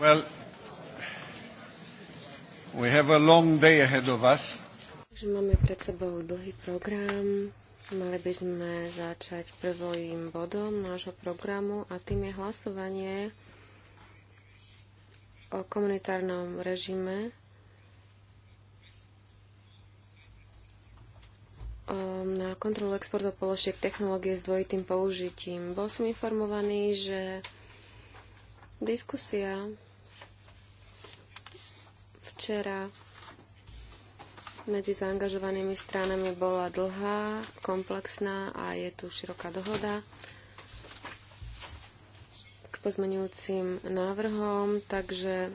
Well, we have a long day ahead of us. Máme pred sebou dlhý program. Mali by sme začať prvým bodom nášho programu a tým je hlasovanie o komunitárnom režime na kontrolu exportov položiek technológie s dvojitým použitím. Bol som informovaný, že diskusia Včera medzi zaangažovanými stranami bola dlhá, komplexná a je tu široká dohoda k pozmenujúcim návrhom, takže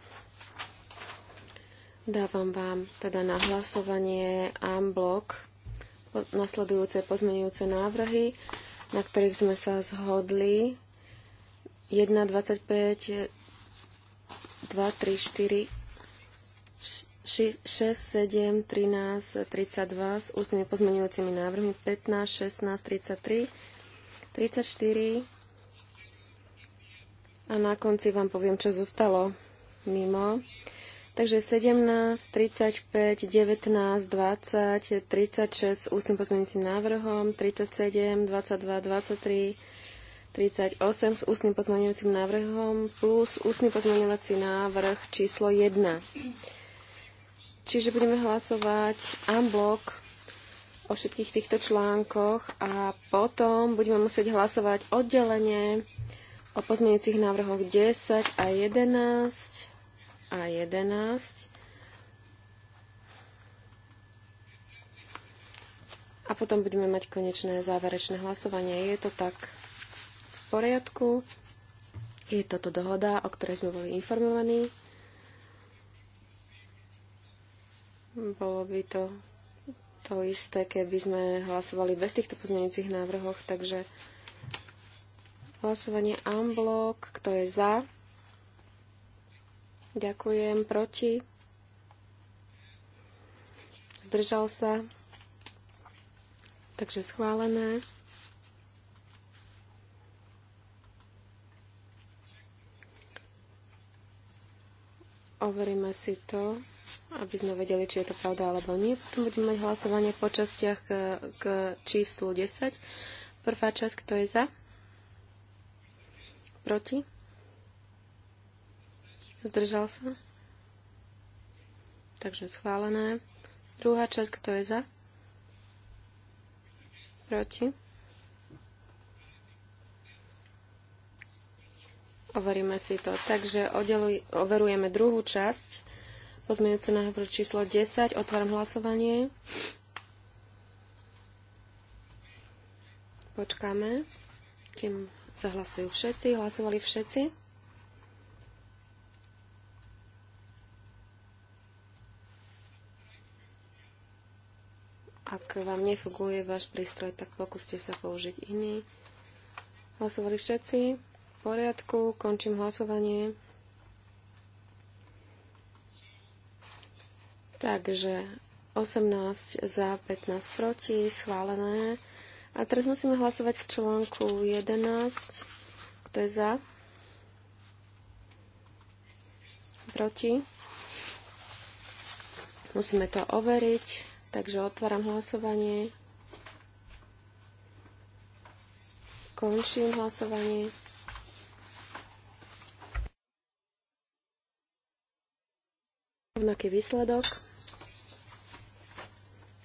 dávam vám teda na hlasovanie blok nasledujúce pozmenujúce návrhy, na ktorých sme sa zhodli 1, 25, 2, 3, 4, 6, 7, 13, 32 s ústnymi pozmenujúcimi návrhmi 15, 16, 33, 34 a na konci vám poviem, čo zostalo mimo. Takže 17, 35, 19, 20, 36 s ústnym pozmenujúcim návrhom, 37, 22, 23, 38 s ústnym pozmenujúcim návrhom plus ústny pozmenovací návrh číslo 1 Čiže budeme hlasovať unblock o všetkých týchto článkoch a potom budeme musieť hlasovať oddelenie o pozmeňujúcich návrhoch 10 a 11 a 11. A potom budeme mať konečné záverečné hlasovanie. Je to tak v poriadku? Je toto dohoda, o ktorej sme boli informovaní? Bolo by to to isté, keby sme hlasovali bez týchto pozmeňujúcich návrhov. takže hlasovanie unblock, kto je za? Ďakujem, proti? Zdržal sa? Takže schválené. Overíme si to aby sme vedeli, či je to pravda alebo nie. Potom budeme mať hlasovanie po častiach k, k číslu 10. Prvá časť, kto je za? Proti? Zdržal sa? Takže schválené. Druhá časť, kto je za? Proti? Overíme si to. Takže oddeluj, overujeme druhú časť Pozmeňujúce návrh číslo 10. Otváram hlasovanie. Počkáme, kým zahlasujú všetci. Hlasovali všetci. Ak vám nefunguje váš prístroj, tak pokúste sa použiť iný. Hlasovali všetci. V poriadku, končím hlasovanie. Takže 18 za, 15 proti, schválené. A teraz musíme hlasovať k článku 11. Kto je za? Proti? Musíme to overiť, takže otváram hlasovanie. Končím hlasovanie. Rovnaký výsledok.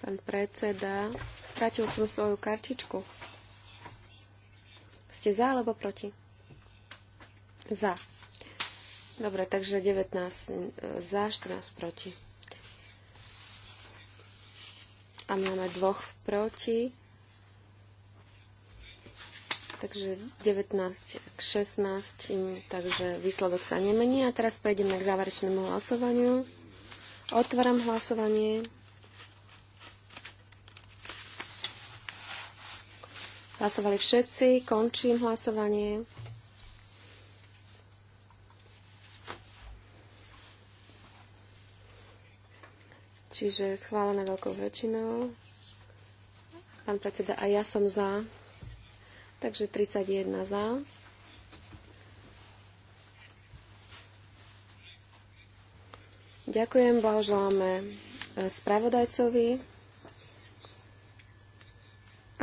Pán predseda, stratil som svoju kartičku. Ste za alebo proti? Za. Dobre, takže 19 e, za, 14 proti. A máme dvoch proti. Takže 19 k 16, takže výsledok sa nemení. A teraz prejdeme k záverečnému hlasovaniu. Otváram hlasovanie. Hlasovali všetci. Končím hlasovanie. Čiže schválené veľkou väčšinou. Pán predseda, a ja som za. Takže 31 za. Ďakujem, blahoželáme e, spravodajcovi.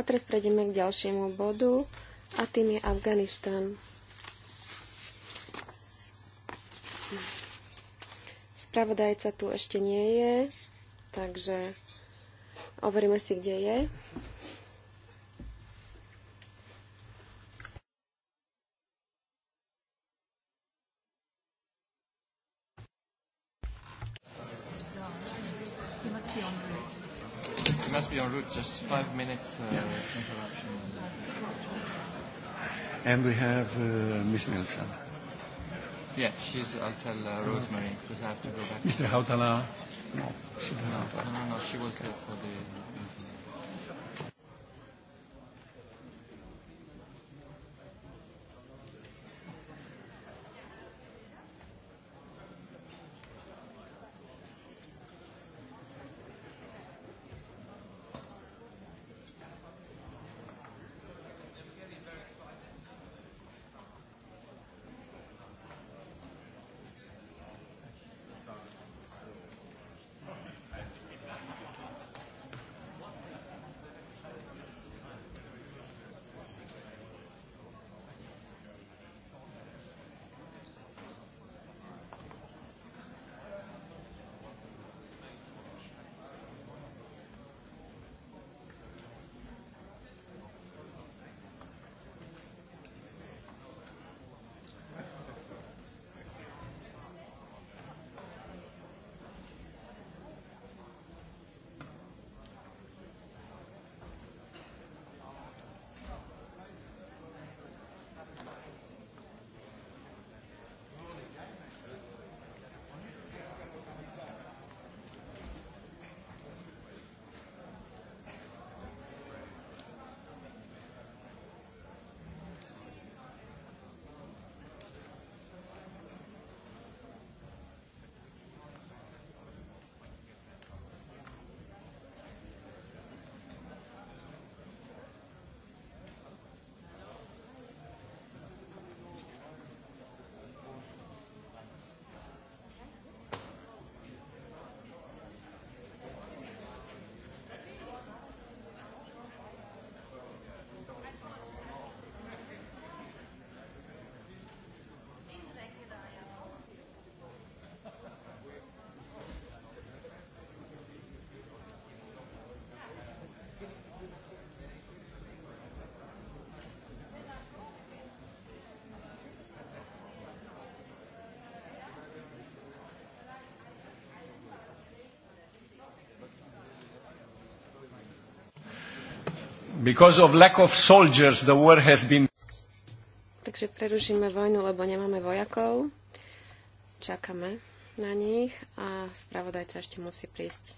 A teraz prejdeme k ďalšiemu bodu a tým je Afganistan. Spravodajca tu ešte nie je, takže overíme si, kde je. en route, just five minutes uh, yeah. interruption. And we have uh, Miss Nilsson. Yeah, she's, I'll tell uh, Rosemary, because I have to go back. Mr. Hautala? No, she doesn't. No, no, no, she was there for the... Because of lack of soldiers, the war has been... Takže prerušíme vojnu, lebo nemáme vojakov. Čakáme na nich a spravodajca ešte musí prísť.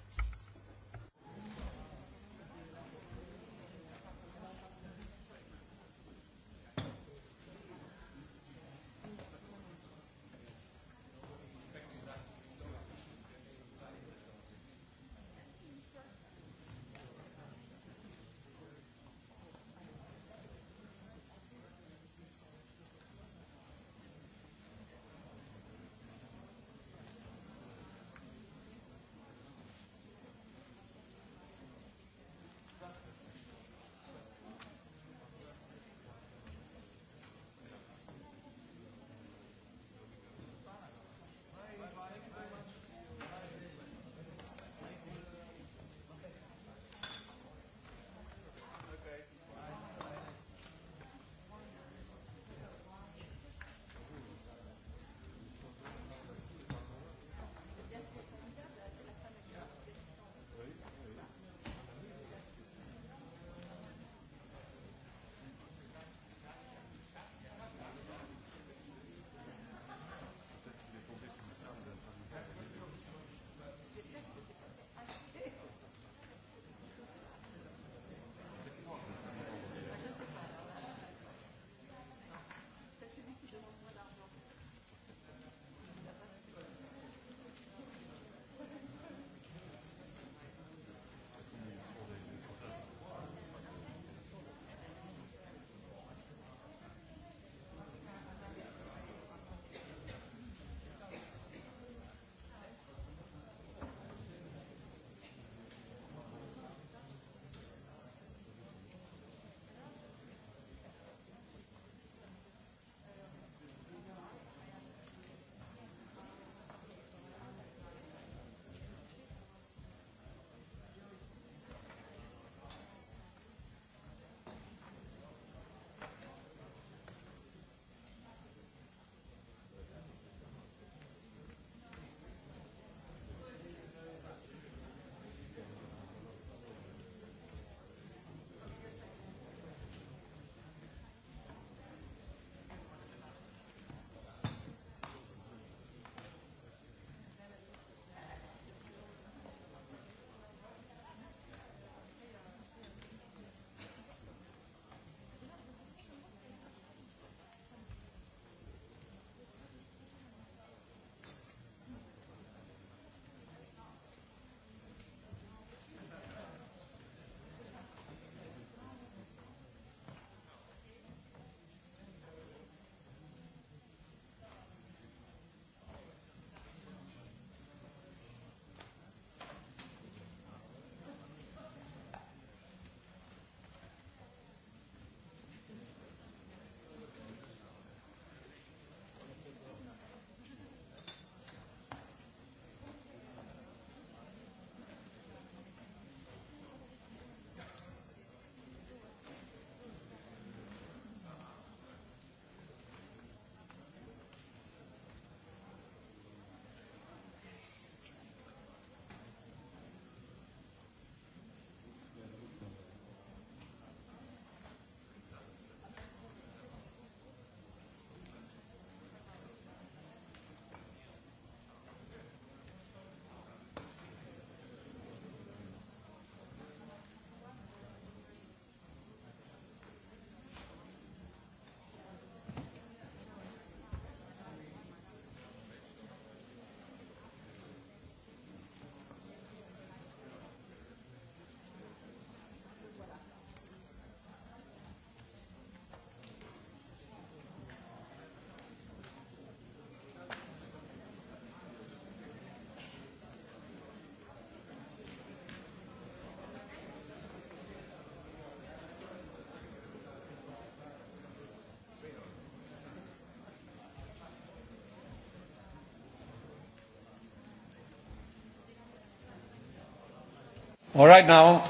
All right now.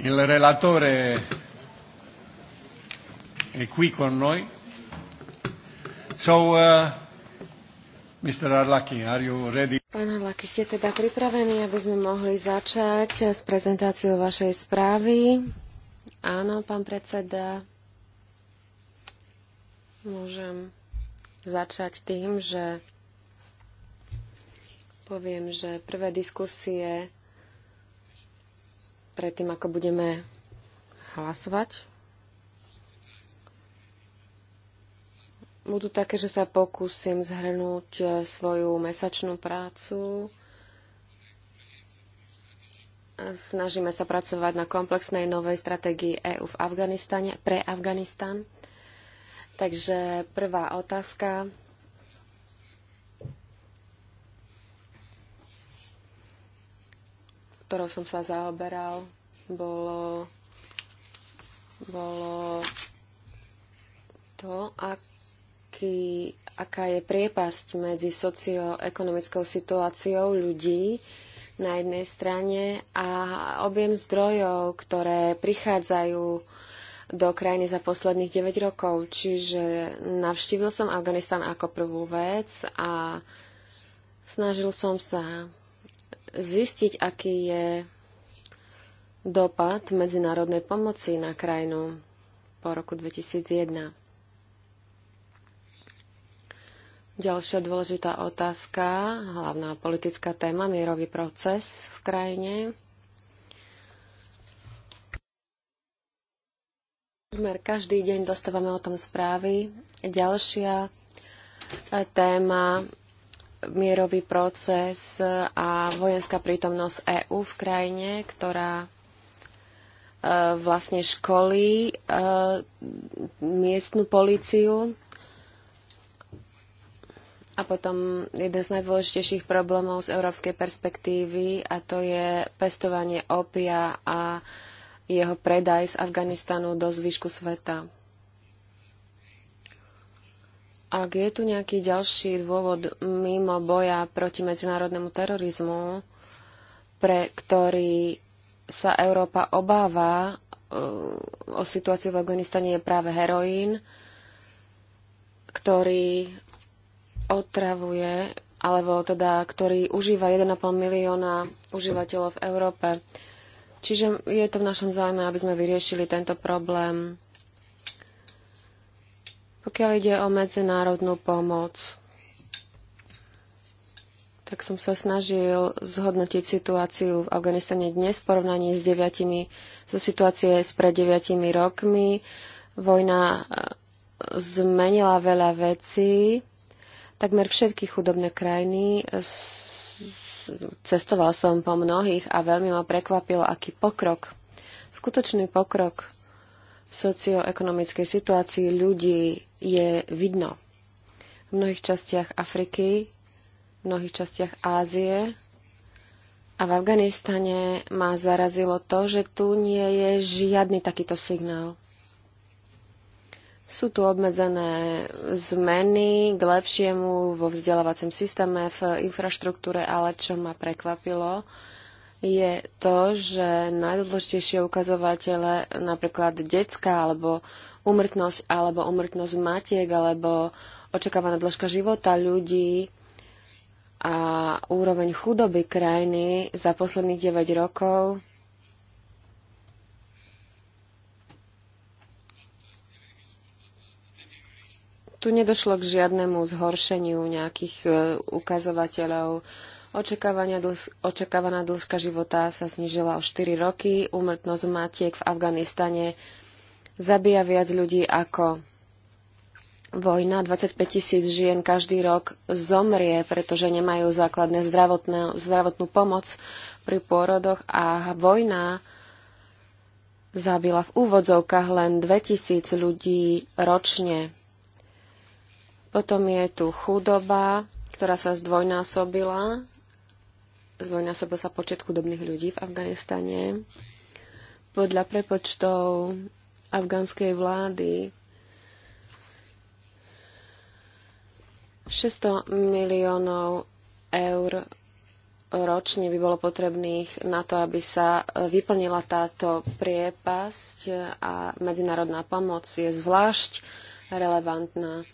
Il relatore è qui con noi. So, uh, Mr. Arlaki, are you ready? Pán Arlaki, ste teda pripravení, aby sme mohli začať s prezentáciou vašej správy? Áno, pán predseda. Môžem začať tým, že poviem, že prvé diskusie predtým, ako budeme hlasovať, budú také, že sa pokúsim zhrnúť e, svoju mesačnú prácu. Snažíme sa pracovať na komplexnej novej stratégii EÚ v Afganistane, pre Afganistan. Takže prvá otázka ktorou som sa zaoberal, bolo, bolo to, aký, aká je priepasť medzi socioekonomickou situáciou ľudí na jednej strane a objem zdrojov, ktoré prichádzajú do krajiny za posledných 9 rokov. Čiže navštívil som Afganistan ako prvú vec a snažil som sa zistiť, aký je dopad medzinárodnej pomoci na krajinu po roku 2001. Ďalšia dôležitá otázka, hlavná politická téma, mierový proces v krajine. každý deň dostávame o tom správy. Ďalšia téma mierový proces a vojenská prítomnosť EÚ v krajine, ktorá e, vlastne školí e, miestnu políciu. A potom jeden z najdôležitejších problémov z európskej perspektívy a to je pestovanie opia a jeho predaj z Afganistanu do zvyšku sveta. Ak je tu nejaký ďalší dôvod mimo boja proti medzinárodnému terorizmu, pre ktorý sa Európa obáva eh, o situáciu v Afganistane, je práve heroín, ktorý otravuje, alebo teda, ktorý užíva 1,5 milióna užívateľov v Európe. Čiže je to v našom záujme, aby sme vyriešili tento problém pokiaľ ide o medzinárodnú pomoc, tak som sa snažil zhodnotiť situáciu v Afganistane dnes v porovnaní s deviatimi, so situácie s pred deviatimi rokmi. Vojna eh, zmenila veľa vecí. Takmer všetky chudobné krajiny cestoval som po mnohých a veľmi ma prekvapilo, aký pokrok, skutočný pokrok socioekonomickej situácii ľudí je vidno. V mnohých častiach Afriky, v mnohých častiach Ázie a v Afganistane ma zarazilo to, že tu nie je žiadny takýto signál. Sú tu obmedzené zmeny k lepšiemu vo vzdelávacom systéme, v infraštruktúre, ale čo ma prekvapilo, je to, že najdôležitejšie ukazovatele, napríklad detská, alebo umrtnosť, alebo umrtnosť matiek, alebo očakávaná dĺžka života ľudí a úroveň chudoby krajiny za posledných 9 rokov tu nedošlo k žiadnemu zhoršeniu nejakých e, ukazovateľov očakávaná dĺžka života sa znižila o 4 roky, úmrtnosť matiek v Afganistane zabíja viac ľudí ako vojna. 25 tisíc žien každý rok zomrie, pretože nemajú základné zdravotné, zdravotnú pomoc pri pôrodoch a vojna zabila v úvodzovkách len 2000 ľudí ročne. Potom je tu chudoba, ktorá sa zdvojnásobila zvojnásobil sa počet chudobných ľudí v Afganistane. Podľa prepočtov afgánskej vlády 600 miliónov eur ročne by bolo potrebných na to, aby sa vyplnila táto priepasť a medzinárodná pomoc je zvlášť relevantná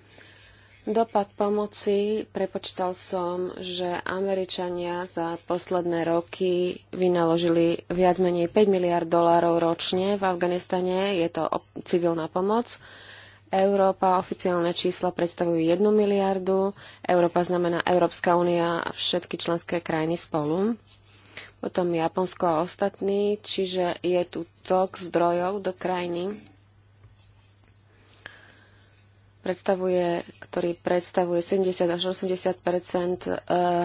Dopad pomoci prepočítal som, že Američania za posledné roky vynaložili viac menej 5 miliard dolárov ročne v Afganistane. Je to civilná pomoc. Európa, oficiálne čísla predstavujú 1 miliardu. Európa znamená Európska únia a všetky členské krajiny spolu. Potom Japonsko a ostatní, čiže je tu tok zdrojov do krajiny predstavuje, ktorý predstavuje 70 až 80 eh,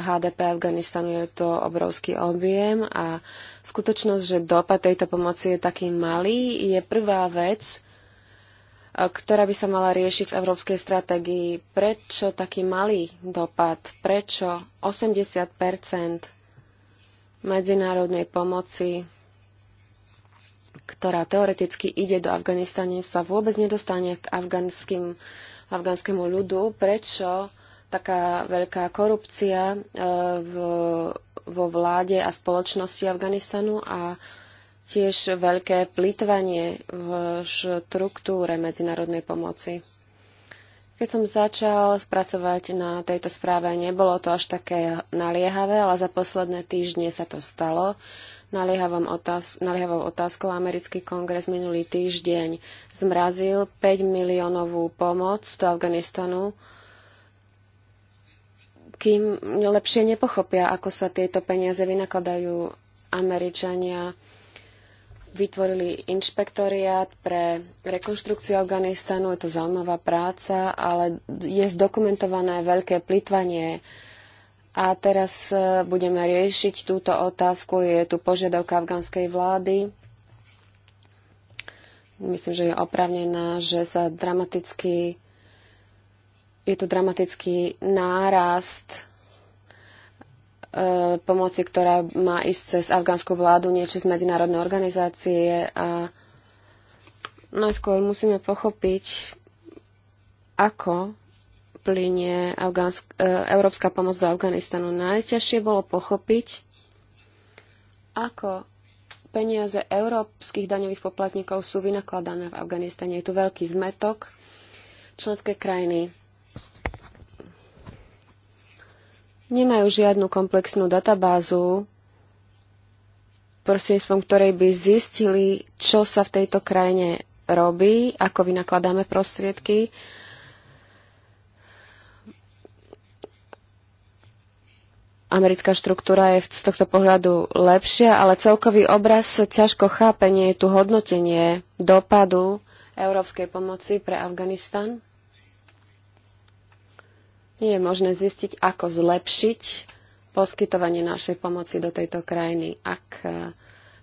HDP Afganistanu. Je to obrovský objem a skutočnosť, že dopad tejto pomoci je taký malý, je prvá vec, eh, ktorá by sa mala riešiť v európskej stratégii. Prečo taký malý dopad? Prečo 80 medzinárodnej pomoci ktorá teoreticky ide do Afganistanu, sa vôbec nedostane k afganským, afganskému ľudu. Prečo taká veľká korupcia e, v, vo vláde a spoločnosti Afganistanu a tiež veľké plýtvanie v štruktúre medzinárodnej pomoci? Keď som začal spracovať na tejto správe, nebolo to až také naliehavé, ale za posledné týždne sa to stalo otáz- naliehavou otázkou. Americký kongres minulý týždeň zmrazil 5 miliónovú pomoc do Afganistanu, kým lepšie nepochopia, ako sa tieto peniaze vynakladajú Američania vytvorili inšpektoriát pre rekonštrukciu Afganistanu. Je to zaujímavá práca, ale je zdokumentované veľké plýtvanie. A teraz e, budeme riešiť túto otázku. Je tu požiadavka afgánskej vlády. Myslím, že je opravnená, že sa dramaticky je tu dramatický nárast e, pomoci, ktorá má ísť cez afgánsku vládu, nie cez medzinárodné organizácie a najskôr musíme pochopiť, ako plynie Afgánsk, e, európska pomoc do Afganistanu. Najťažšie bolo pochopiť, ako peniaze európskych daňových poplatníkov sú vynakladané v Afganistane. Je tu veľký zmetok. Členské krajiny nemajú žiadnu komplexnú databázu, prostredníctvom ktorej by zistili, čo sa v tejto krajine robí, ako vynakladáme prostriedky americká štruktúra je z tohto pohľadu lepšia, ale celkový obraz ťažko chápenie je tu hodnotenie dopadu európskej pomoci pre Afganistan. Nie je možné zistiť, ako zlepšiť poskytovanie našej pomoci do tejto krajiny. Ak eh,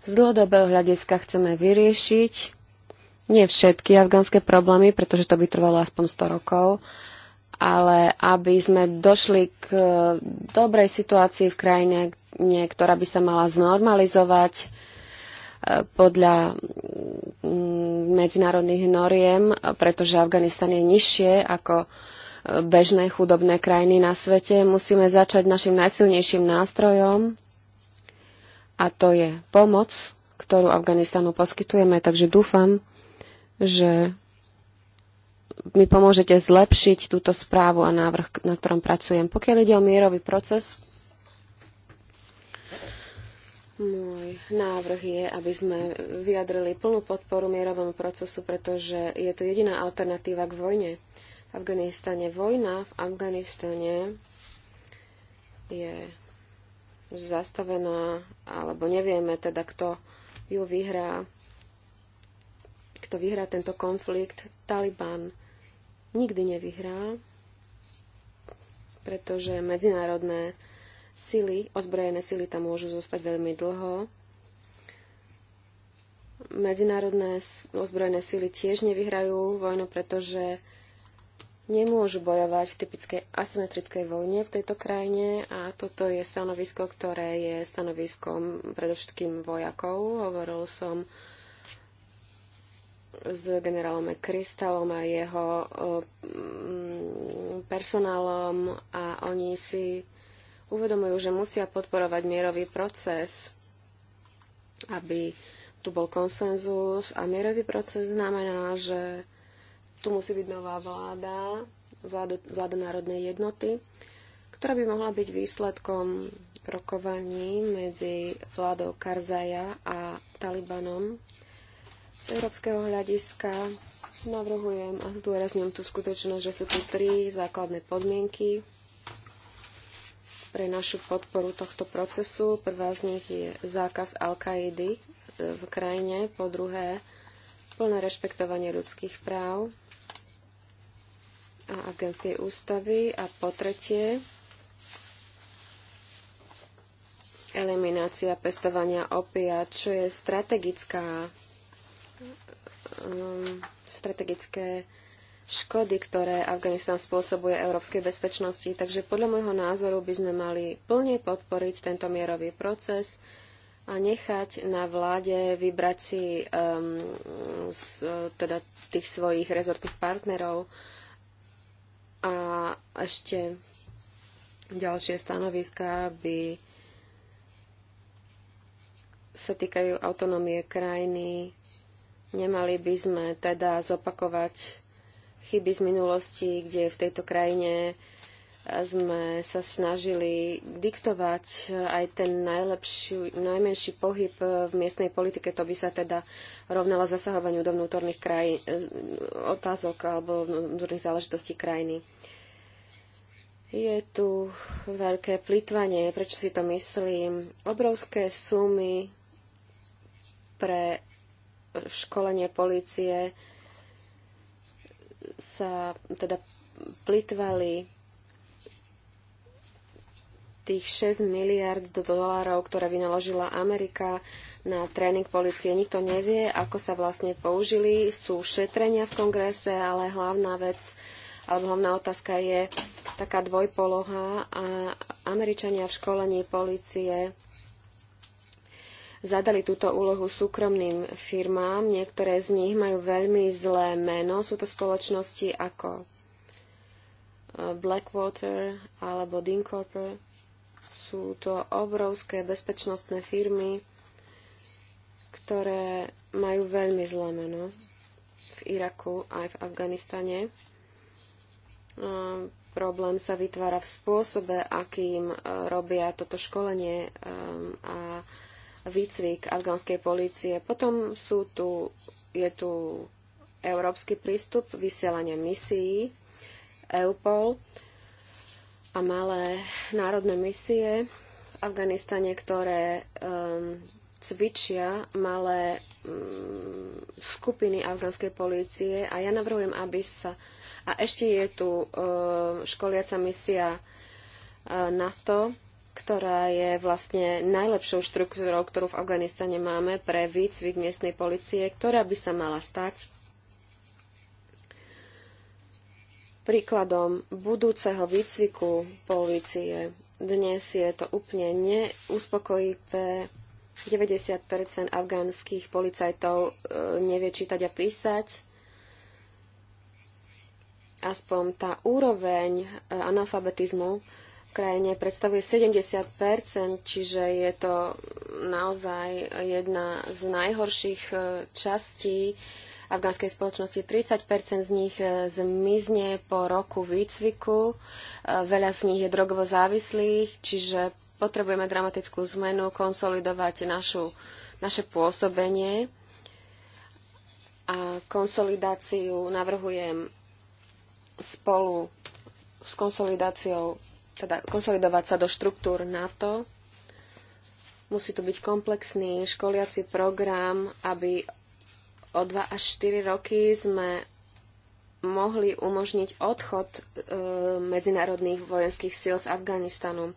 z dlhodobého hľadiska chceme vyriešiť nie všetky afgánske problémy, pretože to by trvalo aspoň 100 rokov, ale aby sme došli k e, dobrej situácii v krajine, ktorá by sa mala znormalizovať e, podľa medzinárodných noriem, pretože Afganistan je nižšie ako e, bežné chudobné krajiny na svete. Musíme začať našim najsilnejším nástrojom a to je pomoc, ktorú Afganistanu poskytujeme. Takže dúfam, že mi pomôžete zlepšiť túto správu a návrh, na ktorom pracujem. Pokiaľ ide o mierový proces, môj návrh je, aby sme vyjadrili plnú podporu mierovému procesu, pretože je to jediná alternatíva k vojne. V Afganistane vojna v Afganistane je zastavená, alebo nevieme teda, kto ju vyhrá, kto vyhrá tento konflikt. Taliban nikdy nevyhrá, pretože medzinárodné sily, ozbrojené sily tam môžu zostať veľmi dlho. Medzinárodné ozbrojené sily tiež nevyhrajú vojnu, pretože nemôžu bojovať v typickej asymetrickej vojne v tejto krajine a toto je stanovisko, ktoré je stanoviskom predovšetkým vojakov. Hovoril som s generálom Kristalom a jeho eh, mm, personálom a oni si uvedomujú, že musia podporovať mierový proces, aby tu bol konsenzus a mierový proces znamená, že tu musí byť nová vláda, vláda, vláda národnej jednoty, ktorá by mohla byť výsledkom rokovaní medzi vládou Karzaja a Talibanom z európskeho hľadiska navrhujem a zdôrazňujem tú skutočnosť, že sú tu tri základné podmienky pre našu podporu tohto procesu. Prvá z nich je zákaz Al-Kaidy e, v krajine, po druhé plné rešpektovanie ľudských práv a afgánskej ústavy a po tretie eliminácia pestovania opia, čo je strategická Um, strategické škody, ktoré Afganistan spôsobuje európskej bezpečnosti. Takže podľa môjho názoru by sme mali plne podporiť tento mierový proces a nechať na vláde vybrať si um, z, teda tých svojich rezortných partnerov. A ešte ďalšie stanoviská by sa týkajú autonómie krajiny Nemali by sme teda zopakovať chyby z minulosti, kde v tejto krajine sme sa snažili diktovať aj ten najlepší, najmenší pohyb v miestnej politike. To by sa teda rovnalo zasahovaniu do vnútorných kraj, e, otázok alebo vnútorných záležitostí krajiny. Je tu veľké plýtvanie, prečo si to myslím. Obrovské sumy pre školenie policie sa teda plitvali tých 6 miliard dolárov, ktoré vynaložila Amerika na tréning policie. Nikto nevie, ako sa vlastne použili. Sú šetrenia v kongrese, ale hlavná vec, alebo hlavná otázka je taká dvojpoloha a Američania v školení policie zadali túto úlohu súkromným firmám. Niektoré z nich majú veľmi zlé meno. Sú to spoločnosti ako e, Blackwater alebo Dean Corper. Sú to obrovské bezpečnostné firmy, ktoré majú veľmi zlé meno v Iraku aj v Afganistane. E, problém sa vytvára v spôsobe, akým e, robia toto školenie a výcvik afgánskej polície. Potom sú tu, je tu európsky prístup vysielania misií EUPOL a malé národné misie v Afganistane, ktoré um, cvičia malé um, skupiny afgánskej polície a ja navrhujem, aby sa... A ešte je tu um, školiaca misia uh, NATO, ktorá je vlastne najlepšou štruktúrou, ktorú v Afganistane máme pre výcvik miestnej policie, ktorá by sa mala stať príkladom budúceho výcviku polície. Dnes je to úplne neuspokojivé. 90 afgánskych policajtov e, nevie čítať a písať. Aspoň tá úroveň e, analfabetizmu krajine predstavuje 70 čiže je to naozaj jedna z najhorších e, častí afgánskej spoločnosti. 30 z nich e, zmizne po roku výcviku, e, veľa z nich je drogovo závislých, čiže potrebujeme dramatickú zmenu, konsolidovať našu, naše pôsobenie. A konsolidáciu navrhujem spolu s konsolidáciou teda konsolidovať sa do štruktúr NATO. Musí tu byť komplexný školiaci program, aby o 2 až 4 roky sme mohli umožniť odchod e, medzinárodných vojenských síl z Afganistanu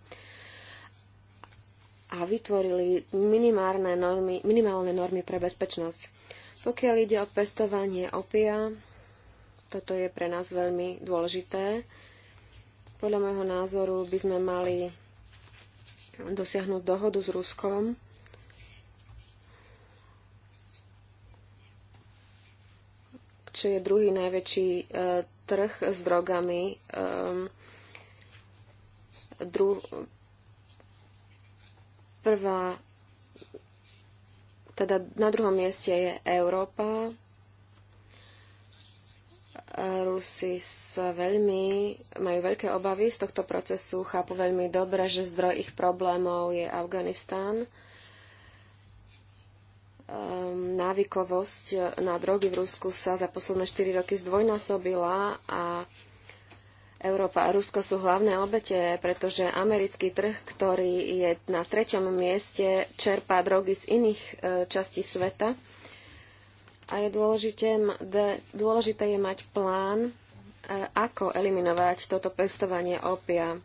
a vytvorili minimálne normy, minimálne normy pre bezpečnosť. Pokiaľ ide o pestovanie opia, toto je pre nás veľmi dôležité. Podľa môjho názoru by sme mali dosiahnuť dohodu s Ruskom, čo je druhý najväčší e, trh s drogami. E, dru, prvá, teda na druhom mieste je Európa, Rusi sa veľmi, majú veľké obavy z tohto procesu, chápu veľmi dobre, že zdroj ich problémov je Afganistán. Um, ehm, návykovosť na drogy v Rusku sa za posledné 4 roky zdvojnásobila a Európa a Rusko sú hlavné obete, pretože americký trh, ktorý je na treťom mieste, čerpá drogy z iných e, častí sveta a je dôležité, de, dôležité je mať plán, e, ako eliminovať toto pestovanie opia.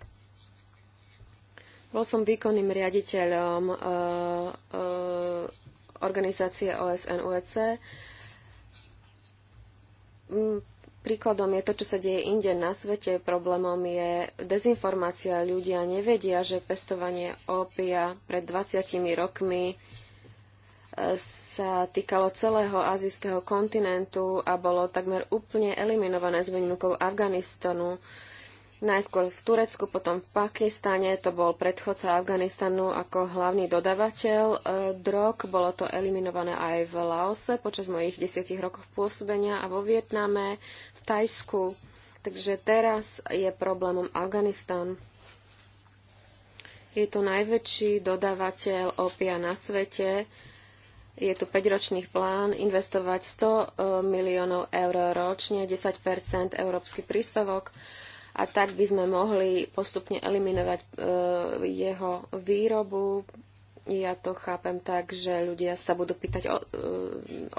Bol som výkonným riaditeľom e, e, organizácie OSN UEC. Mm, príkladom je to, čo sa deje inde na svete. Problémom je dezinformácia. Ľudia nevedia, že pestovanie opia pred 20 rokmi sa týkalo celého azijského kontinentu a bolo takmer úplne eliminované s výnimkou Afganistanu. Najskôr v Turecku, potom v Pakistane, to bol predchodca Afganistanu ako hlavný dodavateľ e, drog. Bolo to eliminované aj v Laose počas mojich desiatich rokov pôsobenia a vo Vietname, v Tajsku. Takže teraz je problémom Afganistan. Je to najväčší dodávateľ opia na svete je tu 5-ročný plán investovať 100 e, miliónov eur ročne, 10 európsky príspevok a tak by sme mohli postupne eliminovať e, jeho výrobu. Ja to chápem tak, že ľudia sa budú pýtať o, e,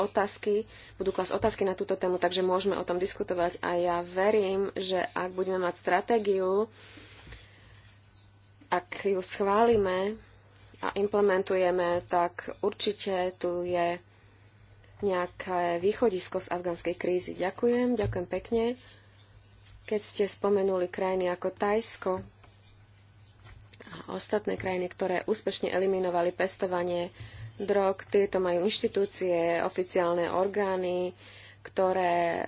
otázky, budú klas otázky na túto tému, takže môžeme o tom diskutovať a ja verím, že ak budeme mať stratégiu, ak ju schválime, a implementujeme, tak určite tu je nejaké východisko z afgánskej krízy. Ďakujem, ďakujem pekne. Keď ste spomenuli krajiny ako Tajsko a ostatné krajiny, ktoré úspešne eliminovali pestovanie drog, tieto majú inštitúcie, oficiálne orgány, ktoré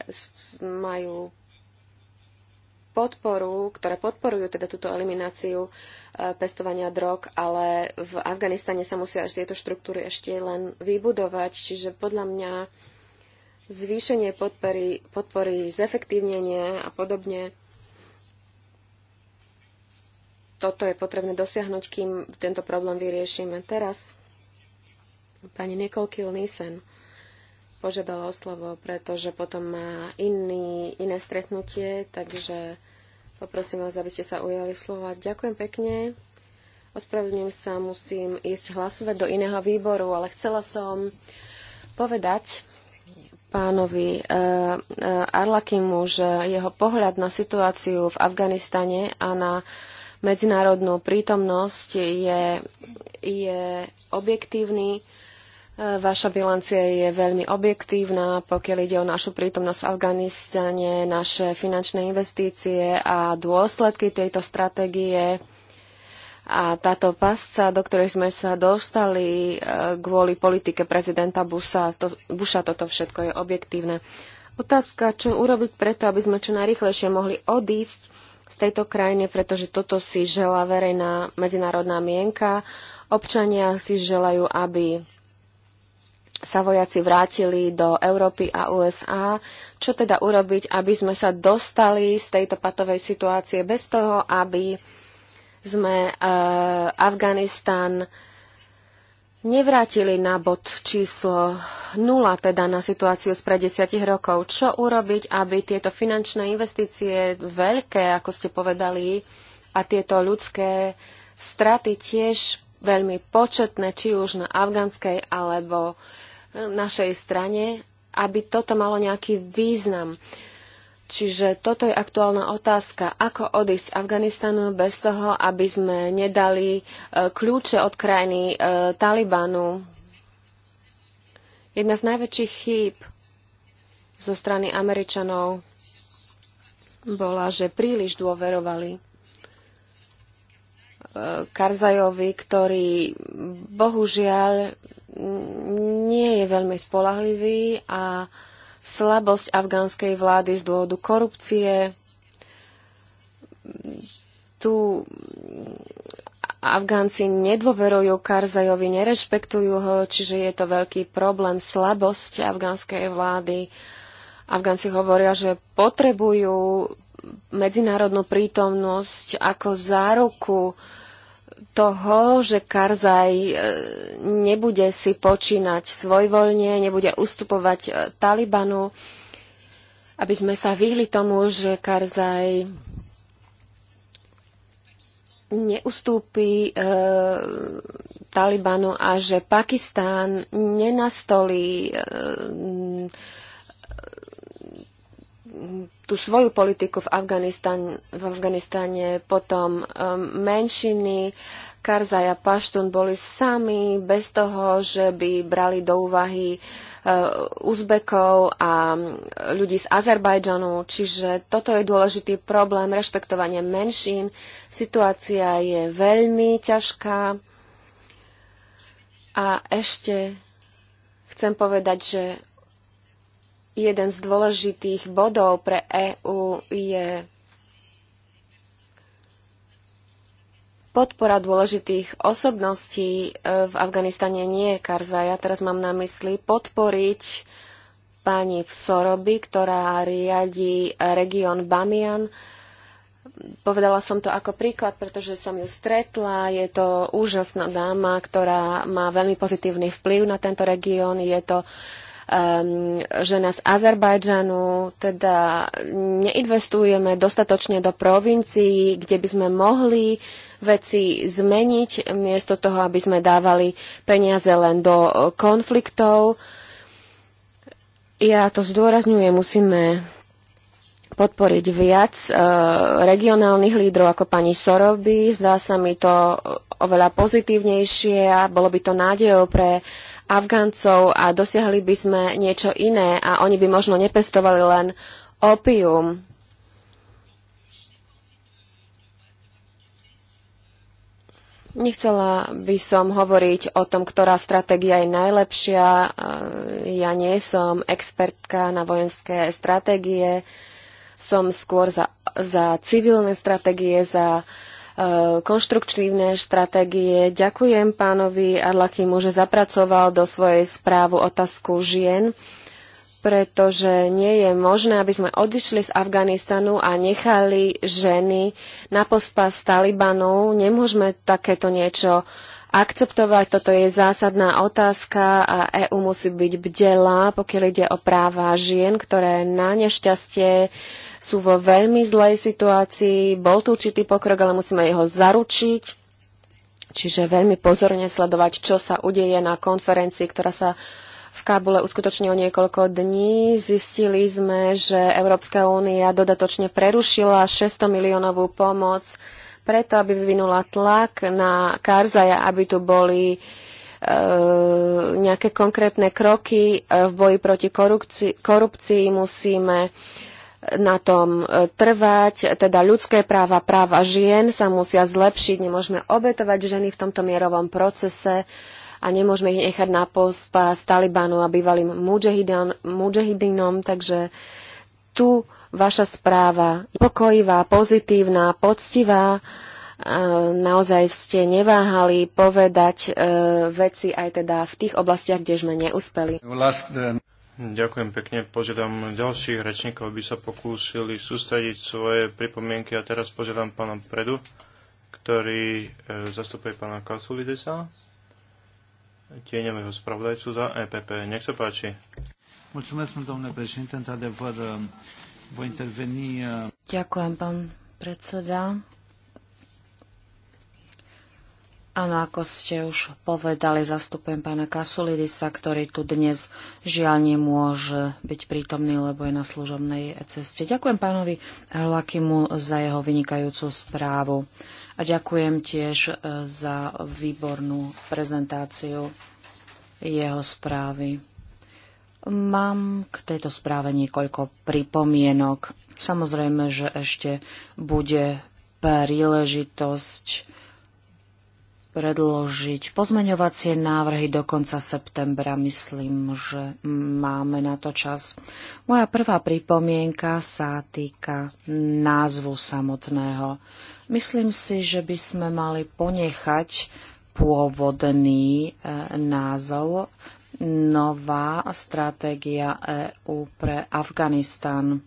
majú podporu, ktoré podporujú teda túto elimináciu e, pestovania drog, ale v Afganistane sa musia až tieto štruktúry ešte len vybudovať, čiže podľa mňa zvýšenie podpory, podpory zefektívnenie a podobne. Toto je potrebné dosiahnuť, kým tento problém vyriešime. Teraz pani Nikolky Nissen požiadala o slovo, pretože potom má iný, iné stretnutie, takže poprosím vás, aby ste sa ujali slova. Ďakujem pekne. Ospravedlňujem sa, musím ísť hlasovať do iného výboru, ale chcela som povedať pánovi eh, eh, Arlakimu, že jeho pohľad na situáciu v Afganistane a na medzinárodnú prítomnosť je, je objektívny Vaša bilancia je veľmi objektívna, pokiaľ ide o našu prítomnosť v Afganistane, naše finančné investície a dôsledky tejto stratégie. A táto pasca, do ktorej sme sa dostali e, kvôli politike prezidenta Busa to, Busha toto všetko je objektívne. Otázka, čo urobiť preto, aby sme čo najrychlejšie mohli odísť z tejto krajiny, pretože toto si žela verejná medzinárodná mienka. Občania si želajú, aby sa vojaci vrátili do Európy a USA. Čo teda urobiť, aby sme sa dostali z tejto patovej situácie bez toho, aby sme e, Afganistan nevrátili na bod číslo nula, teda na situáciu pred desiatich rokov. Čo urobiť, aby tieto finančné investície veľké, ako ste povedali, a tieto ľudské straty tiež veľmi početné, či už na afganskej alebo našej strane, aby toto malo nejaký význam. Čiže toto je aktuálna otázka, ako odísť z Afganistanu bez toho, aby sme nedali e, kľúče od krajiny e, Talibanu. Jedna z najväčších chýb zo strany Američanov bola, že príliš dôverovali Karzajovi, ktorý bohužiaľ nie je veľmi spolahlivý a slabosť afgánskej vlády z dôvodu korupcie. Tu Afgánci nedôverujú Karzajovi, nerešpektujú ho, čiže je to veľký problém slabosť afgánskej vlády. Afgánci hovoria, že potrebujú medzinárodnú prítomnosť ako záruku toho, že Karzaj e, nebude si počínať svojvoľne, nebude ustupovať e, Talibanu, aby sme sa vyhli tomu, že Karzaj neustúpi e, Talibanu a že Pakistán nenastolí e, tú svoju politiku v, Afganistán, v Afganistane, potom um, menšiny, Karzaja Paštun boli sami, bez toho, že by brali do úvahy uh, Uzbekov a um, ľudí z Azerbajdžanu. Čiže toto je dôležitý problém, rešpektovanie menšín. Situácia je veľmi ťažká. A ešte chcem povedať, že jeden z dôležitých bodov pre EÚ je podpora dôležitých osobností e, v Afganistane nie je Karzaja. Teraz mám na mysli podporiť pani Psoroby, ktorá riadi región Bamian. Povedala som to ako príklad, pretože som ju stretla. Je to úžasná dáma, ktorá má veľmi pozitívny vplyv na tento región. Je to uh, Ehm, žena z Azerbajdžanu, teda neinvestujeme dostatočne do provincií, kde by sme mohli veci zmeniť, miesto toho, aby sme dávali peniaze len do e, konfliktov. Ja to zdôrazňujem, musíme podporiť viac e, regionálnych lídrov ako pani Soroby. Zdá sa mi to oveľa pozitívnejšie a bolo by to nádejou pre Afgáncov a dosiahli by sme niečo iné a oni by možno nepestovali len opium. Nechcela by som hovoriť o tom, ktorá stratégia je najlepšia. E, ja nie som expertka na vojenské stratégie. Som skôr za, za civilné stratégie, za uh, konštruktívne stratégie. Ďakujem pánovi Arlakimu, že zapracoval do svojej správu otázku žien pretože nie je možné, aby sme odišli z Afganistanu a nechali ženy na pospas Talibanu. Nemôžeme takéto niečo uh, akceptovať. Toto je zásadná otázka a EÚ musí byť bdelá, pokiaľ ide o práva žien, ktoré na nešťastie sú vo veľmi zlej situácii. Bol tu určitý pokrok, ale musíme jeho zaručiť. Čiže veľmi pozorne sledovať, čo sa udeje na konferencii, ktorá sa v Kábule uskutočne o niekoľko dní. Zistili sme, že Európska únia dodatočne prerušila 600 miliónovú pomoc preto, aby vyvinula tlak na Karzaja, aby tu boli e, nejaké konkrétne kroky e, v boji proti korupcii, korupcii musíme na tom e, trvať, teda ľudské práva, práva žien sa musia zlepšiť, nemôžeme obetovať ženy v tomto mierovom procese a nemôžeme ich nechať na pospa s Talibanu a bývalým mujahidinom, takže tu Vaša správa je pokojivá, pozitívna, poctivá. Naozaj ste neváhali povedať e, veci aj teda v tých oblastiach, kde sme neúspeli. Ďakujem pekne. Požiadam ďalších rečníkov, aby sa pokúsili sústrediť svoje pripomienky a teraz požiadam pána Predu, ktorý e, zastupuje pána Kasulidesa, tieňového spravodajcu za EPP. Nech sa páči. Mulțumesc, domnule președinte. Într-adevăr, Eh, ďakujem, pán predseda. Áno, ako ste už povedali, zastupujem pána Kasulidisa, ktorý tu dnes žiaľ nemôže byť prítomný, lebo je na služobnej ceste. Ďakujem pánovi Hlakimu za jeho vynikajúcu správu a ďakujem tiež eh, za výbornú prezentáciu jeho správy. Mám k tejto správe niekoľko pripomienok. Samozrejme, že ešte bude príležitosť predložiť pozmeňovacie návrhy do konca septembra. Myslím, že máme na to čas. Moja prvá pripomienka sa týka názvu samotného. Myslím si, že by sme mali ponechať pôvodný e, názov nová stratégia EÚ pre Afganistan.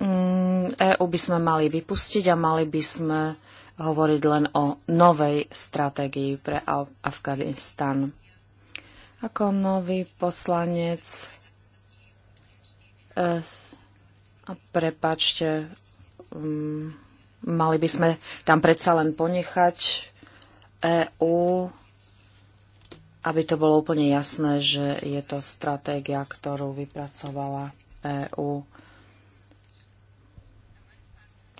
Mm, EÚ by sme mali vypustiť a mali by sme hovoriť len o novej stratégii pre Afganistan. Ako nový poslanec, eh, a prepačte, um, Mali by sme tam predsa len ponechať EÚ, aby to bolo úplne jasné, že je to stratégia, ktorú vypracovala EÚ.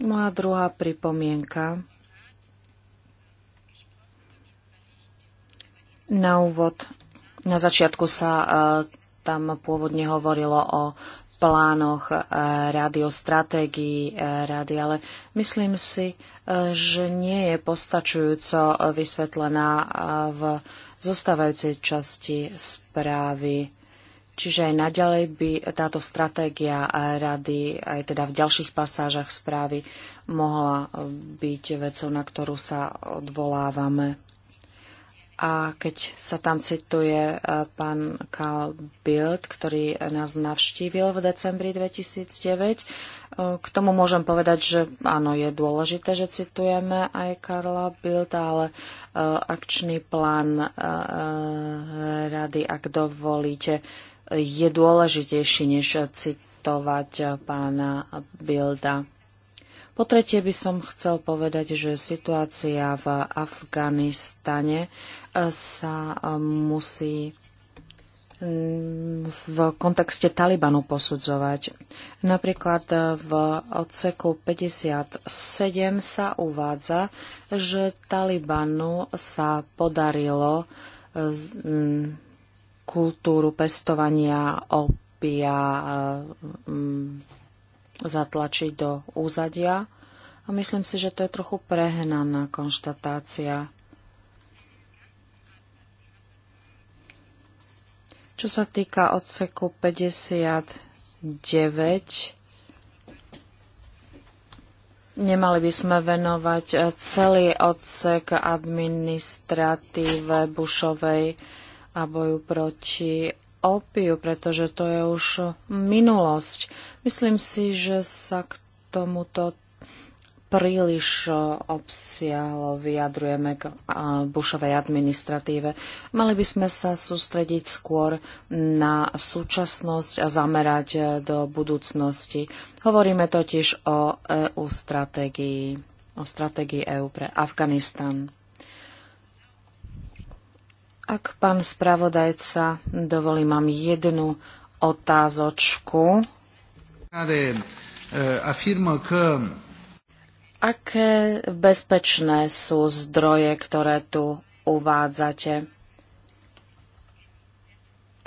Moja druhá pripomienka. Na úvod, na začiatku sa e, tam pôvodne hovorilo o plánoch eh, radiostratégií o eh, rady, ale myslím si, eh, že nie je postačujúco vysvetlená v zostávajúcej časti správy. Čiže aj naďalej by táto stratégia rady aj teda v ďalších pasážach správy mohla byť vecou, na ktorú sa odvolávame. A keď sa tam cituje e, pán Karl Bild, ktorý nás navštívil v decembri 2009, e, k tomu môžem povedať, že áno, je dôležité, že citujeme aj Karla Bilda, ale e, akčný plán rady, ak dovolíte, je dôležitejší, než citovať pána Bilda. Po tretie by som chcel povedať, že situácia v Afganistane e, sa e, musí v kontexte Talibanu posudzovať. Napríklad e, v odseku 57 sa uvádza, že Talibanu sa podarilo kultúru pestovania opia zatlačiť do úzadia. A myslím si, že to je trochu prehnaná konštatácia. Čo sa týka odseku 59, nemali by sme venovať celý odsek administratíve Bušovej a boju proti opiu, pretože to je už minulosť. Myslím si, že sa k tomuto príliš e, obsiahlo vyjadrujeme k Bušovej administratíve. Mali by sme sa sústrediť skôr na súčasnosť a zamerať e, do budúcnosti. Hovoríme totiž o EU stratégii, o stratégii EU pre Afganistan. Ak pán spravodajca dovolí, mám jednu otázočku. Eh, Aké bezpečné sú zdroje, ktoré tu uvádzate?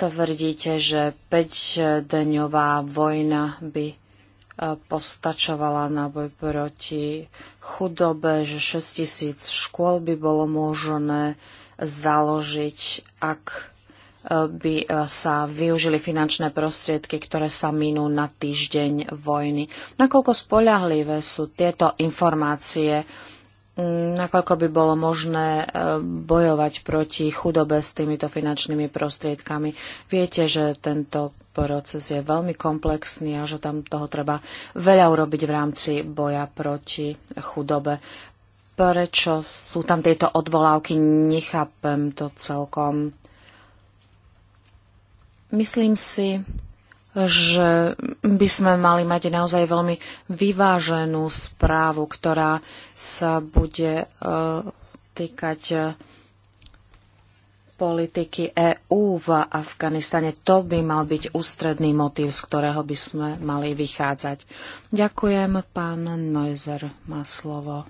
Tvrdíte, že 5-dňová vojna by eh, postačovala na boj proti chudobe, že 6 tisíc škôl by bolo možné založiť, ak e, by e, sa využili finančné prostriedky, ktoré sa minú na týždeň vojny. Nakoľko spoľahlivé sú tieto informácie, nakoľko by bolo možné e, bojovať proti chudobe s týmito finančnými prostriedkami. Viete, že tento proces je veľmi komplexný a že tam toho treba veľa urobiť v rámci boja proti chudobe prečo sú tam tieto odvolávky, nechápem to celkom. Myslím si, že by sme mali mať naozaj veľmi vyváženú správu, ktorá sa bude e, týkať e, politiky EÚ v Afganistane. To by mal byť ústredný motív, z ktorého by sme mali vychádzať. Ďakujem, pán Neuser má slovo.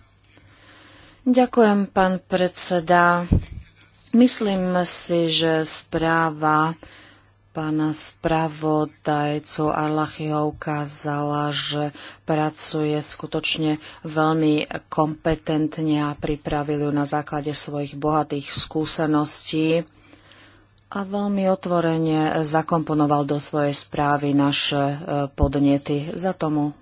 Ďakujem, pán predseda. Myslím si, že správa pána spravodajcu Arlachyho ukázala, že pracuje skutočne veľmi kompetentne a pripravil ju na základe svojich bohatých skúseností a veľmi otvorene zakomponoval do svojej správy naše e, podnety. Za tomu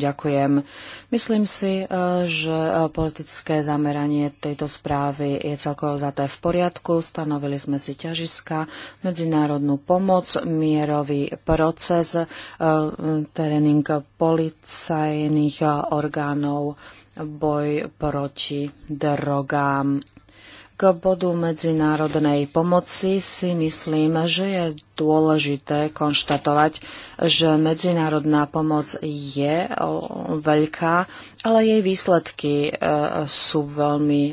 ďakujem. Myslím si, e, že e, politické zameranie tejto správy je celkovo to v poriadku. Stanovili sme si ťažiska, medzinárodnú pomoc, mierový proces, tréning policajných orgánov, boj proti drogám k bodu medzinárodnej pomoci si myslím, že je dôležité konštatovať, že medzinárodná pomoc je veľká, ale jej výsledky e, sú veľmi e,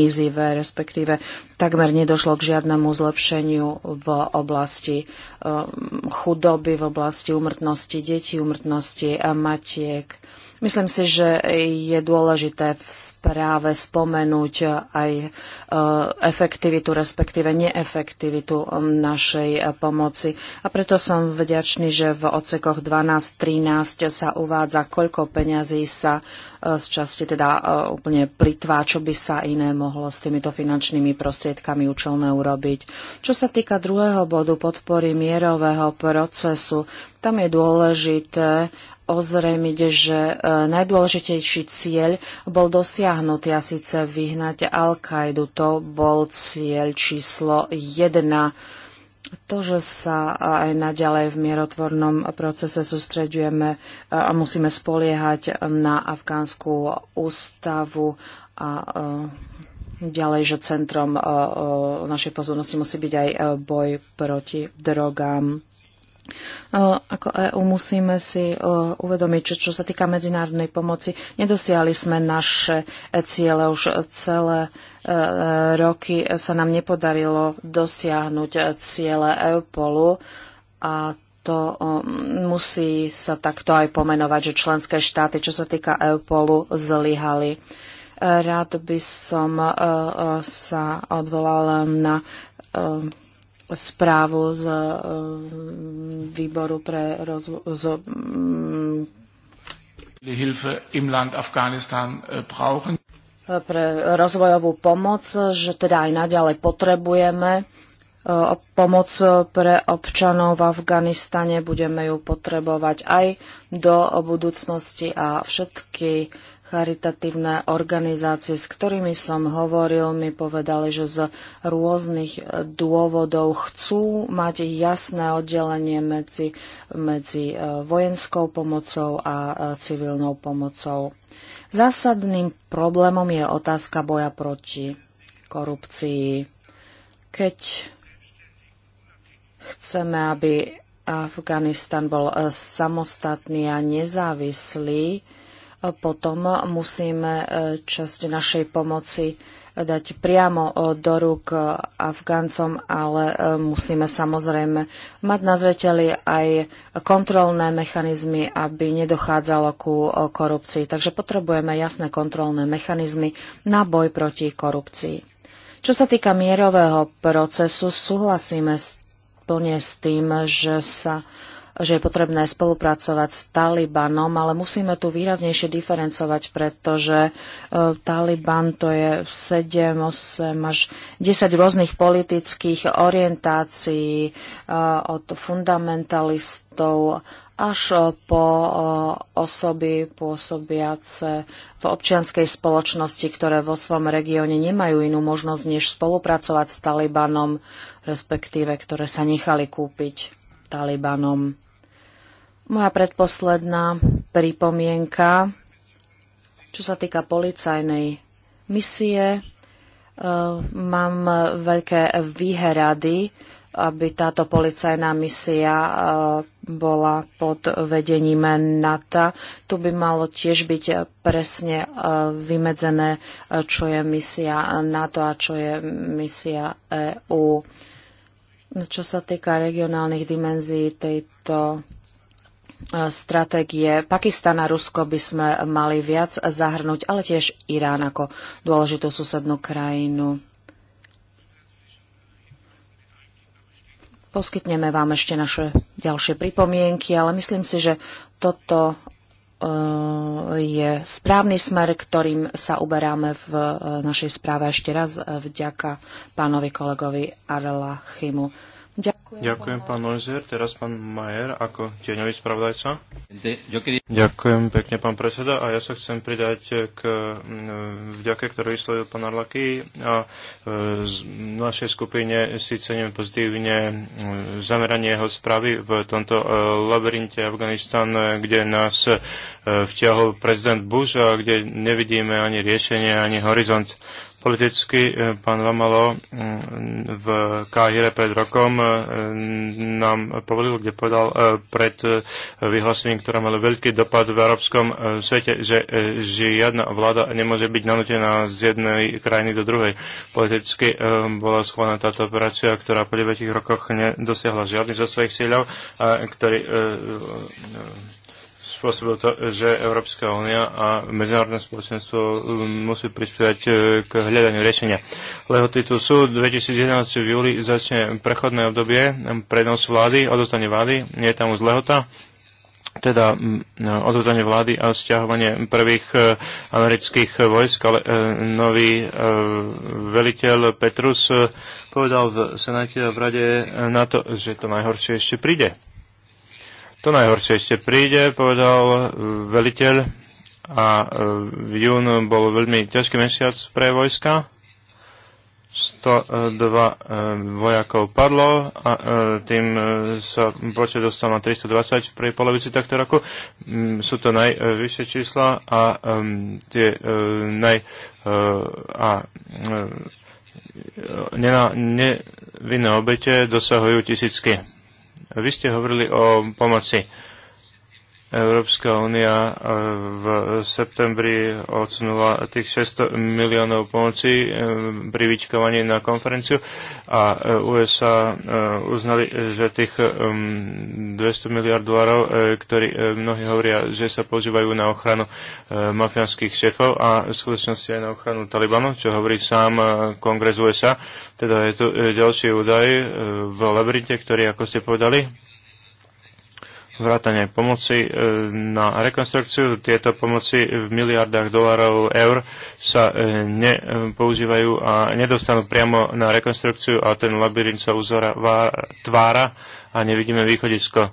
mizivé, respektíve takmer nedošlo k žiadnemu zlepšeniu v oblasti e, chudoby, v oblasti umrtnosti detí, umrtnosti matiek Myslím si, že je dôležité v správe spomenúť aj e, efektivitu, respektíve neefektivitu e, našej e, pomoci. A preto som vďačný, že v odsekoch 12-13 sa uvádza, koľko peňazí sa z časti teda úplne plitvá, čo by sa iné mohlo s týmito finančnými prostriedkami účelné urobiť. Čo sa týka druhého bodu podpory mierového procesu, tam je dôležité, ozrejmiť, že e, najdôležitejší cieľ bol dosiahnutý a síce vyhnať Al-Kaidu. To bol cieľ číslo 1. To, že sa e, aj naďalej v mierotvornom procese sústreďujeme e, a musíme spoliehať na afgánsku ústavu a ďalej, že centrom našej pozornosti musí byť aj boj proti drogám. Ako EU musíme si uvedomiť, že čo sa týka medzinárodnej pomoci, nedosiali sme naše ciele už celé e, roky sa nám nepodarilo dosiahnuť ciele EUPOLu a to musí sa takto aj pomenovať, že členské štáty, čo sa týka EUPOLu, zlyhali. Rád by som sa odvolala na správu z eh, výboru pre rozvoj mm, eh, pre rozvojovú pomoc, že teda aj naďalej potrebujeme eh, pomoc pre občanov v Afganistane. Budeme ju potrebovať aj do budúcnosti a všetky charitatívne organizácie, s ktorými som hovoril, mi povedali, že z rôznych e, dôvodov chcú mať jasné oddelenie medzi, medzi e, vojenskou pomocou a e, civilnou pomocou. Zásadným problémom je otázka boja proti korupcii. Keď chceme, aby Afganistan bol samostatný a nezávislý, potom musíme e, časť našej pomoci dať priamo e, do rúk e, Afgáncom, ale musíme samozrejme mať na zreteli aj kontrolné mechanizmy, aby nedochádzalo ku korupcii. Takže potrebujeme jasné kontrolné mechanizmy na boj proti korupcii. Čo sa týka mierového procesu, súhlasíme plne s tým, že sa že je potrebné spolupracovať s Talibanom, ale musíme tu výraznejšie diferencovať, pretože e, Taliban to je 7, 8 až 10 rôznych politických orientácií e, od fundamentalistov až e, po osoby pôsobiace v občianskej spoločnosti, ktoré vo svojom regióne nemajú inú možnosť, než spolupracovať s Talibanom, respektíve ktoré sa nechali kúpiť Talibanom. Moja predposledná pripomienka, čo sa týka policajnej misie, e, mám veľké výhrady, aby táto policajná misia e, bola pod vedením NATO. Tu by malo tiež byť presne e, vymedzené, čo je misia NATO a čo je misia EU. Čo sa týka regionálnych dimenzií tejto stratégie a Rusko by sme mali viac zahrnúť, ale tiež Irán ako dôležitú susednú krajinu. Poskytneme vám ešte naše ďalšie pripomienky, ale myslím si, že toto eh, je správny smer, ktorým sa uberáme v eh, našej správe. Ešte raz eh, vďaka pánovi kolegovi Arla Chimu. Ďakujem, Ďakujem pán Neuser. Teraz pán Majer ako tieňový spravodajca. Ďakujem pekne, pán predseda. A ja sa chcem pridať k mm, vďake, ktorú vyslovil pán Arlaky. A e, z našej skupine si cením pozitívne mm, zameranie jeho správy v tomto e, labyrinte Afganistan, kde nás e, vťahol prezident Bush a kde nevidíme ani riešenie, ani horizont. Politicky e, pán Vamalo v Káhire pred rokom e, nám povolil, kde povedal e, pred vyhlásením, ktoré malo veľký dopad v arabskom svete, že žiadna vláda nemôže byť nanútená z jednej krajiny do druhej. Politicky bola schovaná táto operácia, ktorá po 9 rokoch nedosiahla žiadny zo svojich cieľov, ktorý spôsobil to, že Európska únia a medzinárodné spoločenstvo um, musí prispievať e, k hľadaniu riešenia. Lehoty tu sú. 2011 v júli začne prechodné obdobie, prenos vlády, odostanie vlády, nie je tam už lehota, teda no, odhodanie vlády a stiahovanie prvých e, amerických vojsk, ale e, nový veliteľ Petrus povedal v Senáte a v Rade na to, že to najhoršie ešte príde. To najhoršie ešte príde, povedal e, veliteľ. A e, v jún bol veľmi ťažký mesiac pre vojska. 102 e, vojakov padlo a tým sa počet dostal na 320 v prvej polovici takto roku. Mm, sú to najvyššie čísla a tie naj... a nevinné obete dosahujú tisícky vy ste hovorili o pomoci. Európska únia e, v septembri odsunula tých 600 miliónov pomoci e, pri vyčkovaní na konferenciu a e, USA uznali, že tých 200 miliard dolárov, ktorí mnohí hovoria, že sa používajú na ochranu mafiánskych šéfov a v skutočnosti aj na ochranu Talibanu, čo hovorí sám kongres USA. Teda je tu ďalší údaj v labyrinte, ktorý, ako ste povedali, vrátane pomoci e, na rekonstrukciu. Tieto pomoci v miliardách dolárov eur sa e, nepoužívajú a nedostanú priamo na rekonstrukciu a ten labyrint sa uzora tvára a nevidíme východisko.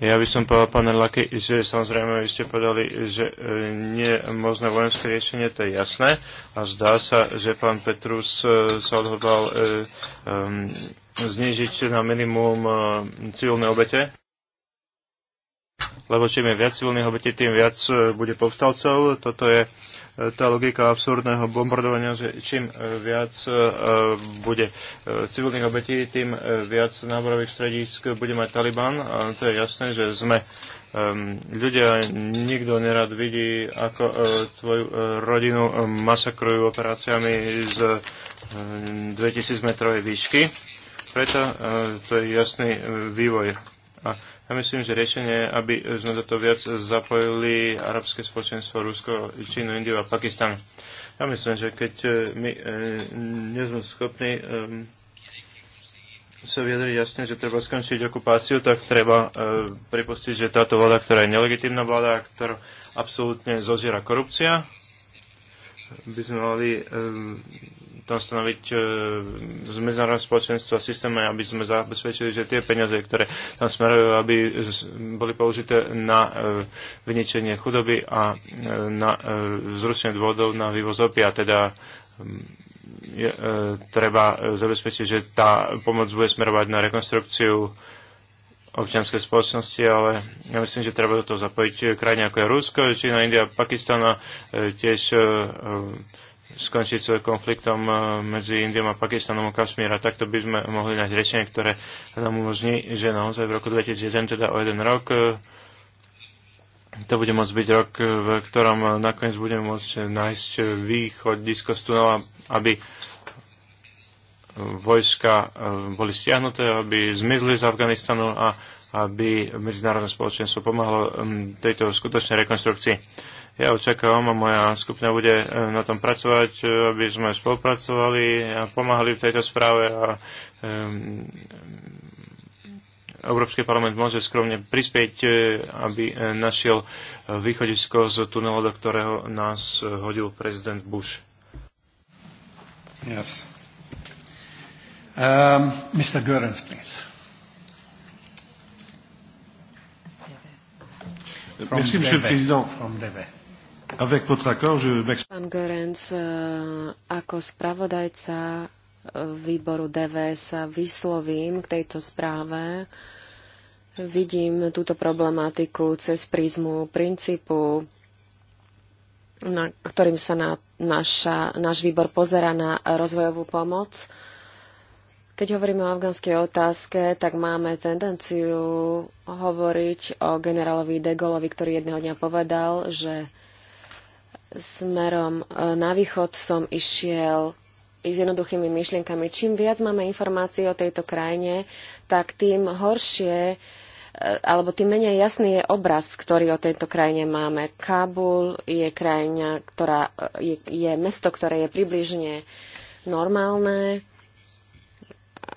Ja by som povedal, pán Laky, že samozrejme vy ste povedali, že e, nie je možné vojenské riešenie, to je jasné. A zdá sa, že pán Petrus sa odhodlal znižiť na minimum civilné obete lebo čím je viac civilných obetí, tým viac e, bude povstalcov. Toto je e, tá logika absurdného bombardovania, že čím e, viac bude civilných obetí, tým viac náborových stredísk bude mať Taliban. A to je jasné, že sme ehm, ľudia, nikto nerad vidí, ako tvoju rodinu masakrujú operáciami z 2000 metrovej výšky. Preto to je jasný vývoj. A ja myslím, že riešenie, aby sme do toho viac zapojili arabské spoločenstvo, Rusko, Čínu, Indiu a Pakistan. Ja myslím, že keď e, my e, nie sme schopní e, sa vyjadriť jasne, že treba skončiť okupáciu, tak treba e, pripustiť, že táto vláda, ktorá je nelegitímna vláda, ktorá absolútne zožiera korupcia, by sme mali e, to stanoviť e, z medzinárodného spoločenstva systéme, aby sme zabezpečili, že tie peniaze, ktoré tam smerujú, aby boli použité na e, vyničenie chudoby a e, na zrušenie dôvodov na vývoz opia, teda mm, je, treba zabezpečiť, že tá pomoc bude smerovať na rekonstrukciu občianskej spoločnosti, ale ja myslím, že treba do toho zapojiť krajiny ako je Rusko, Čína, India, Pakistana a tiež skončiť s konfliktom e, medzi Indiom a Pakistanom a Kašmíra. takto by sme mohli nájsť riešenie, ktoré nám umožní, že naozaj v roku 2001, teda o jeden rok, e, to bude môcť byť rok, e, v ktorom nakoniec budeme môcť nájsť disko z tunela, aby vojska boli stiahnuté, aby zmizli z Afganistanu a aby medzinárodné spoločenstvo pomáhalo tejto skutočnej rekonstrukcii. Ja očakávam a moja skupina bude eh, na tom pracovať, eh, aby sme spolupracovali a pomáhali v tejto správe a um, Európsky parlament môže skromne prispieť, eh, aby našiel východisko z tunela, do ktorého nás hodil prezident Bush. Yes. Um, Mr. Görens, please. From Merci, Monsieur le Président. From Deve. Avec votre accord, je Pán Görens, e, ako spravodajca e, výboru DV sa vyslovím k tejto správe. Vidím túto problematiku cez prízmu princípu, na, ktorým sa na, naša, náš výbor pozera na rozvojovú pomoc. Keď hovoríme o afgánskej otázke, tak máme tendenciu hovoriť o generálovi Degolovi, ktorý jedného dňa povedal, že smerom e, na východ som išiel s jednoduchými myšlienkami. Čím viac máme informácií o tejto krajine, tak tým horšie e, alebo tým menej jasný je obraz, ktorý o tejto krajine máme. Kabul je krajina, ktorá e, je, je mesto, ktoré je približne normálne.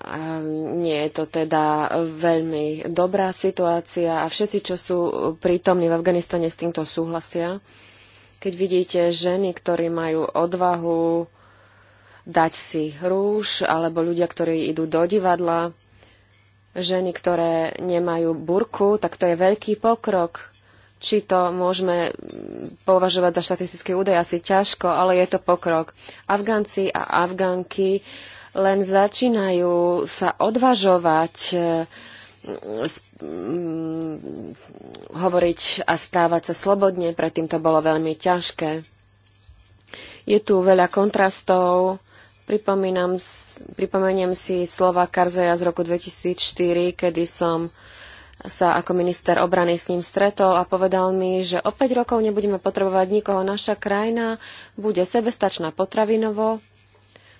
A nie je to teda veľmi dobrá situácia a všetci, čo sú prítomní v Afganistane, s týmto súhlasia. Keď vidíte ženy, ktorí majú odvahu dať si rúš alebo ľudia, ktorí idú do divadla, ženy, ktoré nemajú burku, tak to je veľký pokrok. Či to môžeme považovať za štatistické údaje, asi ťažko, ale je to pokrok. Afgánci a Afgánky len začínajú sa odvažovať Mm, hovoriť a správať sa slobodne, predtým to bolo veľmi ťažké. Je tu veľa kontrastov. Pripomínam, pripomeniem si slova Karzeja z roku 2004, kedy som sa ako minister obrany s ním stretol a povedal mi, že o 5 rokov nebudeme potrebovať nikoho. Naša krajina bude sebestačná potravinovo,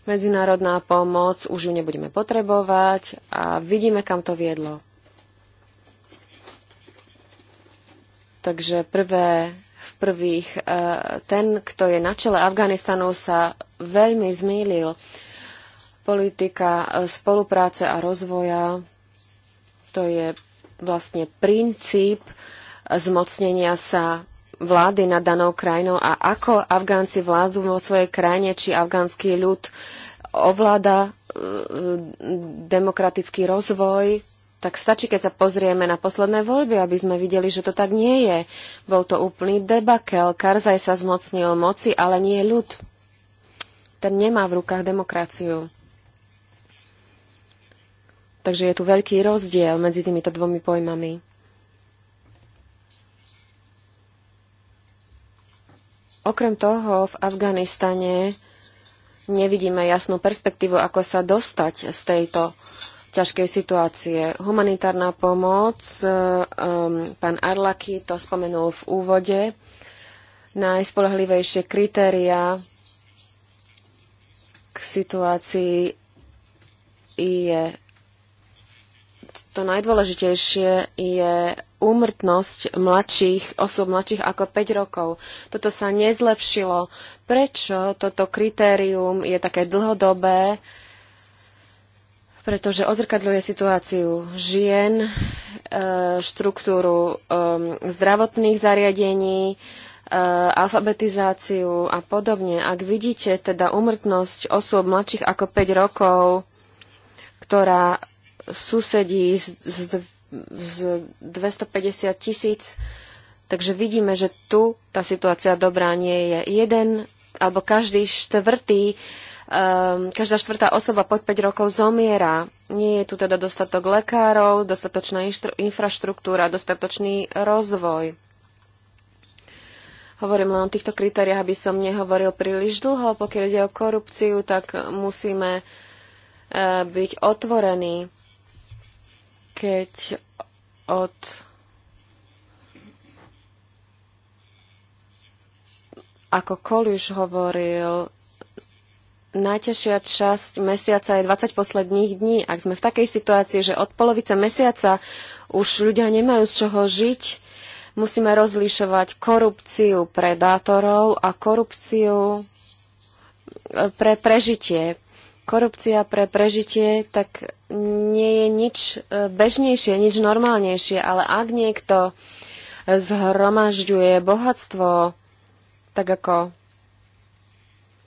medzinárodná pomoc už ju nebudeme potrebovať a vidíme, kam to viedlo. Takže prvé, v prvých, e, ten, kto je na čele Afganistanu, sa veľmi zmýlil. Politika e, spolupráce a rozvoja, to je vlastne princíp zmocnenia sa vlády nad danou krajinou a ako Afgánci vládu vo svojej krajine, či afgánsky ľud ovláda e, demokratický rozvoj, tak stačí, keď sa pozrieme na posledné voľby, aby sme videli, že to tak nie je. Bol to úplný debakel. Karzaj sa zmocnil moci, ale nie ľud. Ten nemá v rukách demokraciu. Takže je tu veľký rozdiel medzi týmito dvomi pojmami. Okrem toho, v Afganistane nevidíme jasnú perspektívu, ako sa dostať z tejto ťažkej situácie. Humanitárna pomoc, um, pán Arlaky to spomenul v úvode, najspolahlivejšie kritéria k situácii je to najdôležitejšie je úmrtnosť mladších osôb mladších ako 5 rokov. Toto sa nezlepšilo. Prečo toto kritérium je také dlhodobé? Uh, pretože odzrkadľuje situáciu žien, e, štruktúru e, zdravotných zariadení, e, alfabetizáciu a podobne. Ak vidíte teda umrtnosť osôb mladších ako 5 rokov, ktorá susedí z, z, z 250 tisíc, takže vidíme, že tu tá situácia dobrá nie je. Jeden alebo každý štvrtý uh, um, každá štvrtá osoba pod 5 rokov zomiera. Nie je tu teda dostatok lekárov, dostatočná infraštruktúra, dostatočný rozvoj. Hovorím len o týchto kritériách, aby som nehovoril príliš dlho. Pokiaľ ide o korupciu, tak musíme e, byť otvorení, keď od ako Koliš hovoril, najťažšia časť mesiaca je 20 posledných dní. Ak sme v takej situácii, že od polovice mesiaca už ľudia nemajú z čoho žiť, musíme rozlišovať korupciu predátorov a korupciu e, pre prežitie. Korupcia pre prežitie tak nie je nič e, bežnejšie, nič normálnejšie, ale ak niekto zhromažďuje bohatstvo, tak ako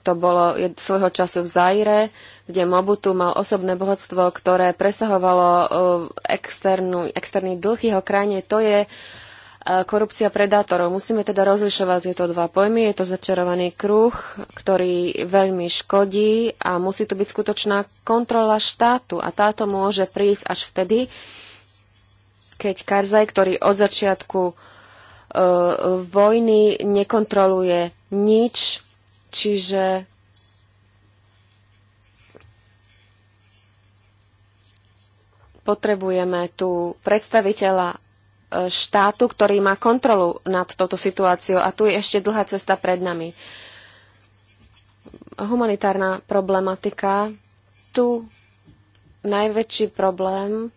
to bolo svojho času v Zaire, kde Mobutu mal osobné bohatstvo, ktoré presahovalo e, externú, externý dlh jeho krajine. To je e, korupcia predátorov. Musíme teda rozlišovať tieto dva pojmy. Je to začarovaný kruh, ktorý veľmi škodí a musí tu byť skutočná kontrola štátu a táto môže prísť až vtedy, keď Karzaj, ktorý od začiatku e, vojny nekontroluje nič, Čiže potrebujeme tu predstaviteľa e, štátu, ktorý má kontrolu nad touto situáciou a tu je ešte dlhá cesta pred nami. Humanitárna problematika. Tu najväčší problém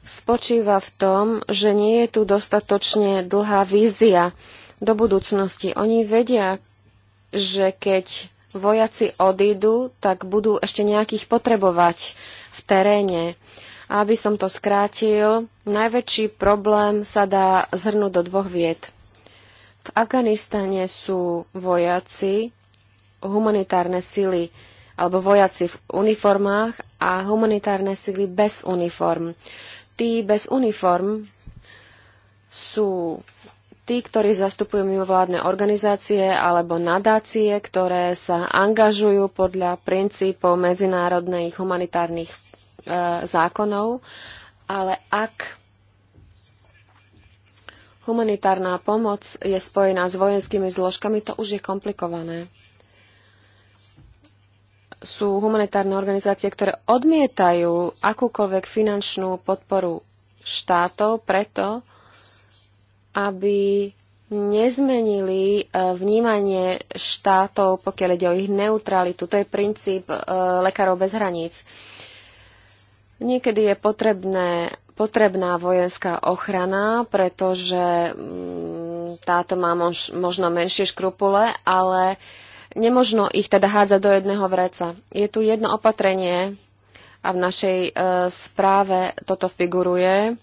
spočíva v tom, že nie je tu dostatočne dlhá vízia do budúcnosti. Oni vedia, že keď vojaci odídu, tak budú ešte nejakých potrebovať v teréne. Aby som to skrátil, najväčší problém sa dá zhrnúť do dvoch vied. V Afganistane sú vojaci, humanitárne sily, alebo vojaci v uniformách a humanitárne sily bez uniform. Tí bez uniform sú tí, ktorí zastupujú mimovládne organizácie alebo nadácie, ktoré sa angažujú podľa princípov medzinárodných humanitárnych e, zákonov, ale ak humanitárna pomoc je spojená s vojenskými zložkami, to už je komplikované sú humanitárne organizácie, ktoré odmietajú akúkoľvek finančnú podporu štátov preto, aby nezmenili e, vnímanie štátov, pokiaľ ide o ich neutralitu. To je princíp e, lekárov bez hraníc. Niekedy je potrebné, potrebná vojenská ochrana, pretože mm, táto má mož, možno menšie škrupule, ale nemožno ich teda hádzať do jedného vreca. Je tu jedno opatrenie a v našej e, správe toto figuruje,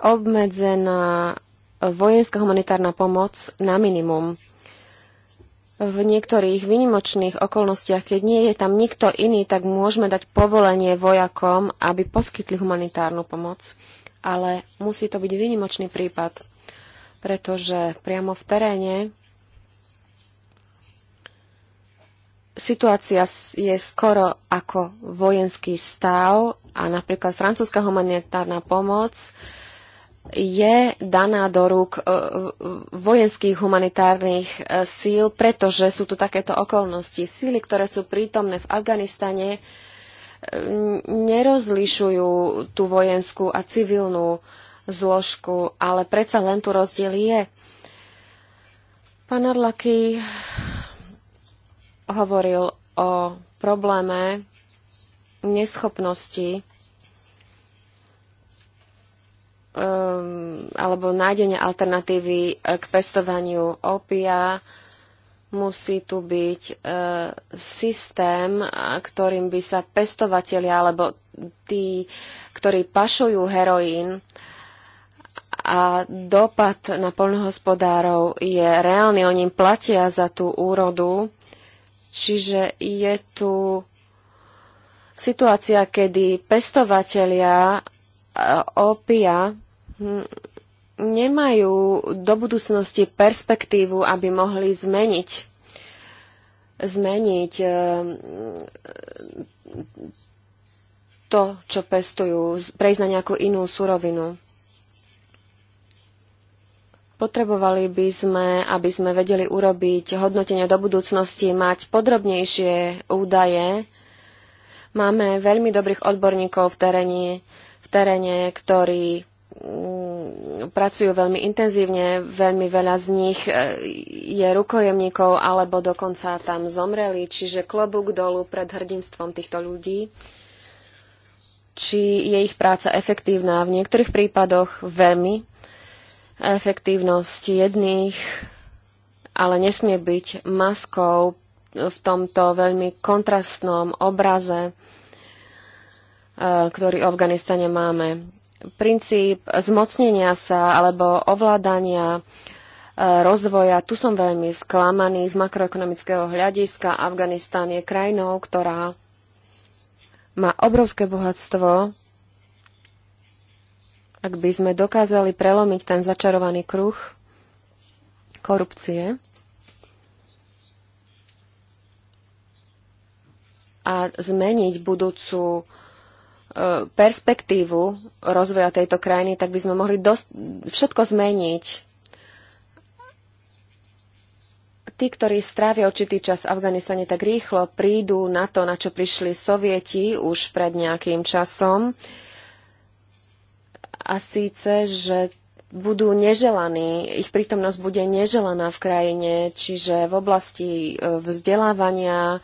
obmedzená vojenská humanitárna pomoc na minimum. V niektorých výnimočných okolnostiach, keď nie je tam nikto iný, tak môžeme dať povolenie vojakom, aby poskytli humanitárnu pomoc. Ale musí to byť výnimočný prípad, pretože priamo v teréne situácia je skoro ako vojenský stav a napríklad francúzska humanitárna pomoc je daná do rúk e, vojenských humanitárnych e, síl, pretože sú tu takéto okolnosti. Síly, ktoré sú prítomné v Afganistane, e, nerozlišujú tú vojenskú a civilnú zložku, ale predsa len tu rozdiel je. Pán Arlaky hovoril o probléme neschopnosti um, alebo nájdenie alternatívy eh, k pestovaniu opia. Musí tu byť uh, systém, eh, ktorým by sa pestovatelia alebo tí, ktorí pašujú heroín a dopad na poľnohospodárov je reálny, oni platia za tú úrodu, čiže je tu situácia, kedy pestovatelia opia hm, nemajú do budúcnosti perspektívu, aby mohli zmeniť zmeniť eh, to, čo pestujú, prejsť na nejakú inú surovinu. Potrebovali by sme, aby sme vedeli urobiť hodnotenie do budúcnosti, mať podrobnejšie údaje. Máme veľmi dobrých odborníkov v teréne, teréne, ktorí mm, pracujú veľmi intenzívne, veľmi veľa z nich e, je rukojemníkov alebo dokonca tam zomreli, čiže klobúk dolu pred hrdinstvom týchto ľudí. Či je ich práca efektívna? V niektorých prípadoch veľmi. Efektívnosť jedných, ale nesmie byť maskou v tomto veľmi kontrastnom obraze ktorý v Afganistane máme. Princíp zmocnenia sa alebo ovládania e, rozvoja. Tu som veľmi sklamaný z makroekonomického hľadiska. Afganistán je krajinou, ktorá má obrovské bohatstvo. Ak by sme dokázali prelomiť ten začarovaný kruh korupcie a zmeniť budúcu E, perspektívu rozvoja tejto krajiny, tak by sme mohli všetko zmeniť. Tí, ktorí strávia určitý čas v Afganistane tak rýchlo, prídu na to, na čo prišli sovieti už pred nejakým časom. A síce, že budú neželaní, ich prítomnosť bude neželaná v krajine, čiže v oblasti e, vzdelávania,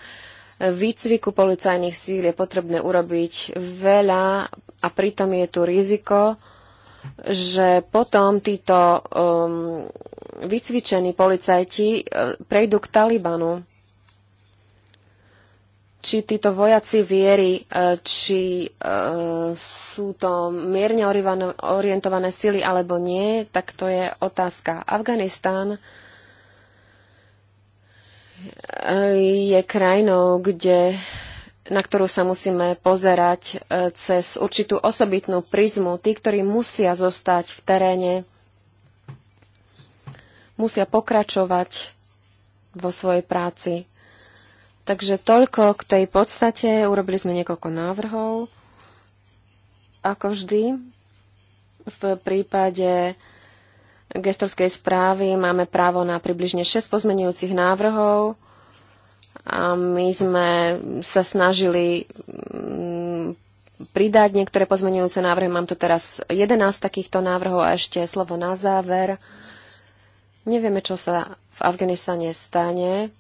výcviku policajných síl je potrebné urobiť veľa a pritom je tu riziko, že potom títo um, vycvičení policajti uh, prejdú k Talibanu. Či títo vojaci viery, uh, či uh, sú to mierne orientované sily alebo nie, tak to je otázka. Afganistán uh, je krajinou, kde na ktorú sa musíme pozerať e, cez určitú osobitnú prizmu. Tí, ktorí musia zostať v teréne, musia pokračovať vo svojej práci. Takže toľko k tej podstate. Urobili sme niekoľko návrhov. Ako vždy, v prípade gestorskej správy máme právo na približne 6 pozmenujúcich návrhov a my sme sa snažili mm, pridať niektoré pozmenujúce návrhy. Mám tu teraz 11 takýchto návrhov a ešte slovo na záver. Nevieme, čo sa v Afganistane stane.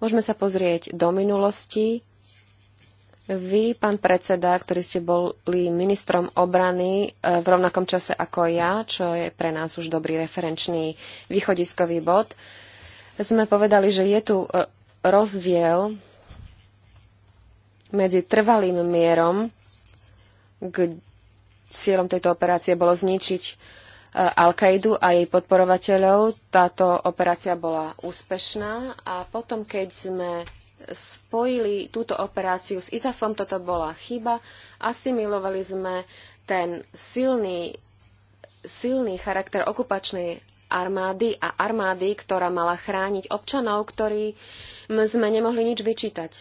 Môžeme sa pozrieť do minulosti vy, pán predseda, ktorý ste boli ministrom obrany e, v rovnakom čase ako ja, čo je pre nás už dobrý referenčný východiskový bod, sme povedali, že je tu e, rozdiel medzi trvalým mierom, k cieľom tejto operácie bolo zničiť e, Al-Kaidu a jej podporovateľov. Táto operácia bola úspešná a potom, keď sme spojili túto operáciu s ISAFom, toto bola chyba. Asimilovali sme ten silný, silný charakter okupačnej armády a armády, ktorá mala chrániť občanov, ktorí sme nemohli nič vyčítať.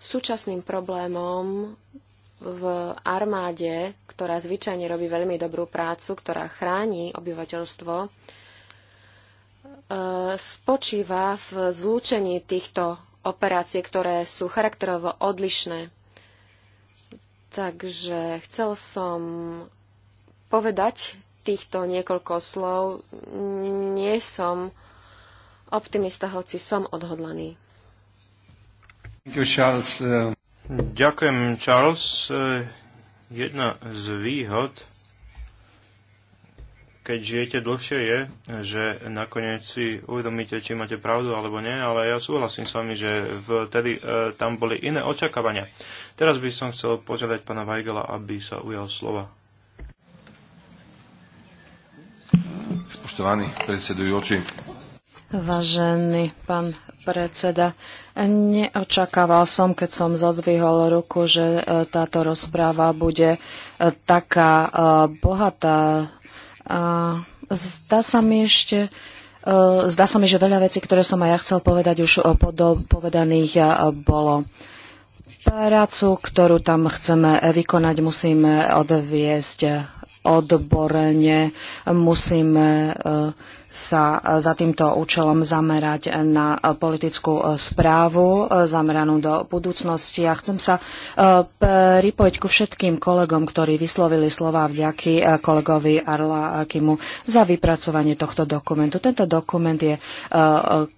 Súčasným problémom v armáde, ktorá zvyčajne robí veľmi dobrú prácu, ktorá chráni obyvateľstvo, E, spočíva v zlúčení týchto operácií, ktoré sú charakterovo odlišné. Takže chcel som povedať týchto niekoľko slov. Nie som optimista, hoci som odhodlaný. Ďakujem, Charles. E, jedna z výhod keď žijete dlhšie, je, že nakoniec si uvedomíte, či máte pravdu alebo nie, ale ja súhlasím s vami, že vtedy e, tam boli iné očakávania. Teraz by som chcel požiadať pána Weigela, aby sa ujal slova. Spoštovaný predsedujúci. Vážený pán predseda, neočakával som, keď som zodvihol ruku, že e, táto rozpráva bude e, taká e, bohatá Zdá sa mi ešte, e, zdá sa mi, že veľa vecí, ktoré som aj ja chcel povedať, už povedaných e, bolo. Prácu, ktorú tam chceme vykonať, musíme odviesť odborne, musíme e, sa e, za týmto účelom zamerať na e, politickú e, správu zameranú do budúcnosti. A chcem sa pripojiť ku všetkým kolegom, ktorí vyslovili slova vďaky kolegovi Arla Akimu za vypracovanie tohto dokumentu. Tento dokument je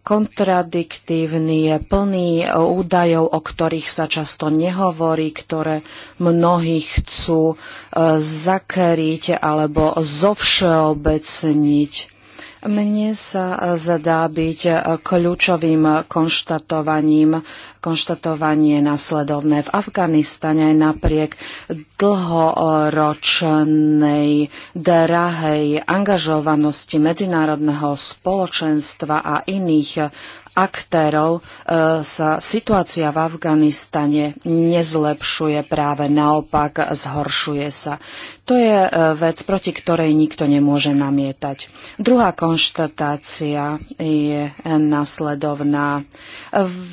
kontradiktívny, je plný údajov, o ktorých sa často nehovorí, ktoré mnohých chcú zakryť alebo zovšeobecniť mne sa e, zdá byť e, kľúčovým konštatovaním konštatovanie nasledovné. V Afganistane aj napriek dlhoročnej drahej angažovanosti medzinárodného spoločenstva a iných aktérov e, sa situácia v Afganistane nezlepšuje, práve naopak zhoršuje sa. To je e, vec, proti ktorej nikto nemôže namietať. Druhá konštatácia je nasledovná.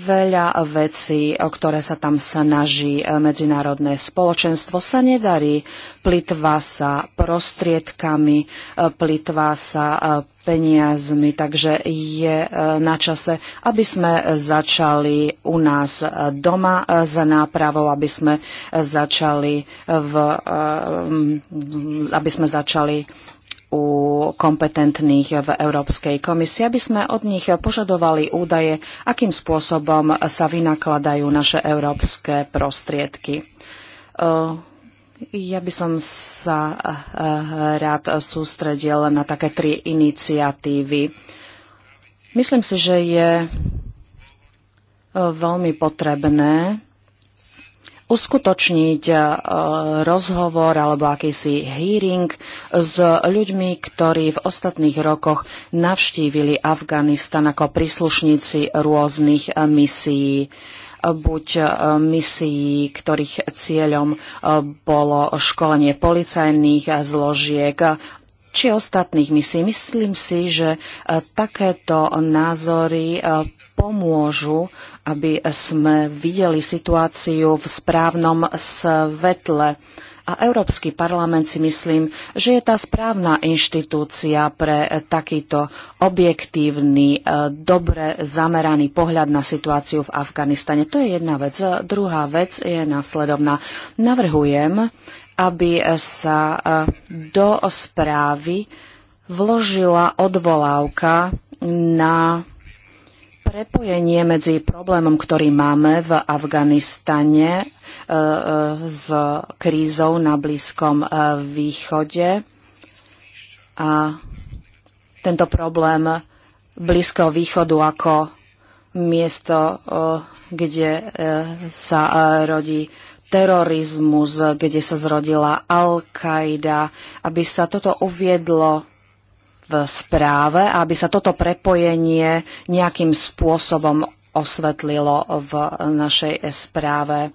Veľa vecí, o ktoré sa tam snaží e, medzinárodné spoločenstvo, sa nedarí. Plitva sa prostriedkami, plitva sa peniazmi, takže je e, na čase, aby sme začali u nás e, doma e, s nápravou, aby sme začali, v, aby sme začali u kompetentných v Európskej komisii, aby sme od nich požadovali údaje, akým spôsobom sa vynakladajú naše európske prostriedky. Ja by som sa eh, rád sústredil na také tri iniciatívy. Myslím si, že je eh, veľmi potrebné uskutočniť eh, rozhovor alebo akýsi hearing s ľuďmi, ktorí v ostatných rokoch navštívili Afganistan ako príslušníci rôznych misií buď e, misií, ktorých cieľom e, bolo školenie policajných e, zložiek, či ostatných misií. Myslím si, že takéto názory pomôžu, aby sme videli situáciu v správnom svetle a Európsky parlament si myslím, že je tá správna inštitúcia pre takýto objektívny, e, dobre zameraný pohľad na situáciu v Afganistane. To je jedna vec. Druhá vec je následovná. Navrhujem, aby sa e, do správy vložila odvolávka na prepojenie medzi problémom, ktorý máme v Afganistane e, e, s krízou na Blízkom e, východe a tento problém Blízkeho východu ako miesto, kde sa rodí terorizmus, kde sa zrodila Al-Qaida, aby sa toto uviedlo v správe, aby sa toto prepojenie nejakým spôsobom osvetlilo v našej správe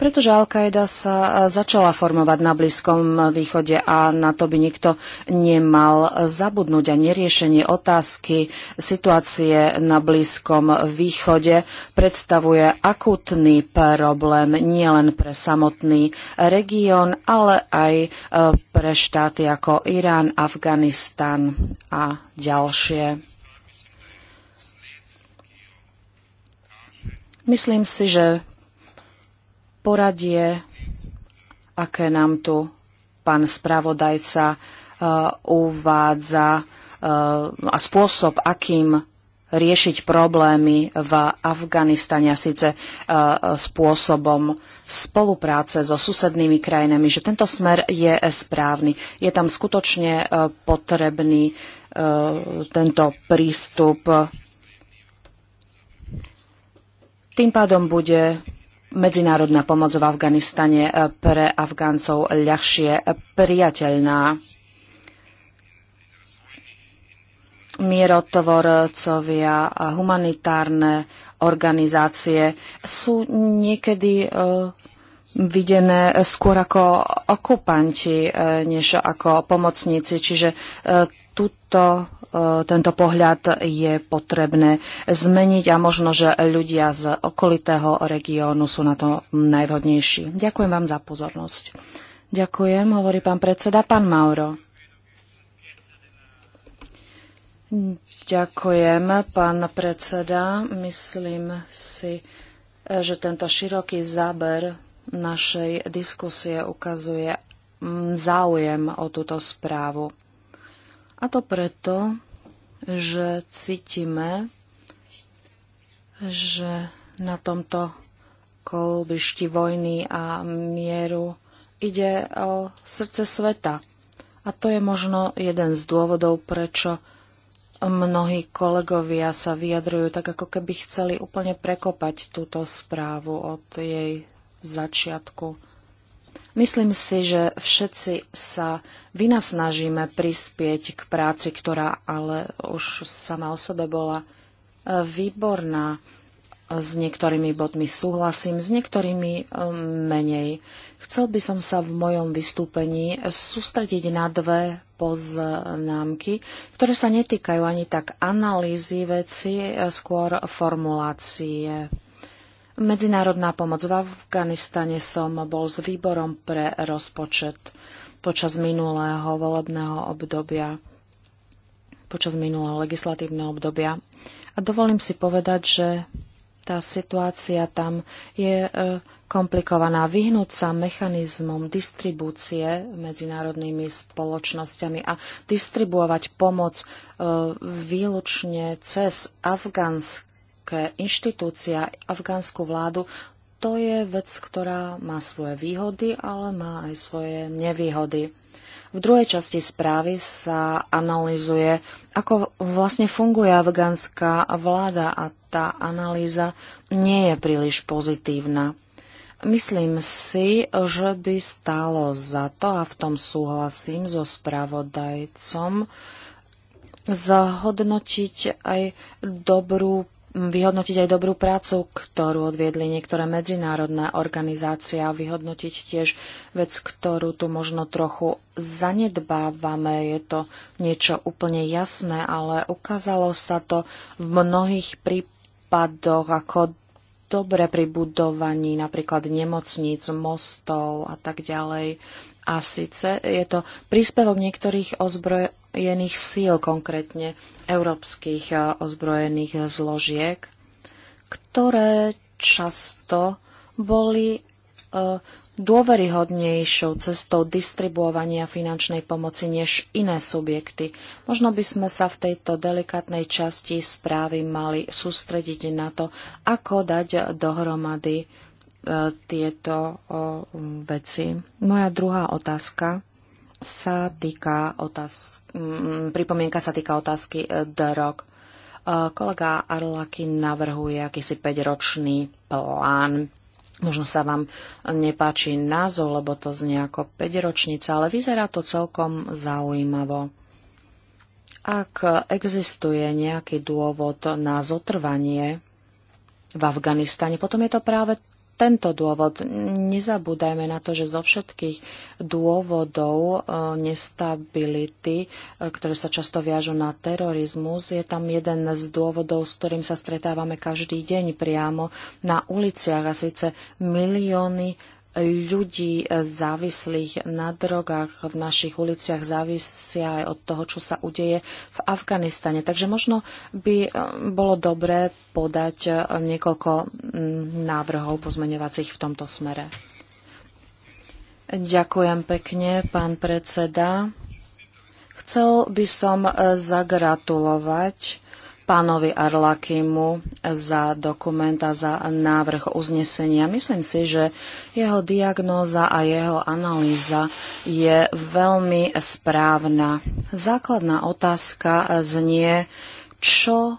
pretože al qaeda sa e, začala formovať na Blízkom východe a na to by nikto nemal zabudnúť a neriešenie otázky situácie na Blízkom východe predstavuje akutný problém nielen pre samotný región, ale aj e, pre štáty ako Irán, Afganistan a ďalšie. Myslím si, že poradie, aké nám tu pán spravodajca uh, uvádza uh, a spôsob, akým riešiť problémy v Afganistane a síce uh, spôsobom spolupráce so susednými krajinami, že tento smer je správny. Je tam skutočne potrebný tento prístup. Tým pádom bude medzinárodná pomoc v Afganistane eh, pre Afgáncov ľahšie eh, priateľná. Mierotvorcovia a humanitárne organizácie sú niekedy eh, videné skôr ako okupanti, než ako pomocníci. Čiže túto E, tento pohľad je potrebné zmeniť a možno, že ľudia z okolitého regiónu sú na to najvhodnejší. Ďakujem vám za pozornosť. Ďakujem, hovorí pán predseda. Pán Mauro. Ďakujem, pán predseda. Myslím si, že tento široký záber našej diskusie ukazuje záujem o túto správu. A to preto, že cítime, že na tomto kolbišti vojny a mieru ide o srdce sveta. A to je možno jeden z dôvodov, prečo mnohí kolegovia sa vyjadrujú tak, ako keby chceli úplne prekopať túto správu od jej začiatku. Myslím si, že všetci sa vynasnažíme prispieť k práci, ktorá ale už sama o sebe bola e, výborná. S niektorými bodmi súhlasím, s niektorými e, menej. Chcel by som sa v mojom vystúpení sústrediť na dve poznámky, ktoré sa netýkajú ani tak analýzy veci, e, skôr formulácie Medzinárodná pomoc v Afganistane som bol s výborom pre rozpočet počas minulého volebného obdobia, počas minulého legislatívneho obdobia. A dovolím si povedať, že tá situácia tam je e, komplikovaná. Vyhnúť sa mechanizmom distribúcie medzinárodnými spoločnosťami a distribuovať pomoc e, výlučne cez afgánske afgánske inštitúcie a afgánsku vládu, to je vec, ktorá má svoje výhody, ale má aj svoje nevýhody. V druhej časti správy sa analýzuje, ako vlastne funguje afgánska vláda a tá analýza nie je príliš pozitívna. Myslím si, že by stálo za to, a v tom súhlasím so spravodajcom, zhodnotiť aj dobrú vyhodnotiť aj dobrú prácu, ktorú odviedli niektoré medzinárodné organizácie a vyhodnotiť tiež vec, ktorú tu možno trochu zanedbávame. Je to niečo úplne jasné, ale ukázalo sa to v mnohých prípadoch ako dobre pri budovaní napríklad nemocníc, mostov a tak ďalej. A síce je to príspevok niektorých ozbroj, ozbrojených síl, konkrétne európskych e, ozbrojených zložiek, ktoré často boli e, dôveryhodnejšou cestou distribuovania finančnej pomoci než iné subjekty. Možno by sme sa v tejto delikatnej časti správy mali sústrediť na to, ako dať dohromady e, tieto veci. Moja druhá otázka sa týka otázky, mm, pripomienka sa týka otázky e, drog. E, kolega Arlaky navrhuje akýsi 5-ročný plán. Možno sa vám nepáči názov, lebo to znie ako 5-ročnica, ale vyzerá to celkom zaujímavo. Ak existuje nejaký dôvod na zotrvanie v Afganistane, potom je to práve tento dôvod. Nezabúdajme na to, že zo všetkých dôvodov e, nestability, e, ktoré sa často viažu na terorizmus, je tam jeden z dôvodov, s ktorým sa stretávame každý deň priamo na uliciach a síce milióny ľudí e, závislých na drogách v našich uliciach závisia aj od toho, čo sa udeje v Afganistane. Takže možno by e, bolo dobré podať e, niekoľko mm, návrhov pozmeňovacích v tomto smere. Ďakujem pekne, pán predseda. Chcel by som zagratulovať pánovi Arlakimu za dokument a za návrh uznesenia. Myslím si, že jeho diagnóza a jeho analýza je veľmi správna. Základná otázka znie, čo e,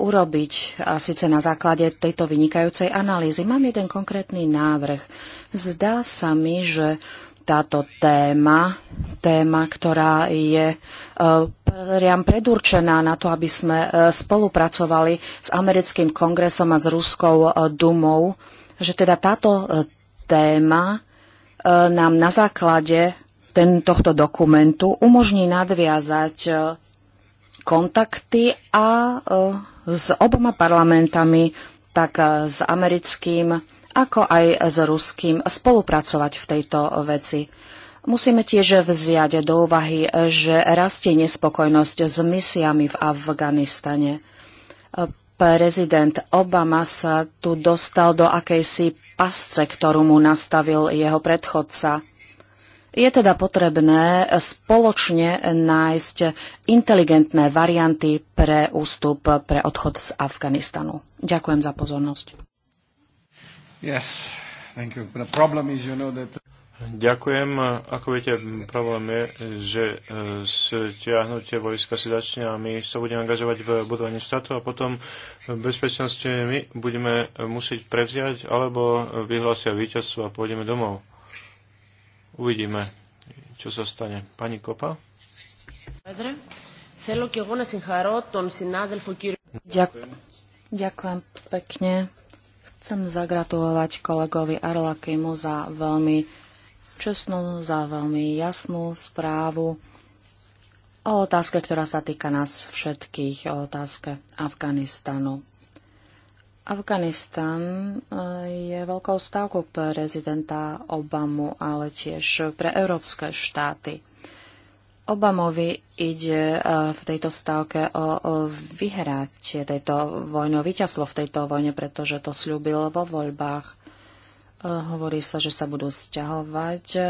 urobiť, a síce na základe tejto vynikajúcej analýzy. Mám jeden konkrétny návrh. Zdá sa mi, že táto téma, téma, ktorá je e, priam predurčená na to, aby sme e, spolupracovali s americkým kongresom a s ruskou e, dumou, že teda táto e, téma nám na základe ten, tohto dokumentu umožní nadviazať kontakty a s oboma parlamentami, tak s americkým, ako aj s ruským, spolupracovať v tejto veci. Musíme tiež vziať do úvahy, že rastie nespokojnosť s misiami v Afganistane. Prezident Obama sa tu dostal do akejsi pasce, ktorú mu nastavil jeho predchodca. Je teda potrebné spoločne nájsť inteligentné varianty pre ústup, pre odchod z Afganistanu. Ďakujem za pozornosť. Yes, thank you. The problem is, you know, that... Ďakujem. Ako viete, problém je, že e, stiahnutie vojska si začne a my sa budeme angažovať v budovaní štátu a potom bezpečnosti my budeme musieť prevziať alebo vyhlásia víťazstvo a pôjdeme domov. Uvidíme, čo sa stane. Pani Kopa? Ďakujem. Ďakujem pekne. Chcem zagratulovať kolegovi Arlakimu za veľmi čestnú, za veľmi jasnú správu o otázke, ktorá sa týka nás všetkých, o otázke Afganistanu. Afganistan e, je veľkou stavkou prezidenta Obamu, ale tiež pre európske štáty. Obamovi ide e, v tejto stavke o vyhrať tejto vojne, o víťazstvo v tejto vojne, pretože to slúbil vo voľbách. E, hovorí sa, že sa budú stiahovať e,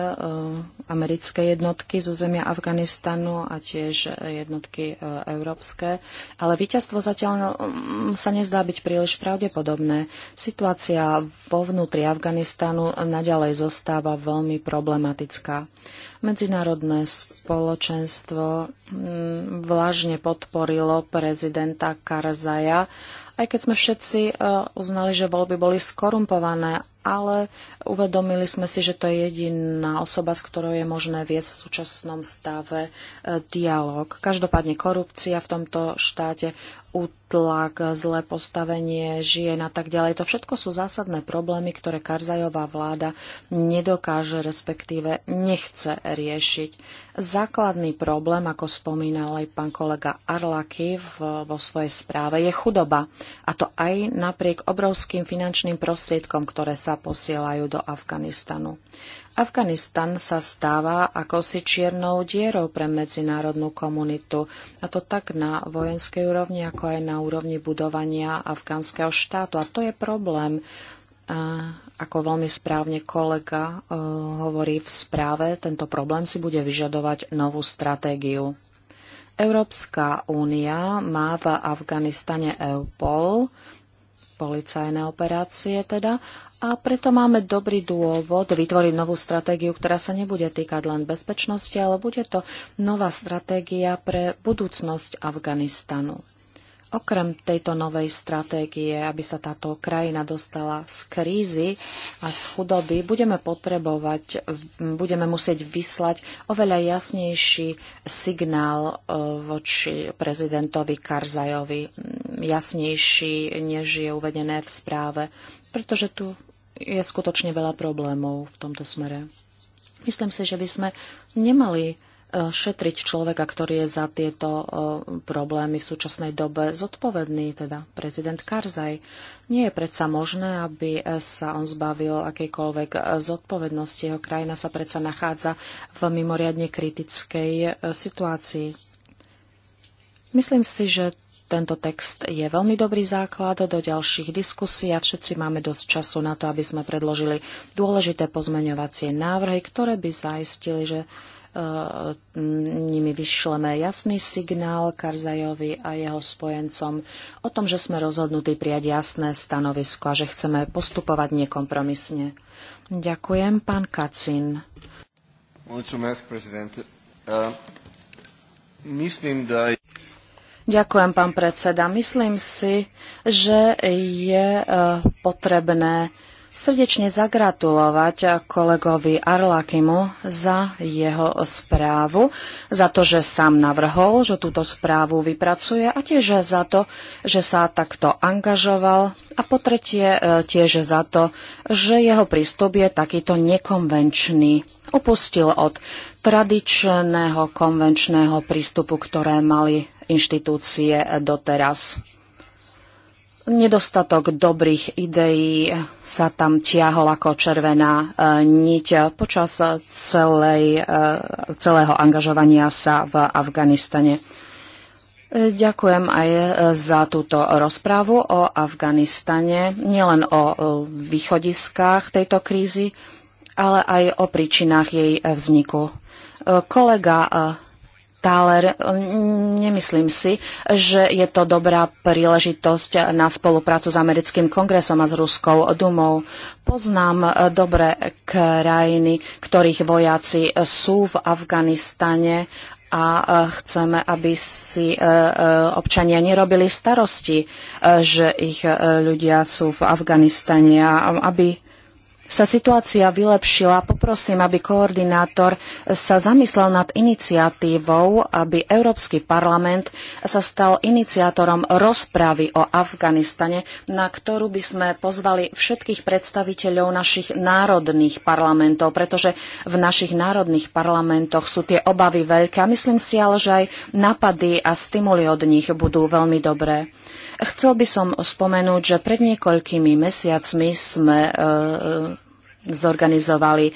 americké jednotky z územia Afganistanu a tiež jednotky e, európske, ale víťazstvo zatiaľ no, mm, sa nezdá byť príliš pravdepodobné. Situácia vo vnútri Afganistanu naďalej zostáva veľmi problematická. Medzinárodné spoločenstvo mm, vlažne podporilo prezidenta Karzaja, aj keď sme všetci uznali, že voľby boli skorumpované ale uvedomili sme si, že to je jediná osoba, s ktorou je možné viesť v súčasnom stave e, dialog. Každopádne korupcia v tomto štáte útlak, zlé postavenie žien a tak ďalej. To všetko sú zásadné problémy, ktoré Karzajová vláda nedokáže, respektíve nechce riešiť. Základný problém, ako spomínal aj pán kolega Arlaky vo svojej správe, je chudoba. A to aj napriek obrovským finančným prostriedkom, ktoré sa posielajú do Afganistanu. Afganistan sa stáva akousi čiernou dierou pre medzinárodnú komunitu, a to tak na vojenskej úrovni, ako aj na úrovni budovania afgánskeho štátu. A to je problém. A ako veľmi správne kolega e, hovorí v správe, tento problém si bude vyžadovať novú stratégiu. Európska únia má v Afganistane EUPOL, policajné operácie teda, a preto máme dobrý dôvod vytvoriť novú stratégiu, ktorá sa nebude týkať len bezpečnosti, ale bude to nová stratégia pre budúcnosť Afganistanu. Okrem tejto novej stratégie, aby sa táto krajina dostala z krízy a z chudoby, budeme potrebovať, budeme musieť vyslať oveľa jasnejší signál e, voči prezidentovi Karzajovi, jasnejší, než je uvedené v správe pretože tu je skutočne veľa problémov v tomto smere. Myslím si, že by sme nemali e, šetriť človeka, ktorý je za tieto e, problémy v súčasnej dobe zodpovedný, teda prezident Karzaj. Nie je predsa možné, aby e, sa on zbavil akejkoľvek zodpovednosti. Jeho krajina sa predsa nachádza v mimoriadne kritickej situácii. Myslím si, že tento text je veľmi dobrý základ do ďalších diskusí a všetci máme dosť času na to, aby sme predložili dôležité pozmeňovacie návrhy, ktoré by zaistili, že e, nimi vyšleme jasný signál Karzajovi a jeho spojencom o tom, že sme rozhodnutí prijať jasné stanovisko a že chceme postupovať nekompromisne. Ďakujem, pán Kacin. Uh, myslím, da... Ďakujem, pán predseda. Myslím si, že je e, potrebné srdečne zagratulovať kolegovi Arlakimu za jeho správu, za to, že sám navrhol, že túto správu vypracuje a tiež za to, že sa takto angažoval a po tretie e, tiež za to, že jeho prístup je takýto nekonvenčný. Upustil od tradičného konvenčného prístupu, ktoré mali inštitúcie doteraz. Nedostatok dobrých ideí sa tam tiahol ako červená e, niť počas celej, e, celého angažovania sa v Afganistane. E, ďakujem aj za túto rozprávu o Afganistane, nielen o východiskách tejto krízy, ale aj o príčinách jej vzniku. Kolega Thaler, e, nemyslím si, že je to dobrá príležitosť na spoluprácu s americkým kongresom a s ruskou dumou. Poznám e, dobre krajiny, ktorých vojaci e, sú v Afganistane a chceme, aby si občania nerobili starosti, že ich ľudia sú v Afganistane a aby sa situácia vylepšila, poprosím, aby koordinátor sa zamyslel nad iniciatívou, aby Európsky parlament sa stal iniciátorom rozpravy o Afganistane, na ktorú by sme pozvali všetkých predstaviteľov našich národných parlamentov, pretože v našich národných parlamentoch sú tie obavy veľké. A myslím si ale, že aj nápady a stimuly od nich budú veľmi dobré. Chcel by som spomenúť, že pred niekoľkými mesiacmi sme e, zorganizovali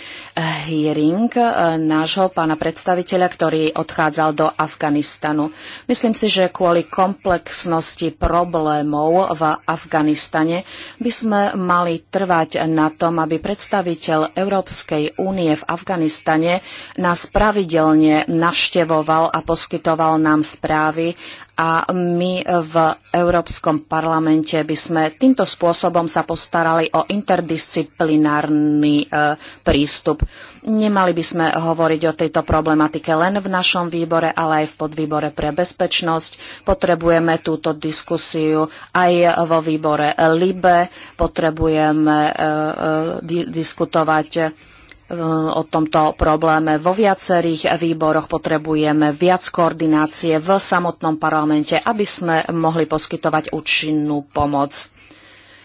hearing eh, nášho pána predstaviteľa, ktorý odchádzal do Afganistanu. Myslím si, že kvôli komplexnosti problémov v Afganistane by sme mali trvať na tom, aby predstaviteľ Európskej únie v Afganistane nás pravidelne navštevoval a poskytoval nám správy a my v Európskom parlamente by sme týmto spôsobom sa postarali o interdisciplinárny e, prístup. Nemali by sme hovoriť o tejto problematike len v našom výbore, ale aj v podvýbore pre bezpečnosť. Potrebujeme túto diskusiu aj vo výbore LIBE. Potrebujeme e, e, diskutovať o tomto probléme. Vo viacerých výboroch potrebujeme viac koordinácie v samotnom parlamente, aby sme mohli poskytovať účinnú pomoc.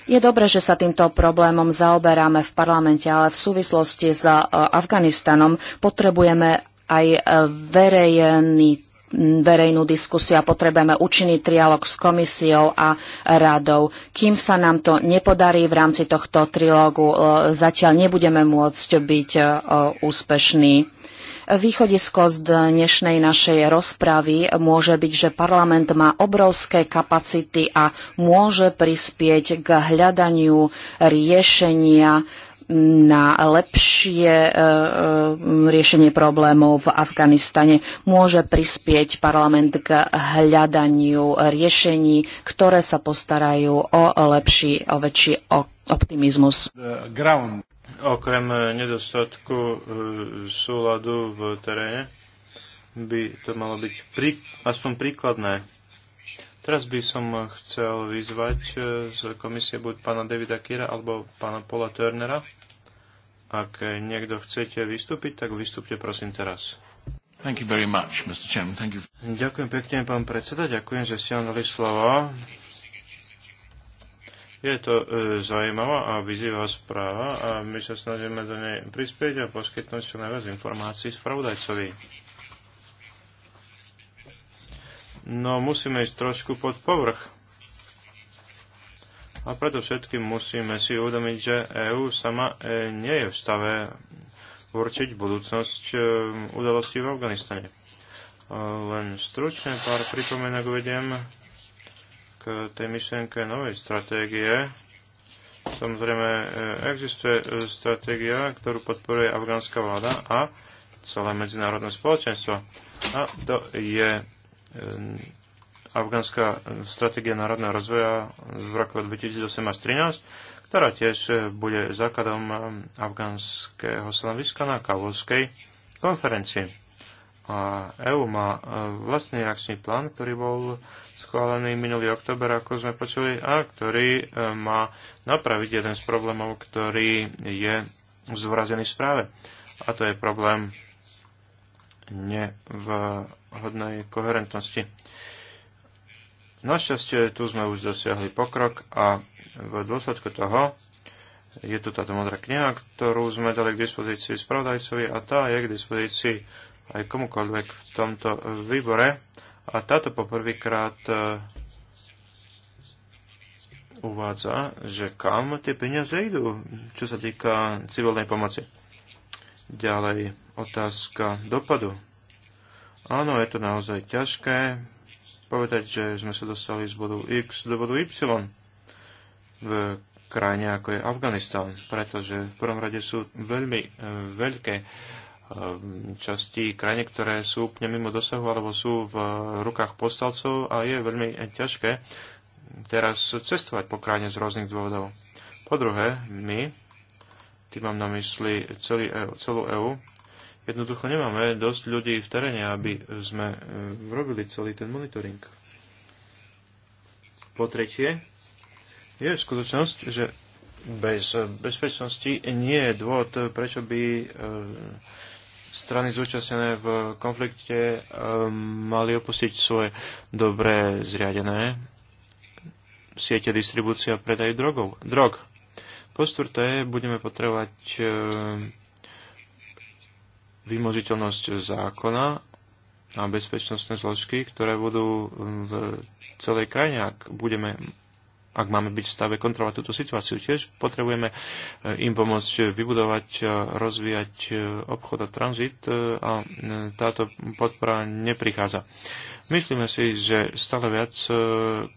Je dobré, že sa týmto problémom zaoberáme v parlamente, ale v súvislosti s e, Afganistanom potrebujeme aj e, verejný verejnú diskusiu a potrebujeme účinný trialog s komisiou a radou. Kým sa nám to nepodarí v rámci tohto trilógu, e, zatiaľ nebudeme môcť byť e, úspešní. Východisko z dnešnej našej rozpravy môže byť, že parlament má obrovské kapacity a môže prispieť k hľadaniu riešenia na lepšie e, e, riešenie problémov v Afganistane môže prispieť parlament k hľadaniu riešení, ktoré sa postarajú o lepší, o väčší optimizmus. Okrem nedostatku e, súladu v teréne by to malo byť prí, aspoň príkladné. Teraz by som chcel vyzvať z komisie buď pána Davida Kira alebo pána Paula Turnera, ak niekto chcete vystúpiť, tak vystúpte prosím teraz. Thank you very much, Mr. Chairman. Thank you. Ďakujem pekne, pán predseda. Ďakujem, že ste nám dali slovo. Je to e, zaujímavá a vyzývá správa a my sa snažíme do nej prispieť a poskytnúť čo najviac informácií spravodajcovi. No musíme ísť trošku pod povrch a preto všetkým musíme si uvedomiť, že EÚ sama e, nie je v stave určiť budúcnosť e, udalostí v Afganistane. Len stručne pár pripomienok uvediem k tej myšlienke novej stratégie. Samozrejme, e, existuje stratégia, ktorú podporuje afgánska vláda a celé medzinárodné spoločenstvo. A to je afgánska stratégia národného rozvoja v roku 2008 až 2013, ktorá tiež eh, bude základom eh, afgánskeho stanoviska na Kavovskej konferencii. A EU má eh, vlastný akčný plán, ktorý bol schválený minulý oktober, ako sme počuli, a ktorý má napraviť jeden z problémov, ktorý je zvrazený v správe. A to je problém nevhodnej koherentnosti. Našťastie tu sme už dosiahli pokrok a v dôsledku toho je tu táto modrá kniha, ktorú sme dali k dispozícii spravodajcovi a tá je k dispozícii aj komukoľvek v tomto výbore. A táto poprvýkrát e, uvádza, že kam tie peniaze idú, čo sa týka civilnej pomoci. Ďalej otázka dopadu. Áno, je to naozaj ťažké povedať, že sme sa dostali z bodu X do bodu Y v krajine ako je Afganistan, pretože v prvom rade sú veľmi e, veľké e, časti krajiny, ktoré sú úplne mimo dosahu alebo sú v rukách postavcov a je veľmi ťažké teraz cestovať po krajine z rôznych dôvodov. Po druhé, my, tým mám na mysli celý EU, celú EÚ, jednoducho nemáme dosť ľudí v teréne, aby sme e, robili celý ten monitoring. Po tretie, je skutočnosť, že bez bezpečnosti nie je dôvod, prečo by e, strany zúčastnené v konflikte e, mali opustiť svoje dobre zriadené siete distribúcia predajú drogov, drog. Po štvrté, budeme potrebovať vymožiteľnosť zákona a bezpečnostné zložky, ktoré budú um, v celej krajine, ak budeme ak máme byť v stave kontrolovať túto situáciu. Tiež potrebujeme eh, im pomôcť vybudovať, eh, rozvíjať eh, obchod a tranzit a táto podpora neprichádza. Myslíme si, že stále viac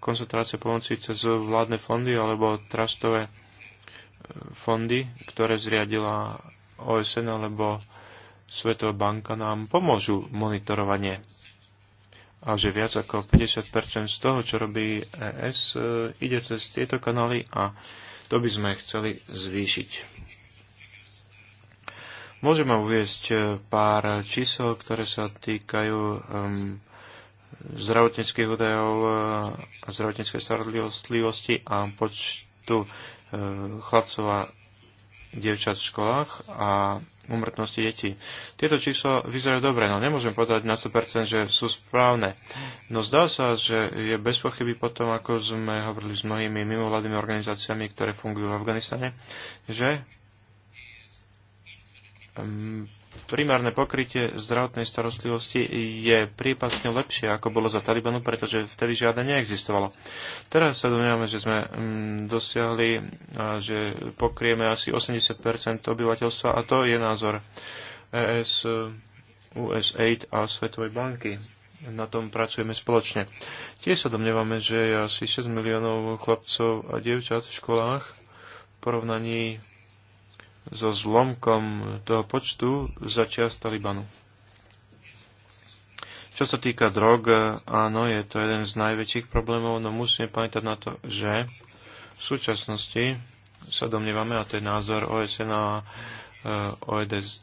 koncentrácie pomoci cez vládne fondy alebo trastové fondy, ktoré zriadila OSN alebo Svetová banka nám pomôžu monitorovanie a že viac ako 50% z toho, čo robí ES, e, ide cez tieto kanály a to by sme chceli zvýšiť. Môžeme uviesť e, pár čísel, ktoré sa týkajú um, zdravotníckých údajov e, a zdravotníckej starostlivosti a počtu uh, chlapcov a dievčat v školách a umrtnosti detí. Tieto čísla vyzerajú dobre, no nemôžem povedať na 100%, že sú správne. No zdá sa, že je bez pochyby potom, ako sme hovorili s mnohými mimovládnymi organizáciami, ktoré fungujú v Afganistane, že mm, primárne pokrytie zdravotnej starostlivosti je prípadne lepšie, ako bolo za Talibanu, pretože vtedy žiadne neexistovalo. Teraz sa domnievame, že sme mm, dosiahli, že pokrieme asi 80 obyvateľstva a to je názor ES, USAID a Svetovej banky. Na tom pracujeme spoločne. Tiež sa domnievame, že je asi 6 miliónov chlapcov a dievčat v školách v porovnaní so zlomkom toho počtu za čas Talibanu. Čo sa týka drog, áno, je to jeden z najväčších problémov, no musíme pamätať na to, že v súčasnosti sa domnievame, a to je názor OSN a e, OEDS,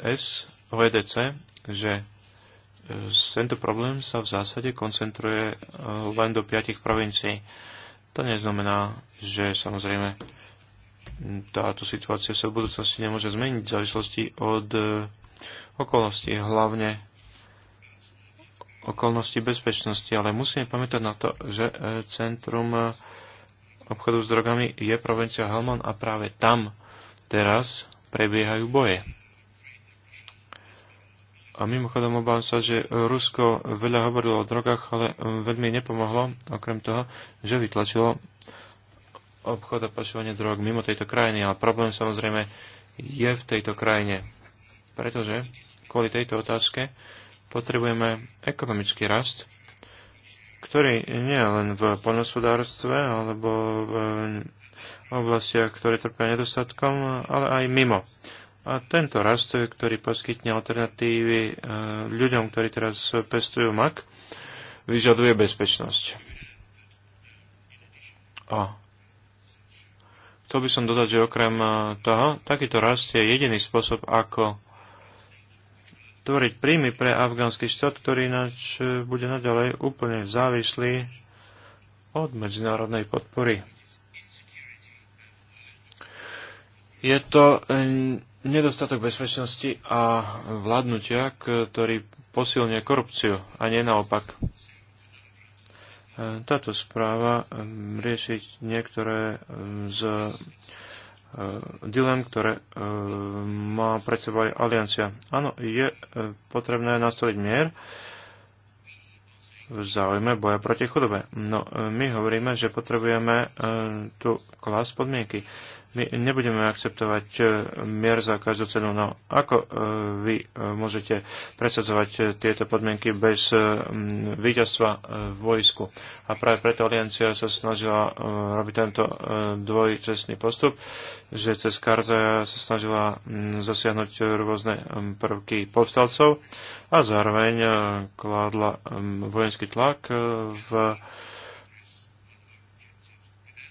OEDC, že e, tento problém sa v zásade koncentruje e, len do piatich provincií. To neznamená, že samozrejme táto situácia sa v budúcnosti nemôže zmeniť v závislosti od e, okolností, hlavne okolnosti bezpečnosti, ale musíme pamätať na to, že e, centrum e, obchodu s drogami je provincia Helmon a práve tam teraz prebiehajú boje. A mimochodom obávam sa, že Rusko veľa hovorilo o drogách, ale veľmi nepomohlo, okrem toho, že vytlačilo obchod a pašovanie drog mimo tejto krajiny, ale problém samozrejme je v tejto krajine. Pretože kvôli tejto otázke potrebujeme ekonomický rast, ktorý nie len v poľnospodárstve alebo v oblastiach, ktoré trpia nedostatkom, ale aj mimo. A tento rast, ktorý poskytne alternatívy e, ľuďom, ktorí teraz pestujú mak, vyžaduje bezpečnosť. A Chcel by som dodať, že okrem eh, toho, takýto rast je jediný spôsob, ako tvoriť príjmy pre afgánsky štát, ktorý ináč eh, bude naďalej úplne závislý od medzinárodnej podpory. Je to eh, nedostatok bezpečnosti a vládnutia, ktorý posilňuje korupciu a nie naopak táto správa um, riešiť niektoré um, z uh, dilem, ktoré uh, má pred sebou aj aliancia. Áno, je uh, potrebné nastaviť mier v záujme boja proti chudobe. No, my hovoríme, že potrebujeme tu klas podmienky. My nebudeme akceptovať e, mier za každú cenu. No ako e, vy e, môžete presadzovať tieto podmienky bez víťazstva v vojsku? A práve preto aliancia sa snažila robiť tento dvojcestný postup, že cez Karzaja sa snažila zasiahnuť rôzne prvky povstalcov a zároveň kládla vojenský tlak v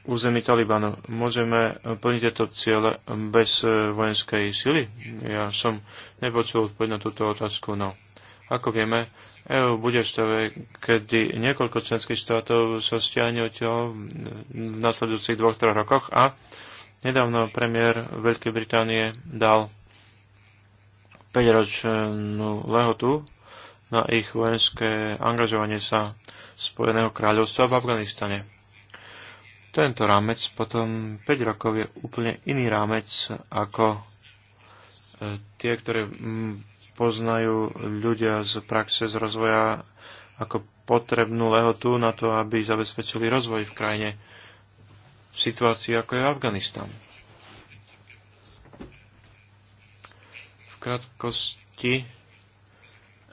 území Talibanu. Môžeme plniť tieto ciele bez e, vojenskej sily? Ja som nepočul odpoveď na túto otázku, no. Ako vieme, EU bude v stave, kedy niekoľko členských štátov sa stiahne od toho v nasledujúcich dvoch, troch rokoch a nedávno premiér Veľkej Británie dal 5-ročnú lehotu na ich vojenské angažovanie sa Spojeného kráľovstva v Afganistane tento rámec potom 5 rokov je úplne iný rámec ako e, tie, ktoré poznajú ľudia z praxe, z rozvoja ako potrebnú lehotu na to, aby zabezpečili rozvoj v krajine v situácii ako je Afganistan. V krátkosti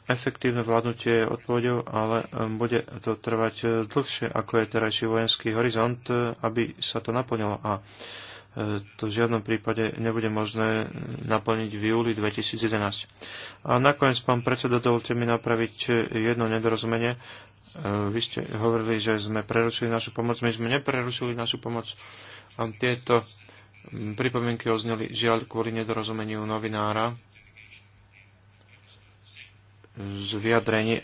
Efektívne vládnutie odpovedou, ale bude to trvať e, dlhšie, ako je terajší vojenský horizont, e, aby sa to naplnilo. A e, to v žiadnom prípade nebude možné naplniť v júli 2011. A nakoniec, pán predseda, dovolte mi napraviť jedno nedorozumenie. Vy ste hovorili, že sme prerušili našu pomoc. My sme neprerušili našu pomoc. A tieto pripomienky ozneli žiaľ kvôli nedorozumeniu novinára z vyjadrení eh,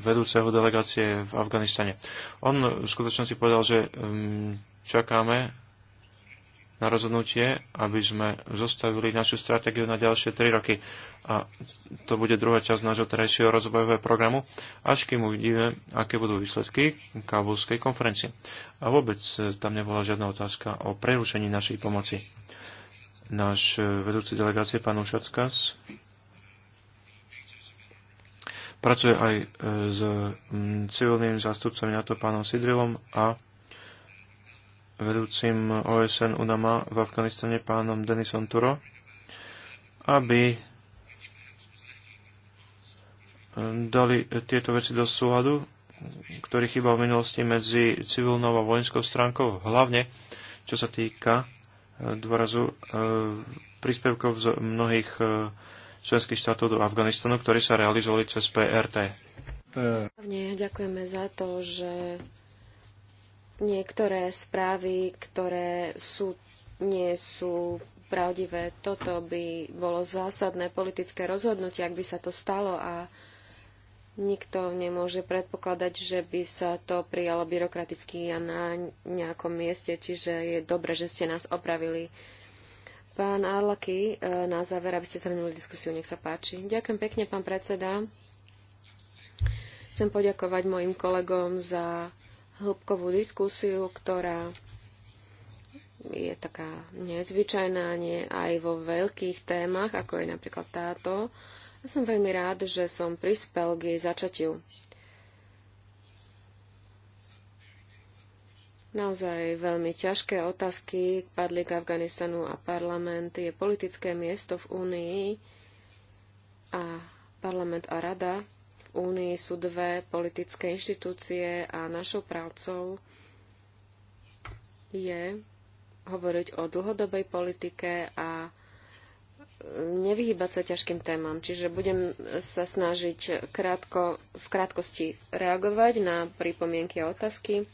vedúceho delegácie v Afganistane. On v skutočnosti povedal, že ehm, čakáme na rozhodnutie, aby sme zostavili našu stratégiu na ďalšie tri roky. A to bude druhá časť nášho terajšieho rozvojového programu, až kým uvidíme, aké budú výsledky kábulskej konferencie. A vôbec eh, tam nebola žiadna otázka o prerušení našej pomoci. Náš eh, vedúci delegácie, pán Ušackas, pracuje aj e, s civilným zástupcom NATO pánom Sidrilom a vedúcim OSN UNAMA v Afganistane pánom Denisom Turo, aby e, dali tieto veci do súladu, ktorý chýbal v minulosti medzi civilnou a vojenskou stránkou, hlavne čo sa týka e, dôrazu príspevkov z mnohých členských štátov do Afganistanu, ktoré sa realizovali cez PRT. Hlavne ďakujeme za to, že niektoré správy, ktoré sú, nie sú pravdivé, toto by bolo zásadné politické rozhodnutie, ak by sa to stalo a nikto nemôže predpokladať, že by sa to prijalo byrokraticky a na nejakom mieste, čiže je dobre, že ste nás opravili. Pán Arlaky, e, na záver, aby ste zhrnuli diskusiu, nech sa páči. Ďakujem pekne, pán predseda. Chcem poďakovať mojim kolegom za hĺbkovú diskusiu, ktorá je taká nezvyčajná, nie aj vo veľkých témach, ako je napríklad táto. Ja som veľmi rád, že som prispel k jej začatiu. Naozaj veľmi ťažké otázky padli k Afganistanu a parlament je politické miesto v Únii a parlament a rada v Únii sú dve politické inštitúcie a našou prácou je hovoriť o dlhodobej politike a nevyhýbať sa ťažkým témam. Čiže budem sa snažiť krátko, v krátkosti reagovať na pripomienky a otázky.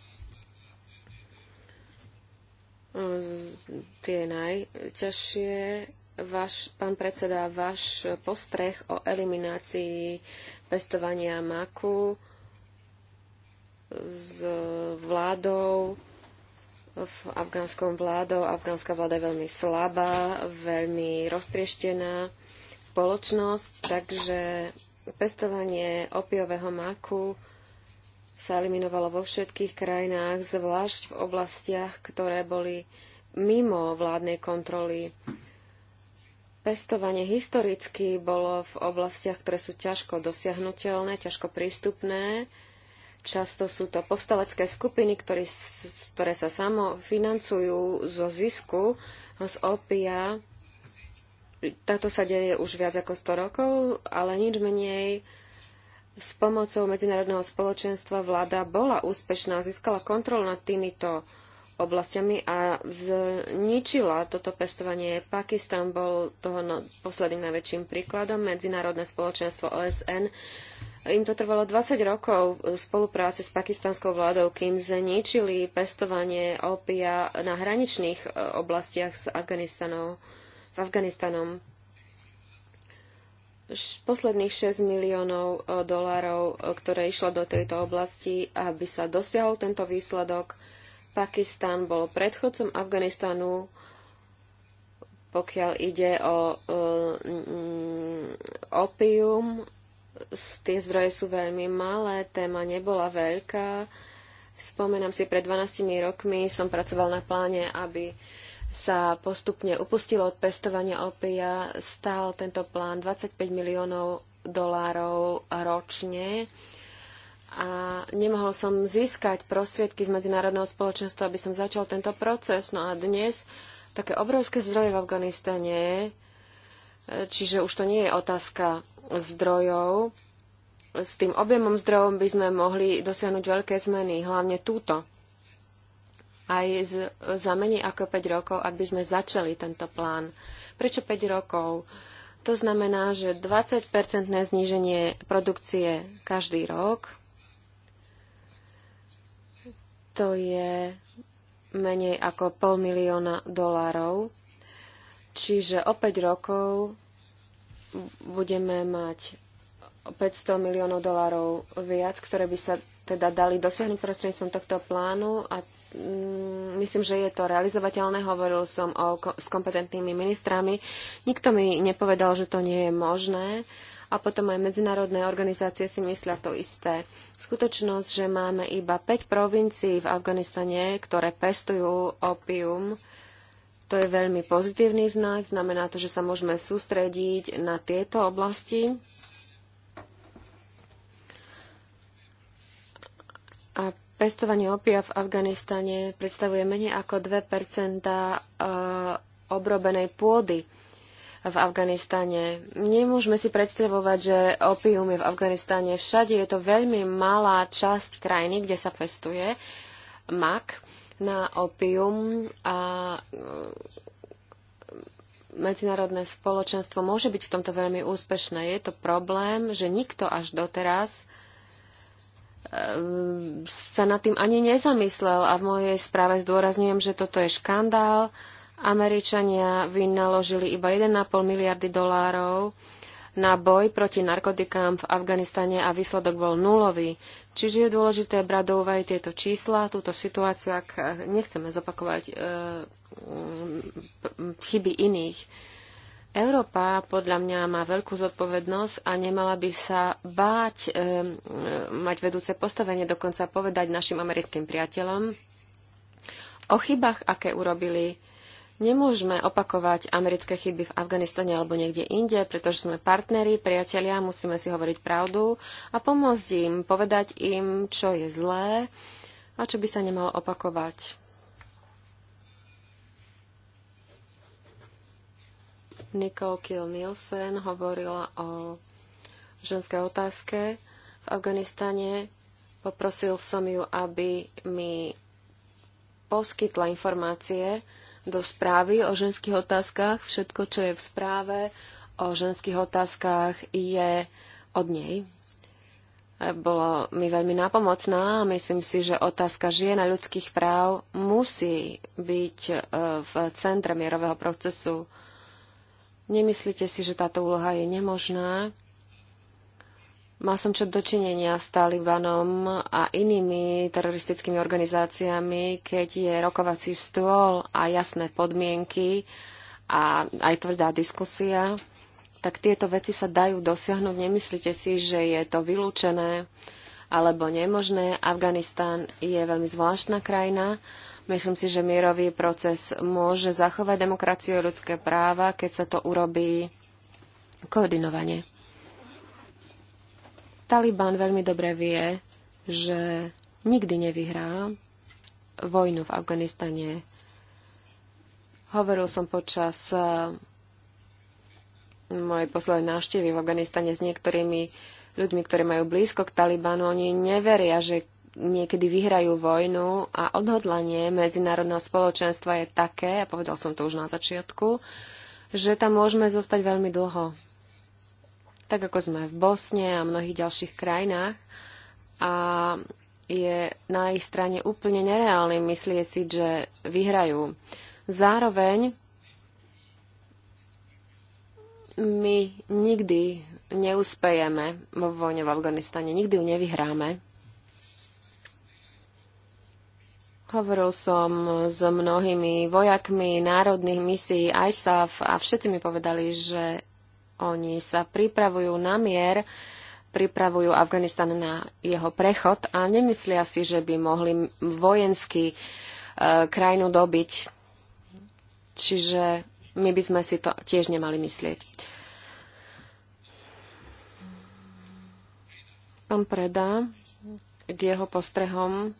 Ehm, tie najťažšie. Váš, pán predseda, váš postreh o eliminácii pestovania maku s vládou, v afgánskom vládou. Afgánska vláda je veľmi slabá, veľmi roztrieštená spoločnosť, takže pestovanie opiového maku sa eliminovalo vo všetkých krajinách, zvlášť v oblastiach, ktoré boli mimo vládnej kontroly. Pestovanie historicky bolo v oblastiach, ktoré sú ťažko dosiahnutelné, ťažko prístupné. Často sú to povstalecké skupiny, ktoré, ktoré sa samo financujú zo zisku z opia. Táto sa deje už viac ako 100 rokov, ale nič menej s pomocou medzinárodného spoločenstva vláda bola úspešná, získala kontrolu nad týmito oblastiami a zničila toto pestovanie. Pakistan bol toho no, posledným najväčším príkladom. Medzinárodné spoločenstvo OSN im to trvalo 20 rokov v spolupráci s pakistanskou vládou, kým zničili pestovanie opia na hraničných e, oblastiach s Afganistanom. V Afganistanom posledných 6 miliónov e, dolárov, e, ktoré išlo do tejto oblasti, aby sa dosiahol tento výsledok. Pakistan bol predchodcom Afganistanu, pokiaľ ide o um, opium. Tie zdroje sú veľmi malé, téma nebola veľká. Spomenám si, pred 12 rokmi som pracoval na pláne, aby uh, sa postupne upustilo od pestovania opia, stál tento plán 25 miliónov dolárov ročne a nemohol som získať prostriedky z medzinárodného spoločenstva, aby som začal tento proces. No a dnes také obrovské zdroje v Afganistane, čiže už to nie je otázka zdrojov. S tým objemom zdrojov by sme mohli dosiahnuť veľké zmeny, hlavne túto aj z, za menej ako 5 rokov, aby sme začali tento plán. Prečo 5 rokov? To znamená, že 20-percentné zníženie produkcie každý rok, to je menej ako pol milióna dolárov. Čiže o 5 rokov budeme mať 500 miliónov dolárov viac, ktoré by sa teda dali dosiahnuť prostredníctvom tohto plánu a mm, myslím, že je to realizovateľné. Hovoril som o, s kompetentnými ministrami. Nikto mi nepovedal, že to nie je možné. A potom aj medzinárodné organizácie si myslia to isté. Skutočnosť, že máme iba 5 provincií v Afganistane, ktoré pestujú opium, to je veľmi pozitívny znak. Znamená to, že sa môžeme sústrediť na tieto oblasti A pestovanie opia v Afganistane predstavuje menej ako 2 e, obrobenej pôdy v Afganistane. Nemôžeme si predstavovať, že opium je v Afganistane všade. Je to veľmi malá časť krajiny, kde sa pestuje mak na opium a e, medzinárodné spoločenstvo môže byť v tomto veľmi úspešné. Je to problém, že nikto až doteraz E, sa nad tým ani nezamyslel a v mojej správe zdôrazňujem, že toto je škandál. Američania vynaložili iba 1,5 miliardy dolárov na boj proti narkotikám v Afganistane a výsledok bol nulový. Čiže je dôležité brať do úvahy tieto čísla, túto situáciu, ak nechceme zopakovať e, chyby iných. Európa podľa mňa má veľkú zodpovednosť a nemala by sa báť e, mať vedúce postavenie, dokonca povedať našim americkým priateľom o chybách, aké urobili. Nemôžeme opakovať americké chyby v Afganistane alebo niekde inde, pretože sme partneri, priatelia, musíme si hovoriť pravdu a pomôcť im, povedať im, čo je zlé a čo by sa nemalo opakovať. Nicole Kiel-Nielsen hovorila o ženskej otázke v Afganistane. Poprosil som ju, aby mi poskytla informácie do správy o ženských otázkach. Všetko, čo je v správe o ženských otázkach, je od nej. Bolo mi veľmi napomocná a myslím si, že otázka žien a ľudských práv musí byť eh, v centre mierového procesu Nemyslíte si, že táto úloha je nemožná? Mal som čo dočinenia s Talibanom a inými teroristickými organizáciami, keď je rokovací stôl a jasné podmienky a aj tvrdá diskusia, tak tieto veci sa dajú dosiahnuť. Nemyslíte si, že je to vylúčené? alebo nemožné. Afganistán je veľmi zvláštna krajina. Myslím si, že mierový proces môže zachovať demokraciu a ľudské práva, keď sa to urobí koordinovane. Taliban veľmi dobre vie, že nikdy nevyhrá vojnu v Afganistane. Hovoril som počas eh, mojej poslednej návštevy v Afganistane s niektorými ľuďmi, ktorí majú blízko k Talibanu. Oni neveria, že niekedy vyhrajú vojnu a odhodlanie medzinárodného spoločenstva je také, a ja povedal som to už na začiatku, že tam môžeme zostať veľmi dlho. Tak ako sme v Bosne a mnohých ďalších krajinách. A je na ich strane úplne nereálne myslieť si, že vyhrajú. Zároveň my nikdy neúspejeme vo vojne v Afganistane, nikdy ju nevyhráme. Hovoril som s mnohými vojakmi národných misií ISAF a všetci mi povedali, že oni sa pripravujú na mier, pripravujú Afganistan na jeho prechod a nemyslia si, že by mohli vojensky e, krajinu dobiť. Čiže my by sme si to tiež nemali myslieť. Pán predá k jeho postrehom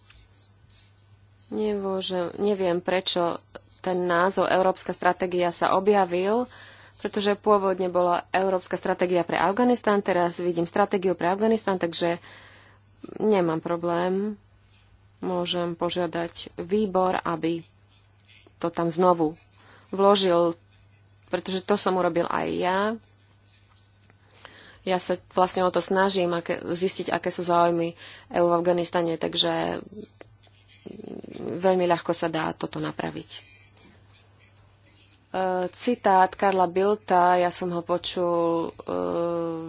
Nemôžem, neviem, prečo ten názov Európska stratégia sa objavil, pretože pôvodne bola Európska stratégia pre Afganistan, teraz vidím stratégiu pre Afganistan, takže nemám problém. Môžem požiadať výbor, aby to tam znovu vložil, pretože to som urobil aj ja. Ja sa vlastne o to snažím aké, zistiť, aké sú záujmy EU v Afganistane, takže veľmi ľahko sa dá toto napraviť. E, citát Karla Bilta, ja som ho počul uh,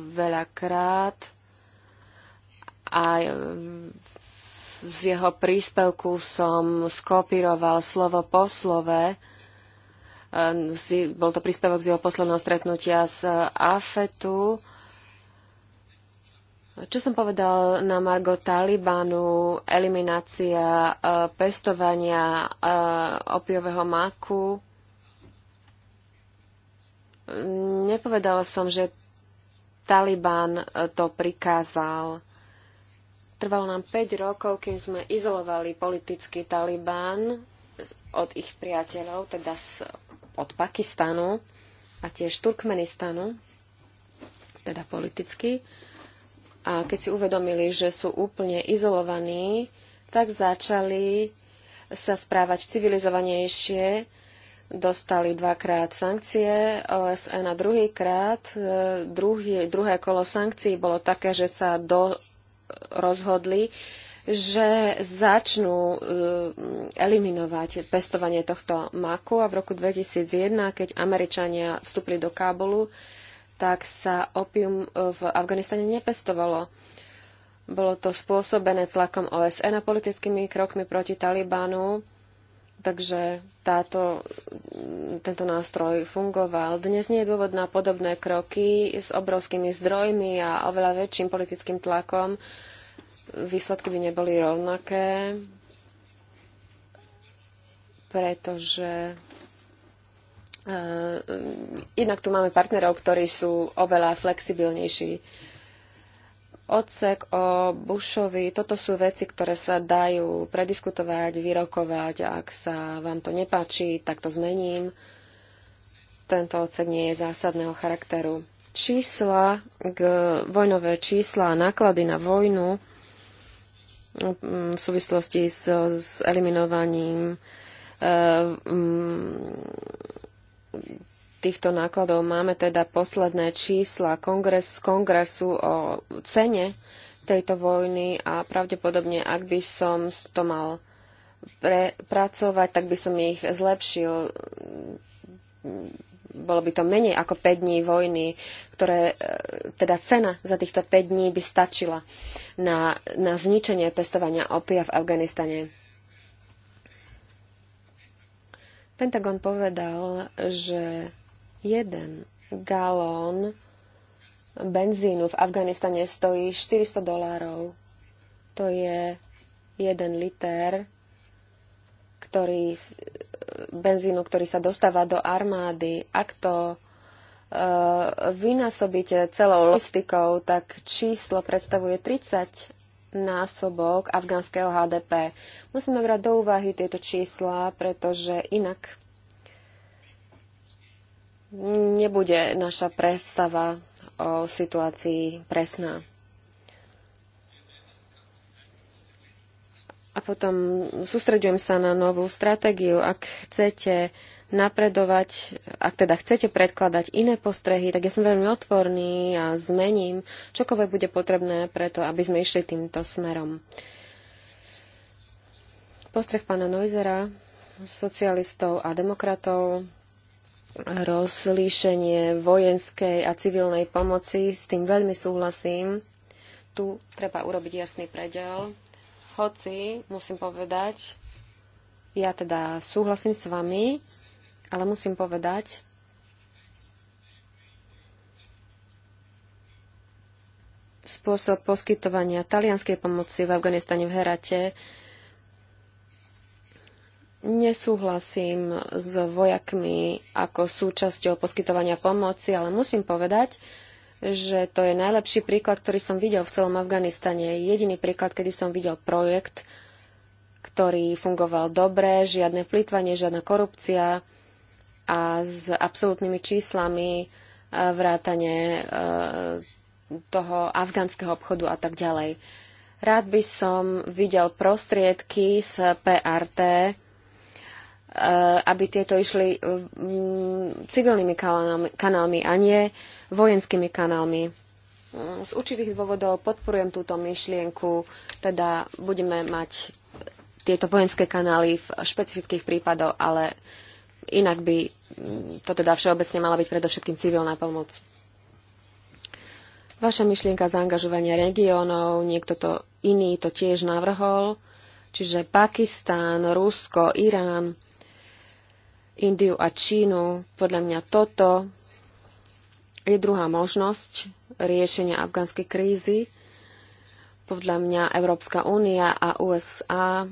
veľakrát a e, z jeho príspevku som skopíroval slovo po slove. Bol to príspevok z jeho posledného stretnutia z AFETu. Uh, čo som povedal na Margo Talibanu, eliminácia e, pestovania e, opiového máku. Nepovedala som, že Taliban e, to prikázal. Trvalo nám 5 rokov, kým sme izolovali politický Taliban od ich priateľov, teda z, od Pakistanu a tiež Turkmenistanu, teda politicky. A keď si uvedomili, že sú úplne izolovaní, tak začali sa správať civilizovanejšie, dostali dvakrát sankcie OSN a druhýkrát e, druhý, druhé kolo sankcií bolo také, že sa do, rozhodli, že začnú e, eliminovať pestovanie tohto maku a v roku 2001, keď Američania vstúpili do Kábulu, tak sa opium e, v Afganistane nepestovalo. Bolo to spôsobené tlakom OSN a politickými krokmi proti Talibánu, takže táto, tento nástroj fungoval. Dnes nie je dôvod na podobné kroky s obrovskými zdrojmi a oveľa väčším politickým tlakom. Výsledky by neboli rovnaké, pretože Eh, jednak tu máme partnerov, ktorí sú oveľa flexibilnejší. Odsek o Bushovi, toto sú veci, ktoré sa dajú prediskutovať, vyrokovať. Ak sa vám to nepáči, tak to zmením. Tento odsek nie je zásadného charakteru. Čísla, k, vojnové čísla a náklady na vojnu v súvislosti s, s eliminovaním eh, týchto nákladov máme teda posledné čísla kongres, z kongresu o cene tejto vojny a pravdepodobne, ak by som to mal prepracovať, tak by som ich zlepšil. Bolo by to menej ako 5 dní vojny, ktoré, e, teda cena za týchto 5 dní by stačila na, na zničenie pestovania opia v Afganistane. Pentagon povedal, že jeden galón benzínu v Afganistane stojí 400 dolárov. To je jeden liter ktorý, benzínu, ktorý sa dostáva do armády. Ak to e, vynásobíte celou logistikou, tak číslo predstavuje 30 násobok afgánskeho HDP. Musíme brať do úvahy tieto čísla, pretože inak nebude naša predstava o situácii presná. A potom sústredujem sa na novú stratégiu. Ak chcete napredovať, ak teda chcete predkladať iné postrehy, tak ja som veľmi otvorný a zmením čokoľvek bude potrebné preto, aby sme išli týmto smerom. Postreh pána Noizera, socialistov a demokratov, rozlíšenie vojenskej a civilnej pomoci, s tým veľmi súhlasím. Tu treba urobiť jasný predel. Hoci, musím povedať, ja teda súhlasím s vami, ale musím povedať, spôsob poskytovania talianskej pomoci v Afganistane v Herate nesúhlasím s vojakmi ako súčasťou poskytovania pomoci, ale musím povedať, že to je najlepší príklad, ktorý som videl v celom Afganistane. Jediný príklad, kedy som videl projekt, ktorý fungoval dobre, žiadne plýtvanie, žiadna korupcia, a s absolútnymi číslami e, vrátane e, toho afgánskeho obchodu a tak ďalej. Rád by som videl prostriedky z PRT, e, aby tieto išli civilnými kanálmi a nie vojenskými kanálmi. Mm, z určitých dôvodov podporujem túto myšlienku, teda budeme mať tieto vojenské kanály v špecifických prípadoch, ale Inak by mm, to teda všeobecne mala byť predovšetkým civilná pomoc. Vaša myšlienka zaangažovania regiónov, niekto to iný to tiež navrhol, čiže Pakistán, Rusko, Irán, Indiu a Čínu. Podľa mňa toto je druhá možnosť riešenia afgánskej krízy. Podľa mňa Európska únia a USA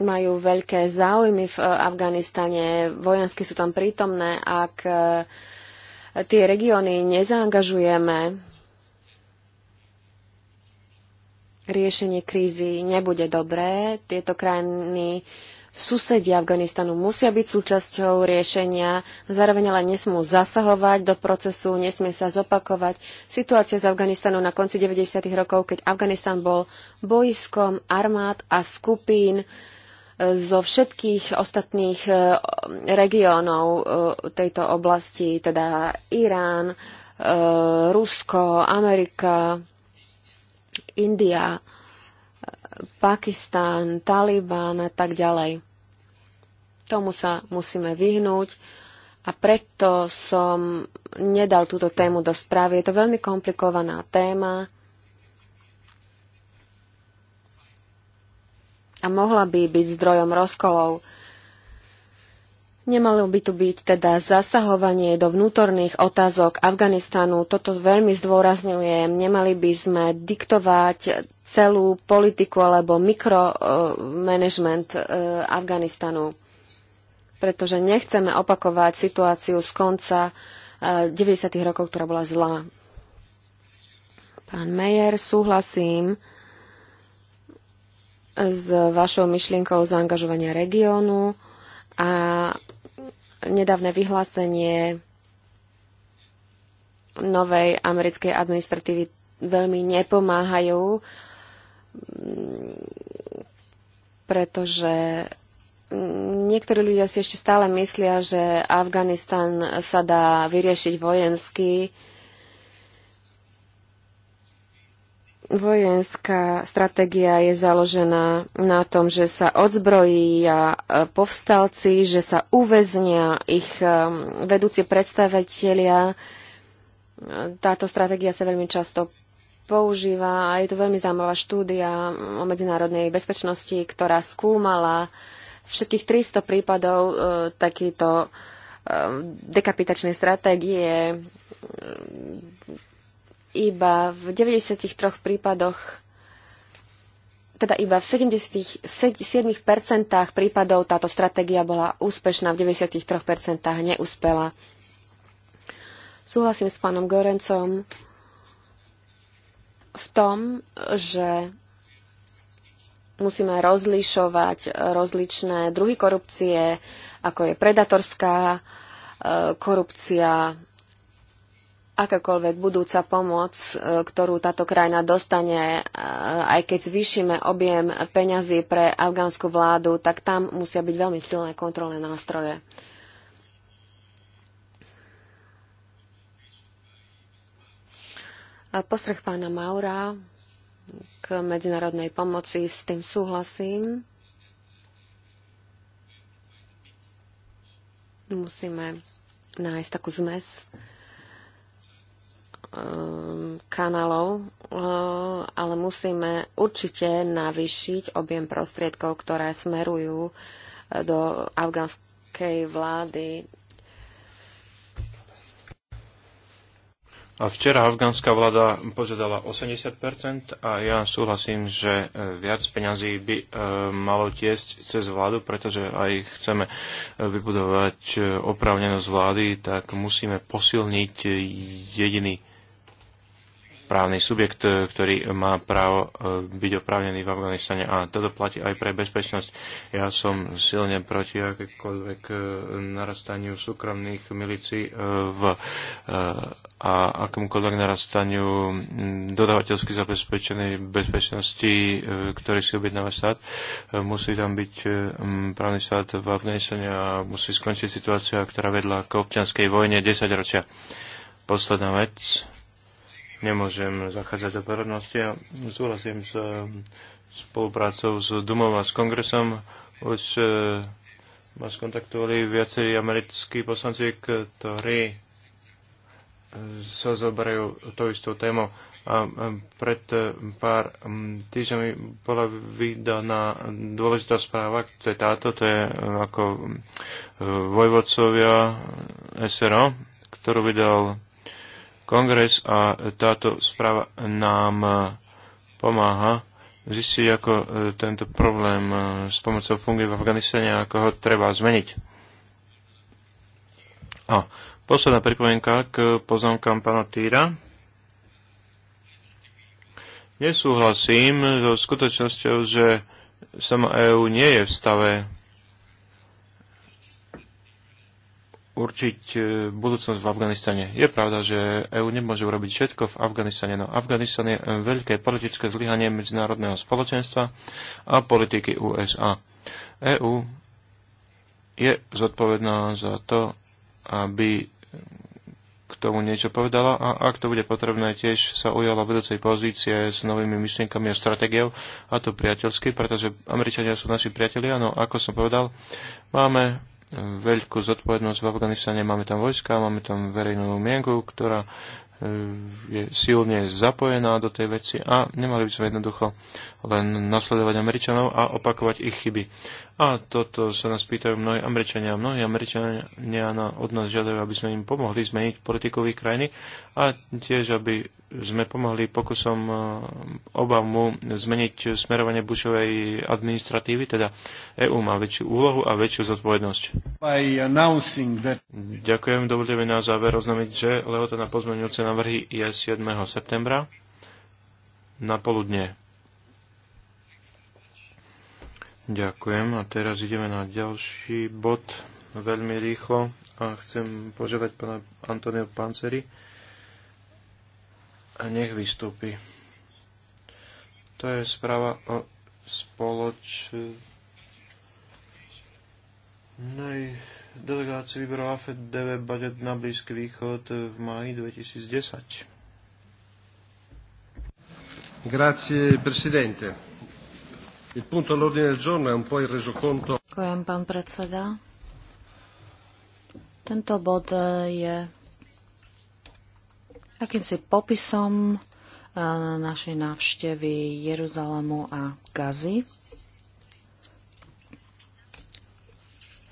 majú veľké záujmy v e, Afganistane, vojensky sú tam prítomné. Ak e, tie regióny nezaangažujeme, riešenie krízy nebude dobré. Tieto krajiny susedia Afganistanu musia byť súčasťou riešenia, zároveň ale nesmú zasahovať do procesu, nesmie sa zopakovať. Situácia z Afganistanu na konci 90. rokov, keď Afganistan bol bojskom armád a skupín, zo všetkých ostatných e, regiónov e, tejto oblasti, teda Irán, e, Rusko, Amerika, India, Pakistán, Taliban a tak ďalej. Tomu sa musíme vyhnúť a preto som nedal túto tému do správy. Je to veľmi komplikovaná téma a mohla by byť zdrojom rozkolov. Nemalo by tu byť teda zasahovanie do vnútorných otázok Afganistanu. Toto veľmi zdôrazňujem. Nemali by sme diktovať celú politiku alebo mikromanagement e, Afganistanu, pretože nechceme opakovať situáciu z konca 90. E, rokov, ktorá bola zlá. Pán Mejer, súhlasím s vašou myšlienkou zaangažovania regiónu a nedávne vyhlásenie novej americkej administratívy veľmi nepomáhajú, pretože niektorí ľudia si ešte stále myslia, že Afganistan sa dá vyriešiť vojensky Vojenská stratégia je založená na tom, že sa odzbrojí e, povstalci, že sa uväznia ich e, vedúci predstavitelia. E, táto stratégia sa veľmi často používa a je to veľmi zaujímavá štúdia o medzinárodnej bezpečnosti, ktorá skúmala všetkých 300 prípadov takéto takýto dekapitačnej stratégie iba v 93 prípadoch teda iba v 77% prípadov táto stratégia bola úspešná, v 93% neúspela. Súhlasím s pánom Gorencom v tom, že musíme rozlišovať rozličné druhy korupcie, ako je predatorská e, korupcia, akákoľvek budúca pomoc, e, ktorú táto krajina dostane, e, aj keď zvýšime objem peňazí pre afgánsku vládu, tak tam musia byť veľmi silné kontrolné nástroje. Postreh pána Maura k medzinárodnej pomoci, s tým súhlasím. Musíme nájsť takú zmes Um, kanálov, uh, ale musíme určite navýšiť objem prostriedkov, ktoré smerujú uh, do afgánskej vlády. A včera afgánska vláda požiadala 80% a ja súhlasím, že eh, viac peňazí by eh, malo tiesť cez vládu, pretože aj chceme eh, vybudovať oprávnenosť vlády, tak musíme posilniť jediný právny subjekt, e, ktorý má právo e, byť oprávnený v Afganistane. A toto platí aj pre bezpečnosť. Ja som silne proti akékoľvek e, narastaniu súkromných milícií v, a akomkoľvek narastaniu dodavateľsky zabezpečenej bezpečnosti, ktorý si objednáva štát. Musí tam byť právny štát v Afganistane a musí skončiť situácia, ktorá vedla k občianskej vojne 10 ročia. Posledná vec nemôžem zachádzať do porodnosti. Ja súhlasím s um, spoluprácou s Dumom a s kongresom. Už eh, ma skontaktovali viacerí americkí poslanci, ktorí eh, sa zoberajú to istou tému. A eh, pred pár mm, týždňami bola vydaná dôležitá správa, to je táto, to je ako vojvodcovia SRO, ktorú vydal kongres a táto správa nám e, pomáha zistiť, ako e, tento problém e, s pomocou funguje v Afganistane a ako ho treba zmeniť. A posledná pripomienka k poznámkam pána Týra. Nesúhlasím so skutočnosťou, že sama EÚ nie je v stave určiť e, budúcnosť v Afganistane. Je pravda, že EÚ nemôže urobiť všetko v Afganistane, no Afganistan je e, veľké politické zlyhanie medzinárodného spoločenstva a politiky USA. EÚ je zodpovedná za to, aby k tomu niečo povedala a ak to bude potrebné, tiež sa ujala vedúcej pozície s novými myšlienkami a stratégiou a to priateľsky, pretože Američania sú naši priatelia, no ako som povedal, máme veľkú zodpovednosť v Afganistane. Máme tam vojska, máme tam verejnú mienku, ktorá e, je silne zapojená do tej veci a nemali by sme jednoducho len nasledovať Američanov a opakovať ich chyby. A toto sa nás pýtajú mnohí Američania. Mnohí Američania od nás žiadajú, aby sme im pomohli zmeniť politiku ich krajiny a tiež, aby sme pomohli pokusom e, obavmu zmeniť smerovanie Bushovej administratívy, teda EÚ má väčšiu úlohu a väčšiu zodpovednosť. That... Ďakujem, dovolte mi na záver oznámiť, že lehota na pozmeňujúce návrhy je 7. septembra na poludne. Ďakujem. A teraz ideme na ďalší bod veľmi rýchlo a chcem požiadať pána Antonio Panceri a nech vystúpi. To je správa o spoloč... spoločnej delegácii vybrala AFED DV Badet na Blízky východ v maji 2010. Grazie, presidente. Il punto all'ordine del giorno è un po' il resoconto. Ďakujem, pán predseda. Tento bod e, je akýmsi popisom e, našej návštevy Jeruzalému a Gazy.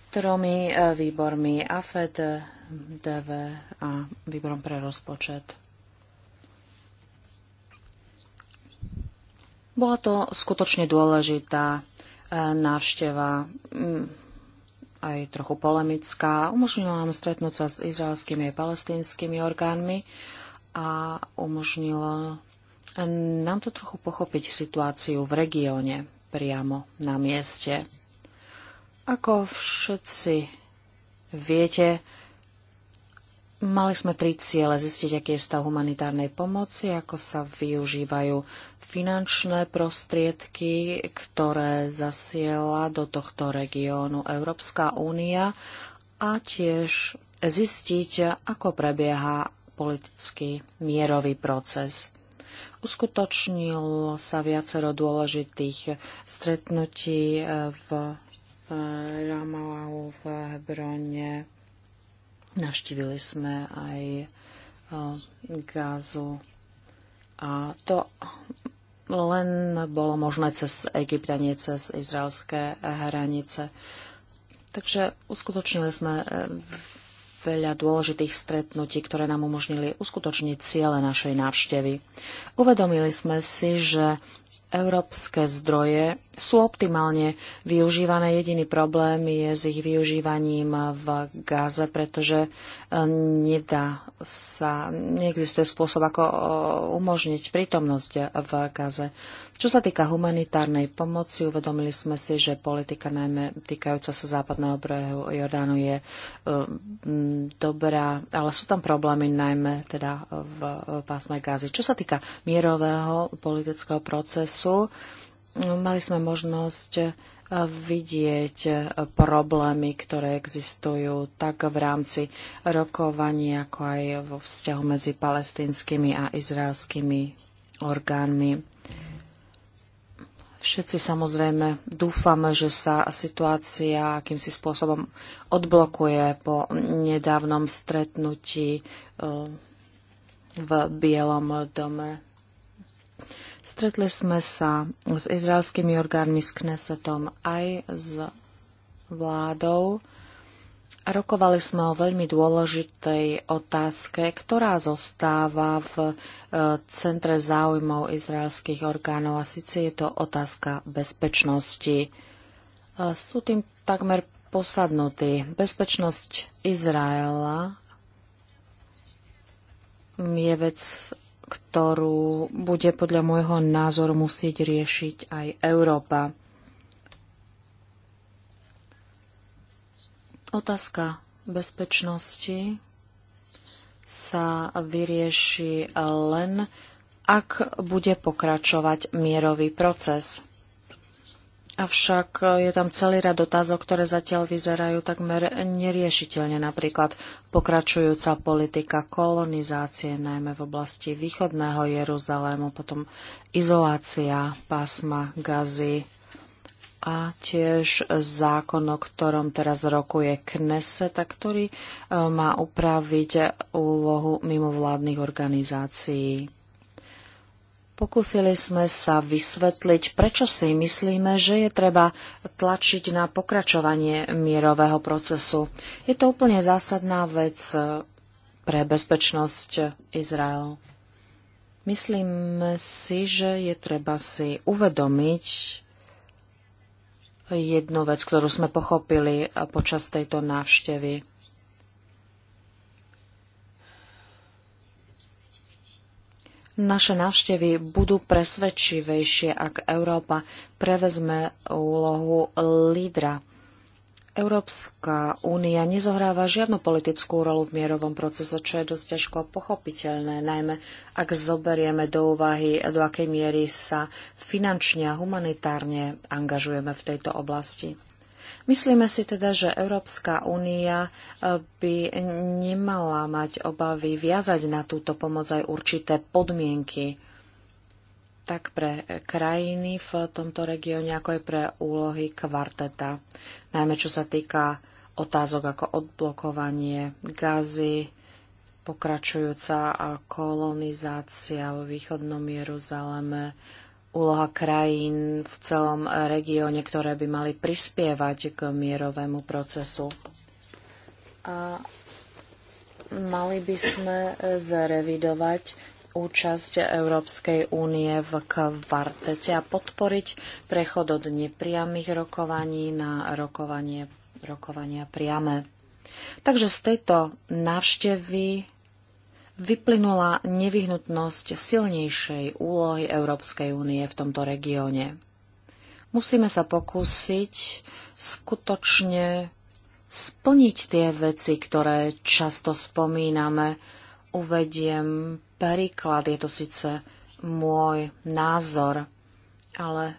Tromi e, výbormi AFED, DV a výborom pre rozpočet. Bola to skutočne dôležitá e, návšteva, aj trochu polemická. Umožnila nám stretnúť sa s izraelskými a palestínskymi orgánmi a umožnilo e, nám to trochu pochopiť situáciu v regióne priamo na mieste. Ako všetci viete, Mali sme tri ciele. Zistiť, aký je stav humanitárnej pomoci, ako sa využívajú finančné prostriedky, ktoré zasiela do tohto regiónu Európska únia a tiež zistiť, ako prebieha politický mierový proces. Uskutočnilo sa viacero dôležitých stretnutí v Ramalau, v Hebrone, Navštívili sme aj eh, Gázu a to len bolo možné cez Egypt a nie cez izraelské hranice. Takže uskutočnili sme eh, veľa dôležitých stretnutí, ktoré nám umožnili uskutočniť ciele našej návštevy. Uvedomili sme si, že európske zdroje sú optimálne využívané. Jediný problém je s ich využívaním v Gáze, pretože e, nedá sa, neexistuje spôsob, ako e, umožniť prítomnosť v Gáze. Čo sa týka humanitárnej pomoci, uvedomili sme si, že politika najmä týkajúca sa západného brehu Jordánu je um, dobrá, ale sú tam problémy najmä teda v, v pásme Gázy. Čo sa týka mierového politického procesu, mali sme možnosť e, vidieť e, problémy, ktoré existujú tak v rámci rokovania, ako aj vo vzťahu medzi palestinskými a izraelskými orgánmi. Všetci samozrejme dúfame, že sa situácia akýmsi spôsobom odblokuje po nedávnom stretnutí eh, v Bielom dome. Stretli sme sa s izraelskými orgánmi, s Knesetom aj s vládou Rokovali sme o veľmi dôležitej otázke, ktorá zostáva v e, centre záujmov izraelských orgánov a síce je to otázka bezpečnosti. E, sú tým takmer posadnutí. Bezpečnosť Izraela je vec, ktorú bude podľa môjho názoru musieť riešiť aj Európa. Otázka bezpečnosti sa vyrieši len, ak bude pokračovať mierový proces. Avšak je tam celý rad otázok, ktoré zatiaľ vyzerajú takmer neriešiteľne, napríklad pokračujúca politika kolonizácie, najmä v oblasti východného Jeruzalému, potom izolácia pásma Gazy, a tiež zákon, o ktorom teraz rokuje Kneset ktorý e, má upraviť úlohu mimovládnych organizácií. Pokúsili sme sa vysvetliť, prečo si myslíme, že je treba tlačiť na pokračovanie mierového procesu. Je to úplne zásadná vec e, pre bezpečnosť Izraelu. Myslíme si, že je treba si uvedomiť, jednu vec, ktorú sme pochopili eh, počas tejto návštevy. Naše návštevy budú presvedčivejšie, ak Európa prevezme úlohu lídra Európska únia nezohráva žiadnu politickú rolu v mierovom procese, čo je dosť ťažko pochopiteľné, najmä ak zoberieme do úvahy, do akej miery sa finančne a humanitárne angažujeme v tejto oblasti. Myslíme si teda, že Európska únia eh, by nemala mať obavy viazať na túto pomoc aj určité podmienky, tak pre krajiny v tomto regióne, ako aj pre úlohy kvarteta najmä čo sa týka otázok ako odblokovanie gazy, pokračujúca kolonizácia vo východnom Jeruzaleme, úloha krajín v celom regióne, ktoré by mali prispievať k mierovému procesu. A mali by sme zrevidovať účasť Európskej únie v kvartete a podporiť prechod od nepriamých rokovaní na rokovanie, rokovania priame. Takže z tejto návštevy vyplynula nevyhnutnosť silnejšej úlohy Európskej únie v tomto regióne. Musíme sa pokúsiť skutočne splniť tie veci, ktoré často spomíname uvediem príklad. Je to síce môj názor, ale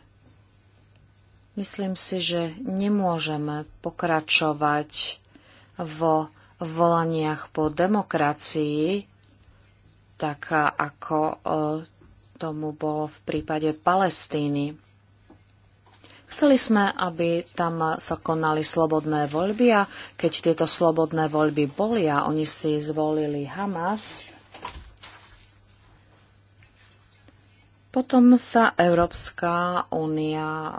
myslím si, že nemôžeme pokračovať vo volaniach po demokracii, tak ako e, tomu bolo v prípade Palestíny. Chceli sme, aby tam sa konali slobodné voľby a keď tieto slobodné voľby boli a oni si zvolili Hamas, potom sa Európska únia e,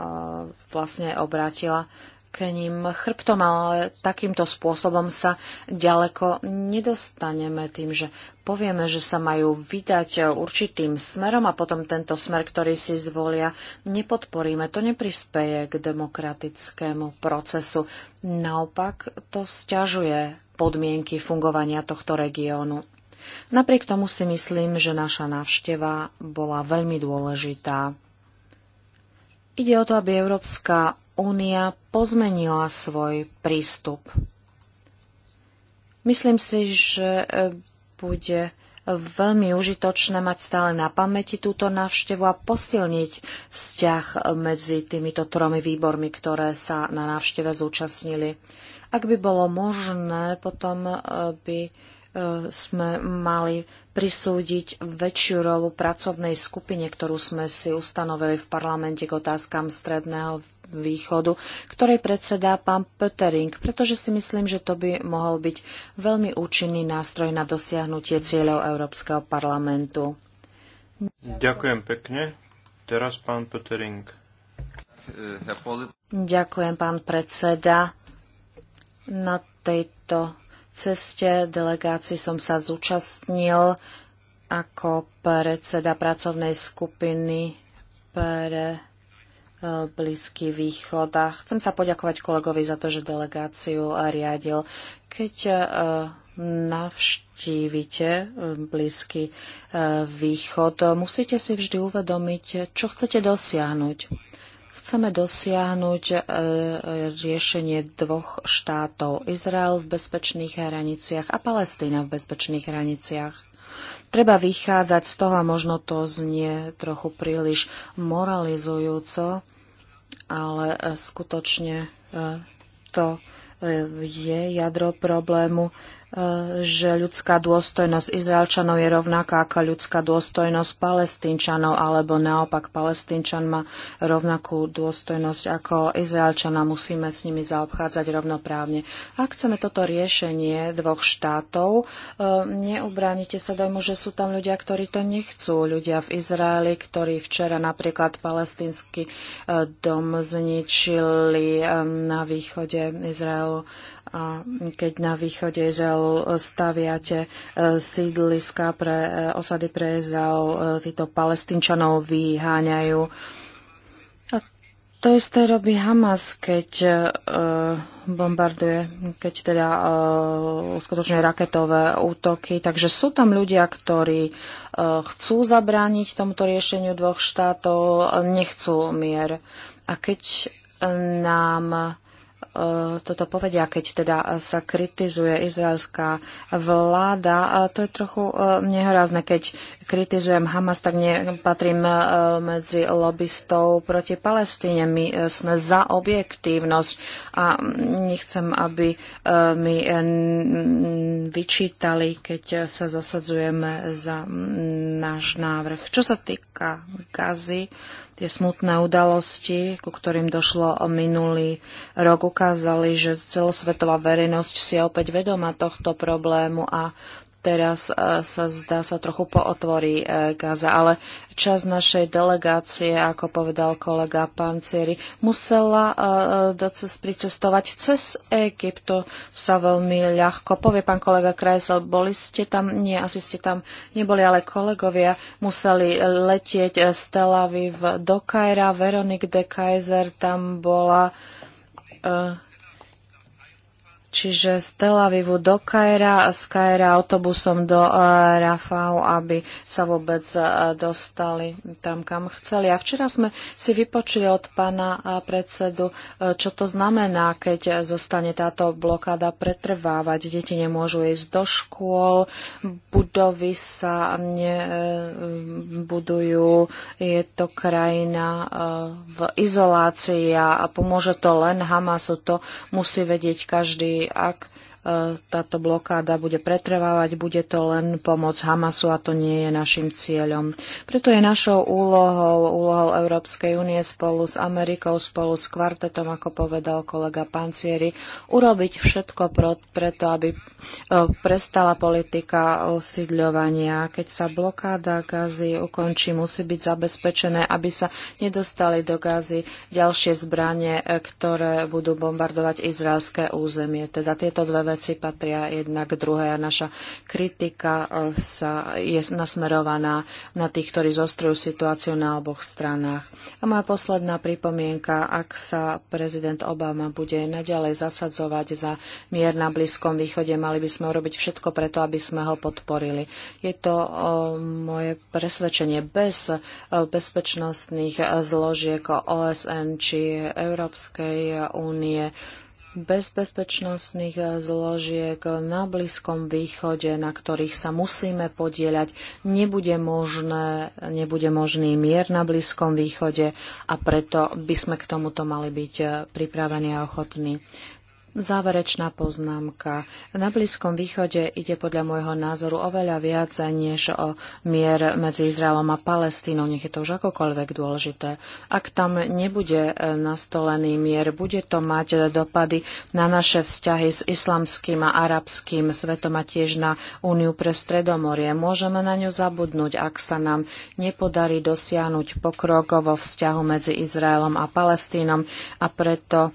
vlastne obrátila k ním chrbtom, ale takýmto spôsobom sa ďaleko nedostaneme tým, že povieme, že sa majú vydať určitým smerom a potom tento smer, ktorý si zvolia, nepodporíme. To neprispeje k demokratickému procesu. Naopak to stiažuje podmienky fungovania tohto regiónu. Napriek tomu si myslím, že naša návšteva bola veľmi dôležitá. Ide o to, aby Európska únia pozmenila svoj prístup. Myslím si, že e, bude veľmi užitočné mať stále na pamäti túto návštevu a posilniť vzťah medzi týmito tromi výbormi, ktoré sa na návšteve zúčastnili. Ak by bolo možné, potom e, by e, sme mali prisúdiť väčšiu rolu pracovnej skupine, ktorú sme si ustanovili v parlamente k otázkam stredného východu, ktorej predsedá pán Pöttering, pretože si myslím, že to by mohol byť veľmi účinný nástroj na dosiahnutie cieľov Európskeho parlamentu. Ďakujem, pekne. Teraz pán Pöttering. Ďakujem, pán predseda. Na tejto ceste delegácii som sa zúčastnil ako predseda pracovnej skupiny pre Blízky východ. A chcem sa poďakovať kolegovi za to, že delegáciu riadil. Keď e, navštívite e, Blízky e, východ, musíte si vždy uvedomiť, čo chcete dosiahnuť. Chceme dosiahnuť riešenie dvoch štátov. Izrael v bezpečných hraniciach a Palestína v bezpečných hraniciach. Treba vychádzať z toho, a možno to znie trochu príliš moralizujúco, ale e, skutočne e, to e, je jadro problému že ľudská dôstojnosť Izraelčanov je rovnaká ako ľudská dôstojnosť Palestínčanov, alebo naopak Palestínčan má rovnakú dôstojnosť ako Izraelčana. Musíme s nimi zaobchádzať rovnoprávne. Ak chceme toto riešenie dvoch štátov, e, neubránite sa dojmu, že sú tam ľudia, ktorí to nechcú. Ľudia v Izraeli, ktorí včera napríklad palestínsky e, dom zničili e, na východe Izraelu. A keď na východe Izraelu Izraelu e, staviate e, sídliska pre e, osady pre Izrael, títo palestinčanov vyháňajú. A To isté robí Hamas, keď bombarduje, keď teda skutočne raketové útoky. Takže sú tam ľudia, ktorí chcú zabrániť tomuto riešeniu dvoch štátov, nechcú mier. A keď nám E, toto povedia, keď teda sa kritizuje izraelská vláda. To je trochu e, nehorázne, keď kritizujem Hamas, tak nepatrím e, medzi lobbystov proti Palestíne. My sme za objektívnosť a nechcem, aby mi vyčítali, keď sa zasadzujeme za náš návrh. Čo sa týka Gazy, Tie smutné udalosti, ku ktorým došlo minulý rok, ukázali, že celosvetová verejnosť si je opäť vedoma tohto problému a teraz e, sa zdá sa trochu pootvorí e, Gaza, ale čas našej delegácie, ako povedal kolega Pancieri, musela e, doces, pricestovať cez Egypto, sa veľmi ľahko povie, pán kolega Krajsel, boli ste tam? Nie, asi ste tam neboli, ale kolegovia museli letieť z Tel Aviv do Kajra. Veronik de Kaiser tam bola čiže z Tel Avivu do Kaira a z Kaira autobusom do eh, Rafau, aby sa vôbec eh, dostali tam, kam chceli. A včera sme si vypočuli od pána eh, predsedu, čo to znamená, keď zostane táto blokáda pretrvávať. Deti nemôžu ísť do škôl, budovy sa nebudujú, je to krajina v izolácii a pomôže to len Hamasu. To musí vedieť každý ak E, táto blokáda bude pretrvávať, bude to len pomoc Hamasu a to nie je našim cieľom. Preto je našou úlohou, úlohou Európskej únie spolu s Amerikou, spolu s kvartetom, ako povedal kolega Pancieri, urobiť všetko preto, aby e, prestala politika osídľovania. Keď sa blokáda Gazy ukončí, musí byť zabezpečené, aby sa nedostali do Gazy ďalšie zbranie, e, ktoré budú bombardovať izraelské územie. Teda tieto dve veci veci patria jedna k druhej a naša kritika eh, sa je nasmerovaná na tých, ktorí zostrujú situáciu na oboch stranách. A moja posledná pripomienka, ak sa prezident Obama bude naďalej zasadzovať za mier na Blízkom východe, mali by sme urobiť všetko preto, aby sme ho podporili. Je to eh, moje presvedčenie bez eh, bezpečnostných zložiek OSN či Európskej únie bez bezpečnostných eh, zložiek na Blízkom východe, na ktorých sa musíme podieľať, nebude, možné, nebude možný mier na Blízkom východe a preto by sme k tomuto mali byť eh, pripravení a ochotní. Záverečná poznámka. Na Blízkom východe ide podľa môjho názoru oveľa viac než o mier medzi Izraelom a Palestínou, nech je to už akokoľvek dôležité. Ak tam nebude e, nastolený mier, bude to mať dopady na naše vzťahy s islamským a arabským svetom a tiež na Úniu pre Stredomorie. Môžeme na ňu zabudnúť, ak sa nám nepodarí dosiahnuť pokrok vo vzťahu medzi Izraelom a Palestínom a preto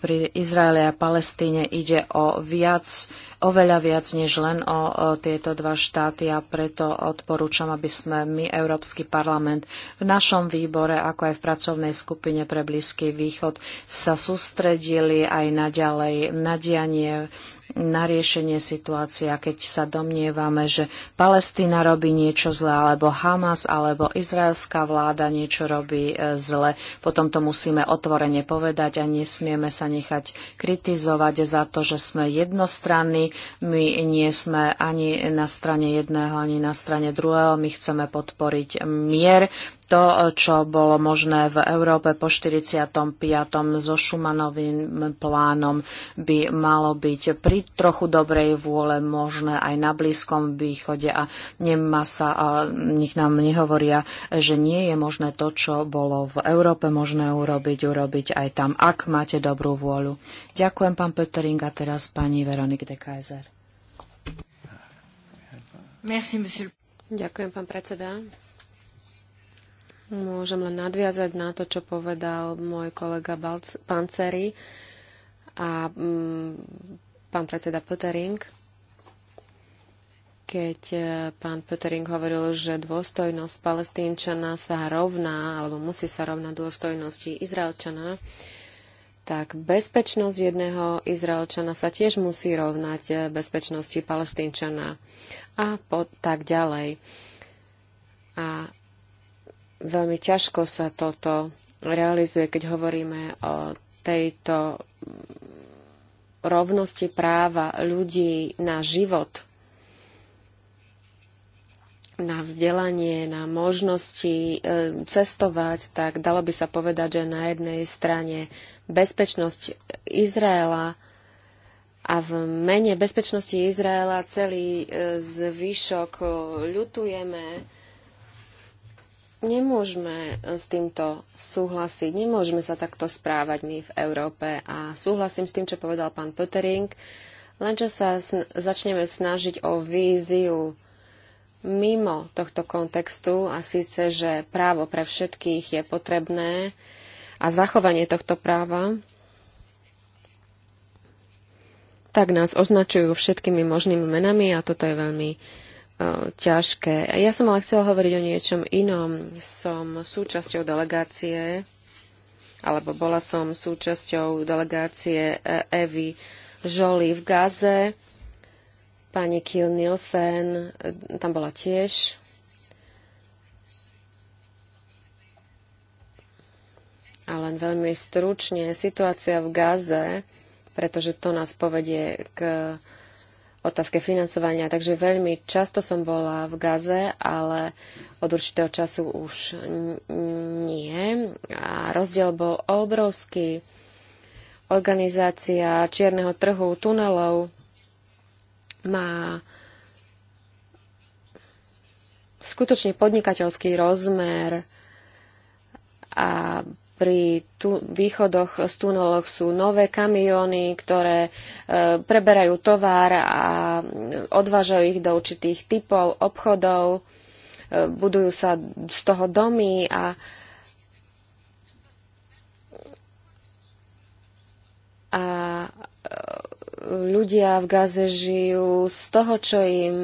pri Izraele a Palestíne ide o viac oveľa viac než len o, tieto dva štáty a preto odporúčam, aby sme my, Európsky parlament, v našom výbore, ako aj v pracovnej skupine pre Blízky východ, sa sústredili aj naďalej na dianie na riešenie situácia, keď sa domnievame, že Palestína robí niečo zle, alebo Hamas, alebo izraelská vláda niečo robí e, zle. Potom to musíme otvorene povedať a nesmieme sa nechať kritizovať za to, že sme jednostranní my nie sme ani na strane jedného, ani na strane druhého. My chceme podporiť mier, to, čo bolo možné v Európe po 45. so Šumanovým plánom, by malo byť pri trochu dobrej vôle možné aj na Blízkom východe a nemá sa, a nich nám nehovoria, že nie je možné to, čo bolo v Európe možné urobiť, urobiť aj tam, ak máte dobrú vôľu. Ďakujem, pán Petering, a teraz pani Veronik de Kaiser. Merci, monsieur. Ďakujem, pán predseda. Môžem len nadviazať na to, čo povedal môj kolega Balc- Panceri a mm, pán predseda Petering. Keď e, pán Petering hovoril, že dôstojnosť palestínčana sa rovná, alebo musí sa rovnať dôstojnosti izraelčana, tak bezpečnosť jedného Izraelčana sa tiež musí rovnať e, bezpečnosti palestínčana a po, tak ďalej. A Veľmi ťažko sa toto realizuje, keď hovoríme o tejto rovnosti práva ľudí na život, na vzdelanie, na možnosti e, cestovať, tak dalo by sa povedať, že na jednej strane bezpečnosť Izraela a v mene bezpečnosti Izraela celý e, zvyšok e, ľutujeme Nemôžeme s týmto súhlasiť, nemôžeme sa takto správať my v Európe a súhlasím s tým, čo povedal pán Pöttering, len čo sa sn- začneme snažiť o víziu mimo tohto kontextu a síce, že právo pre všetkých je potrebné a zachovanie tohto práva, tak nás označujú všetkými možnými menami a toto je veľmi ťažké. Ja som ale chcela hovoriť o niečom inom. Som súčasťou delegácie, alebo bola som súčasťou delegácie Evy Žoli v Gaze. Pani Kiel Nielsen tam bola tiež. A len veľmi stručne, situácia v Gaze, pretože to nás povedie k otázke financovania. Takže veľmi často som bola v Gaze, ale od určitého času už nie. A rozdiel bol obrovský. Organizácia čierneho trhu, tunelov má skutočne podnikateľský rozmer a pri tu, východoch z tuneloch sú nové kamióny, ktoré e, preberajú tovar a e, odvážajú ich do určitých typov obchodov, e, budujú sa z toho domy a, a e, ľudia v Gaze žijú z toho, čo im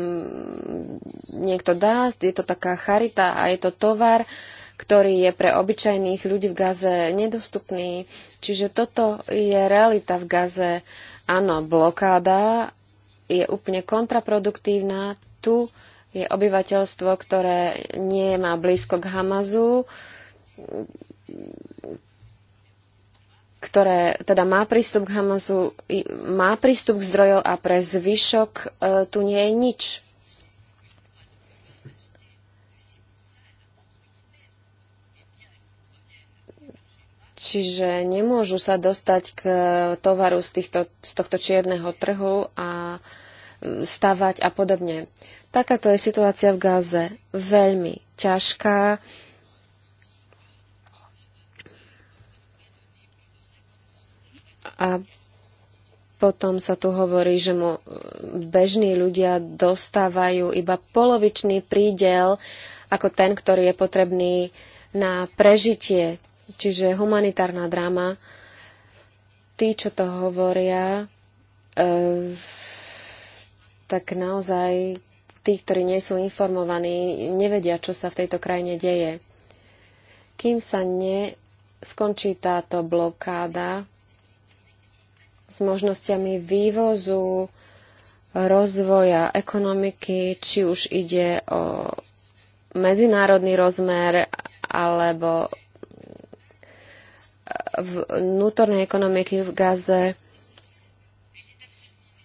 niekto dá. Je to taká charita a je to tovar, e, ktorý je pre obyčajných ľudí v Gaze nedostupný. Čiže toto je realita v Gaze. Áno, blokáda je úplne kontraproduktívna. Tu je obyvateľstvo, ktoré nie má blízko k Hamazu, ktoré teda má prístup k Hamazu, má prístup k zdrojov a pre zvyšok e, tu nie je nič. Čiže nemôžu sa dostať k eh, tovaru z, týchto, z tohto čierneho trhu a mm, stavať a podobne. Takáto je situácia v Gáze. Veľmi ťažká. A potom sa tu hovorí, že mu eh, bežní ľudia dostávajú iba polovičný prídel ako ten, ktorý je potrebný na prežitie Čiže humanitárna dráma, tí, čo to hovoria, e, tak naozaj tí, ktorí nie sú informovaní, nevedia, čo sa v tejto krajine deje. Kým sa neskončí táto blokáda s možnosťami vývozu, rozvoja ekonomiky, či už ide o medzinárodný rozmer alebo vnútornej ekonomiky v Gaze.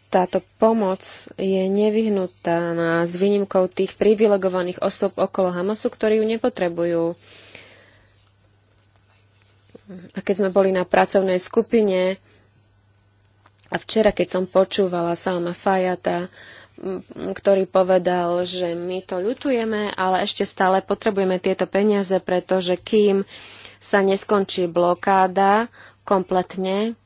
Táto pomoc je nevyhnutá na s výnimkou tých privilegovaných osob okolo Hamasu, ktorí ju nepotrebujú. A keď sme boli na pracovnej skupine a včera, keď som počúvala Salma Fajata, ktorý povedal, že my to ľutujeme, ale ešte stále potrebujeme tieto peniaze, pretože kým uh, sa neskončí blokáda kompletne,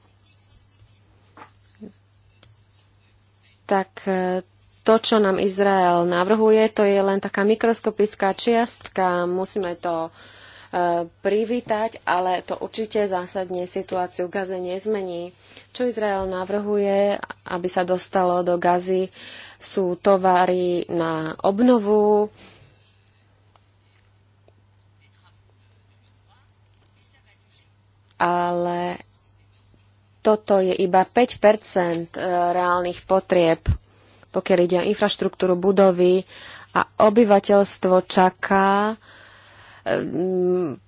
tak e, to, čo nám Izrael navrhuje, to je len taká mikroskopická čiastka. Musíme to e, privítať, ale to určite zásadne situáciu v Gaze nezmení. Čo Izrael navrhuje, aby sa dostalo do Gazy, sú tovary na obnovu, ale toto je iba 5 e, reálnych potrieb, pokiaľ ide o infraštruktúru budovy a obyvateľstvo čaká um,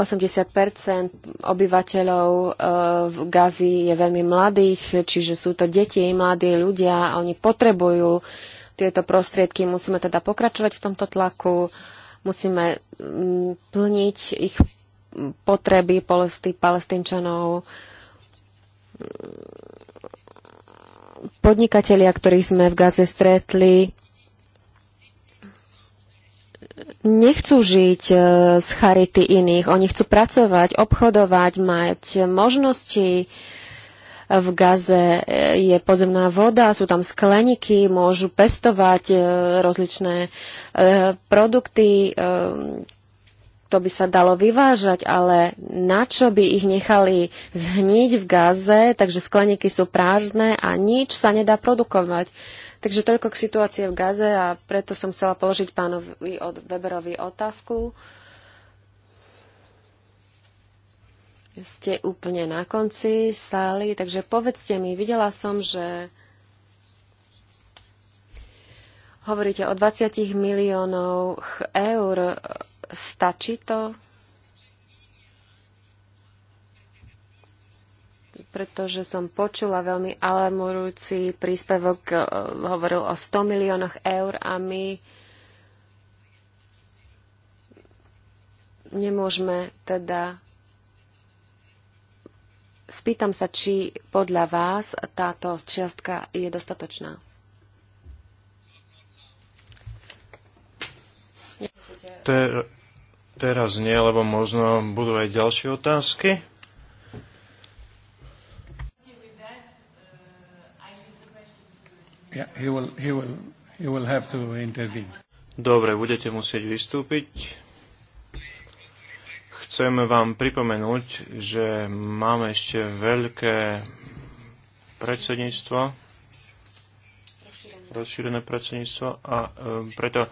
e, 80 obyvateľov e, v Gazi je veľmi mladých, čiže sú to deti, mladí ľudia a oni potrebujú tieto prostriedky. Musíme teda pokračovať v tomto tlaku. Musíme mm, plniť ich potreby palestínčanov, podnikatelia, ktorých sme v Gaze stretli, nechcú žiť e, z charity iných. Oni chcú pracovať, obchodovať, mať možnosti, v Gaze eh, je podzemná voda, sú tam skleniky, môžu pestovať eh, rozličné eh, produkty, to by sa dalo vyvážať, ale na čo by ich nechali zhniť v Gaze, takže skleniky sú prázdne a nič sa nedá produkovať. Takže toľko k situácii v Gaze a preto som chcela položiť pánovi Weberovi otázku. Uh, ste úplne na konci sály, takže povedzte mi, videla som, že hovoríte o 20 miliónoch eur. Stačí to? pretože som počula veľmi alarmujúci príspevok, eh, hovoril o 100 miliónoch eur a my nemôžeme teda Spýtam sa, či podľa vás táto čiastka je dostatočná. Ter, teraz nie, lebo možno budú aj ďalšie otázky. Yeah, he will, he will, he will Dobre, budete musieť vystúpiť. Chcem vám pripomenúť, že máme ešte veľké predsedníctvo, rozšírené predsedníctvo a e, preto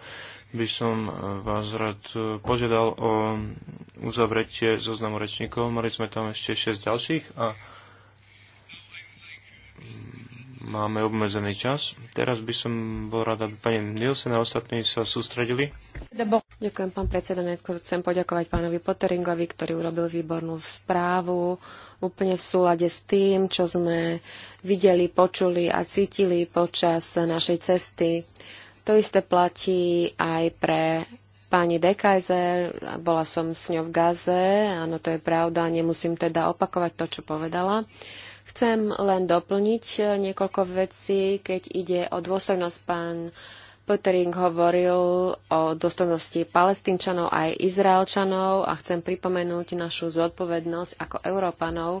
by som e, vás rád e, požiadal o uzavretie zoznamu rečníkov. Mali sme tam ešte 6 ďalších a máme obmedzený čas. Teraz by som bol rada, aby pani Nielsen a ostatní sa sústredili. Ďakujem, pán predseda. Najskôr chcem poďakovať pánovi Potteringovi, ktorý urobil výbornú správu úplne v súlade s tým, čo sme videli, počuli a cítili počas našej cesty. To isté platí aj pre pani Dekajzer. Bola som s ňou v Gaze, áno, to je pravda, nemusím teda opakovať to, čo povedala. Uh, Chcem len doplniť e, niekoľko vecí, keď ide o dôstojnosť. Pán Pottering hovoril o dôstojnosti palestínčanov aj izraelčanov a chcem pripomenúť našu zodpovednosť ako Európanov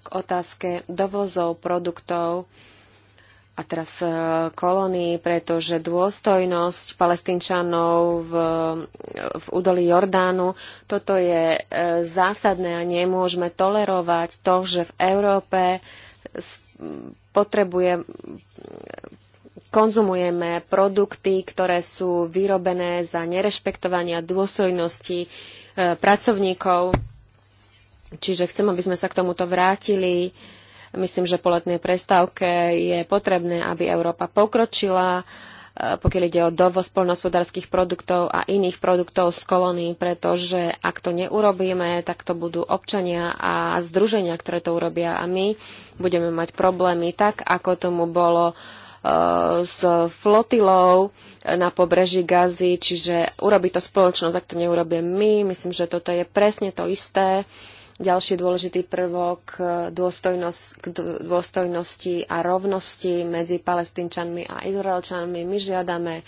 k otázke dovozov produktov, a teraz e, kolónii, pretože dôstojnosť palestínčanov v, v údolí Jordánu, toto je e, zásadné a nemôžeme tolerovať to, že v Európe potrebuje, konzumujeme produkty, ktoré sú vyrobené za nerešpektovania dôstojnosti e, pracovníkov. Čiže chcem, aby sme sa k tomuto vrátili Myslím, že po letnej prestávke je potrebné, aby Európa pokročila, e, pokiaľ ide o dovoz poľnohospodárskych produktov a iných produktov z kolónií, pretože ak to neurobíme, tak to budú občania a združenia, ktoré to urobia a my budeme mať problémy tak, ako tomu bolo e, s flotilou na pobreží Gazy, čiže urobí to spoločnosť, ak to neurobíme my. Myslím, že toto je presne to isté. Ďalší dôležitý prvok eh, dôstojnosť, k dôstojnosti a rovnosti medzi palestínčanmi a izraelčanmi. My žiadame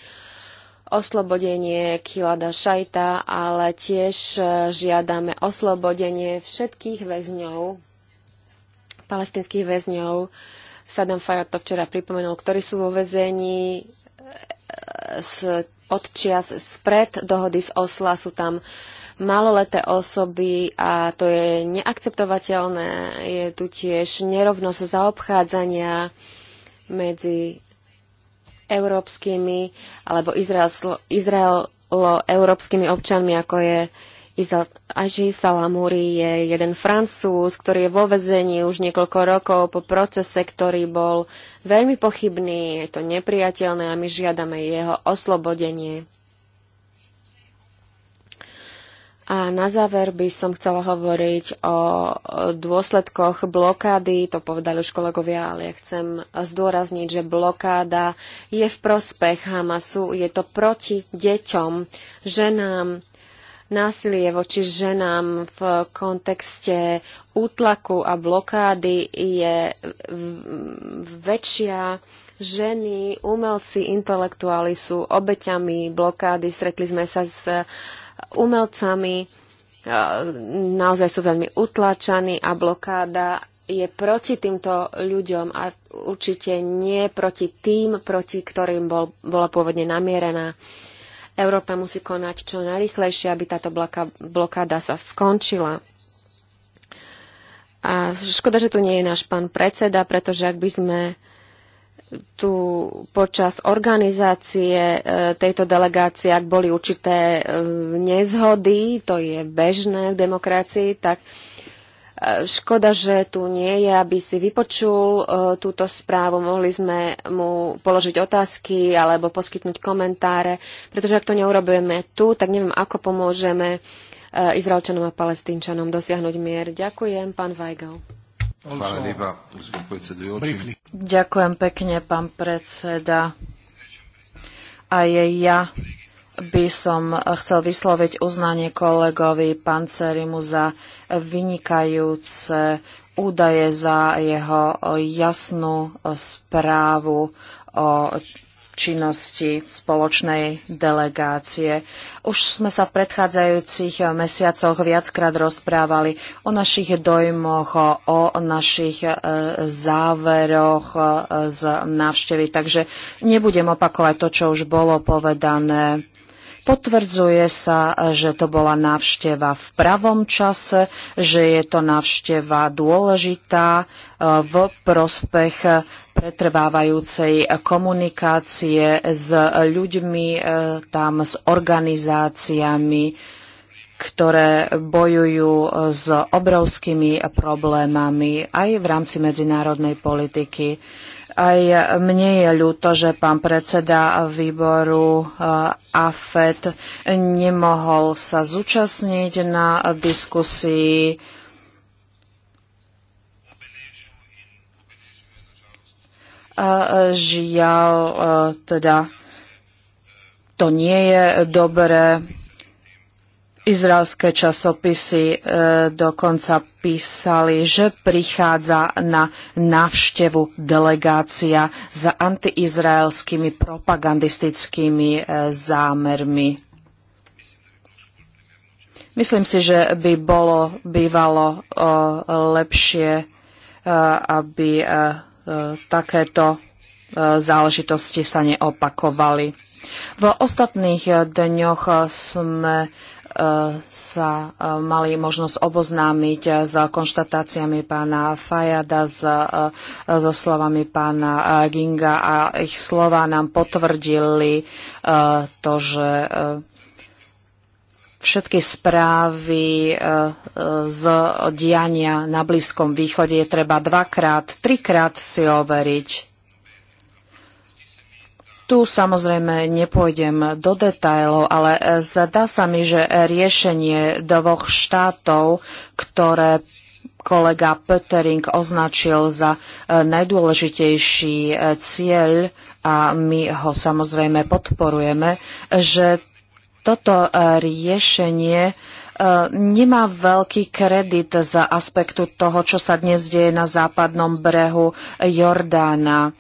oslobodenie Kilada Šajta, ale tiež eh, žiadame oslobodenie všetkých väzňov, palestinských väzňov. Saddam Fajot to včera pripomenul, ktorí sú vo väzení z, eh, od čias spred dohody z Osla, sú tam uh, maloleté osoby a to je neakceptovateľné. Je tu tiež nerovnosť zaobchádzania medzi európskymi alebo izraelo, izraelo-európskymi občanmi, ako je Aži Salamuri je jeden francúz, ktorý je vo vezení už niekoľko rokov po procese, ktorý bol veľmi pochybný, je to nepriateľné a my žiadame jeho oslobodenie. A na záver by som chcela hovoriť o dôsledkoch blokády, to povedali už kolegovia, ale ja chcem zdôrazniť, že blokáda je v prospech Hamasu, je to proti deťom, ženám, násilie voči ženám v kontexte útlaku a blokády je väčšia. Ženy, umelci, intelektuáli sú obeťami blokády. Stretli sme sa s umelcami, naozaj sú veľmi utlačaní a blokáda je proti týmto ľuďom a určite nie proti tým, proti ktorým bol, bola pôvodne namierená. Európa musí konať čo najrychlejšie, aby táto blokáda sa skončila. A škoda, že tu nie je náš pán predseda, pretože ak by sme tu počas organizácie e, tejto delegácie, ak boli určité e, nezhody, to je bežné v demokracii, tak e, škoda, že tu nie je, aby si vypočul túto správu. Mohli sme mu položiť otázky alebo poskytnúť komentáre, pretože ak to neurobujeme tu, tak neviem, ako pomôžeme Izraelčanom a Palestínčanom dosiahnuť mier. Ďakujem, pán Weigel. Ďakujem pekne, pán predseda. Aj ja by som chcel vysloviť uznanie kolegovi Pancerimu za vynikajúce údaje za jeho jasnú správu o činnosti spoločnej delegácie. Už sme sa v predchádzajúcich mesiacoch viackrát rozprávali o našich dojmoch, o našich e, záveroch e, z návštevy, takže nebudem opakovať to, čo už bolo povedané. Potvrdzuje sa, že to bola návšteva v pravom čase, že je to návšteva dôležitá e, v prospech pretrvávajúcej komunikácie s ľuďmi e, tam, s organizáciami, ktoré bojujú e, s obrovskými problémami aj v rámci medzinárodnej politiky. Aj mne je ľúto, že pán predseda výboru eh, AFET nemohol sa zúčastniť na diskusii. Eh, žiaľ, eh, teda to nie je dobré Izraelské časopisy e, dokonca písali, že prichádza na návštevu delegácia s antiizraelskými propagandistickými e, zámermi. Myslím si, že by bolo bývalo e, lepšie, aby takéto záležitosti sa neopakovali. V ostatných dňoch sme sa e, mali možnosť oboznámiť e, s konštatáciami pána Fajada, s, e, so slovami pána Ginga a ich slova nám potvrdili to, že všetky správy z diania na Blízkom východe je treba dvakrát, trikrát si overiť tu samozrejme nepôjdem do detajlov, ale e, zdá sa mi, že riešenie dvoch štátov, ktoré kolega Pöttering označil za e, najdôležitejší e, cieľ, a my ho samozrejme podporujeme, že toto riešenie nemá veľký kredit za aspektu toho, čo sa dnes deje na západnom brehu Jordána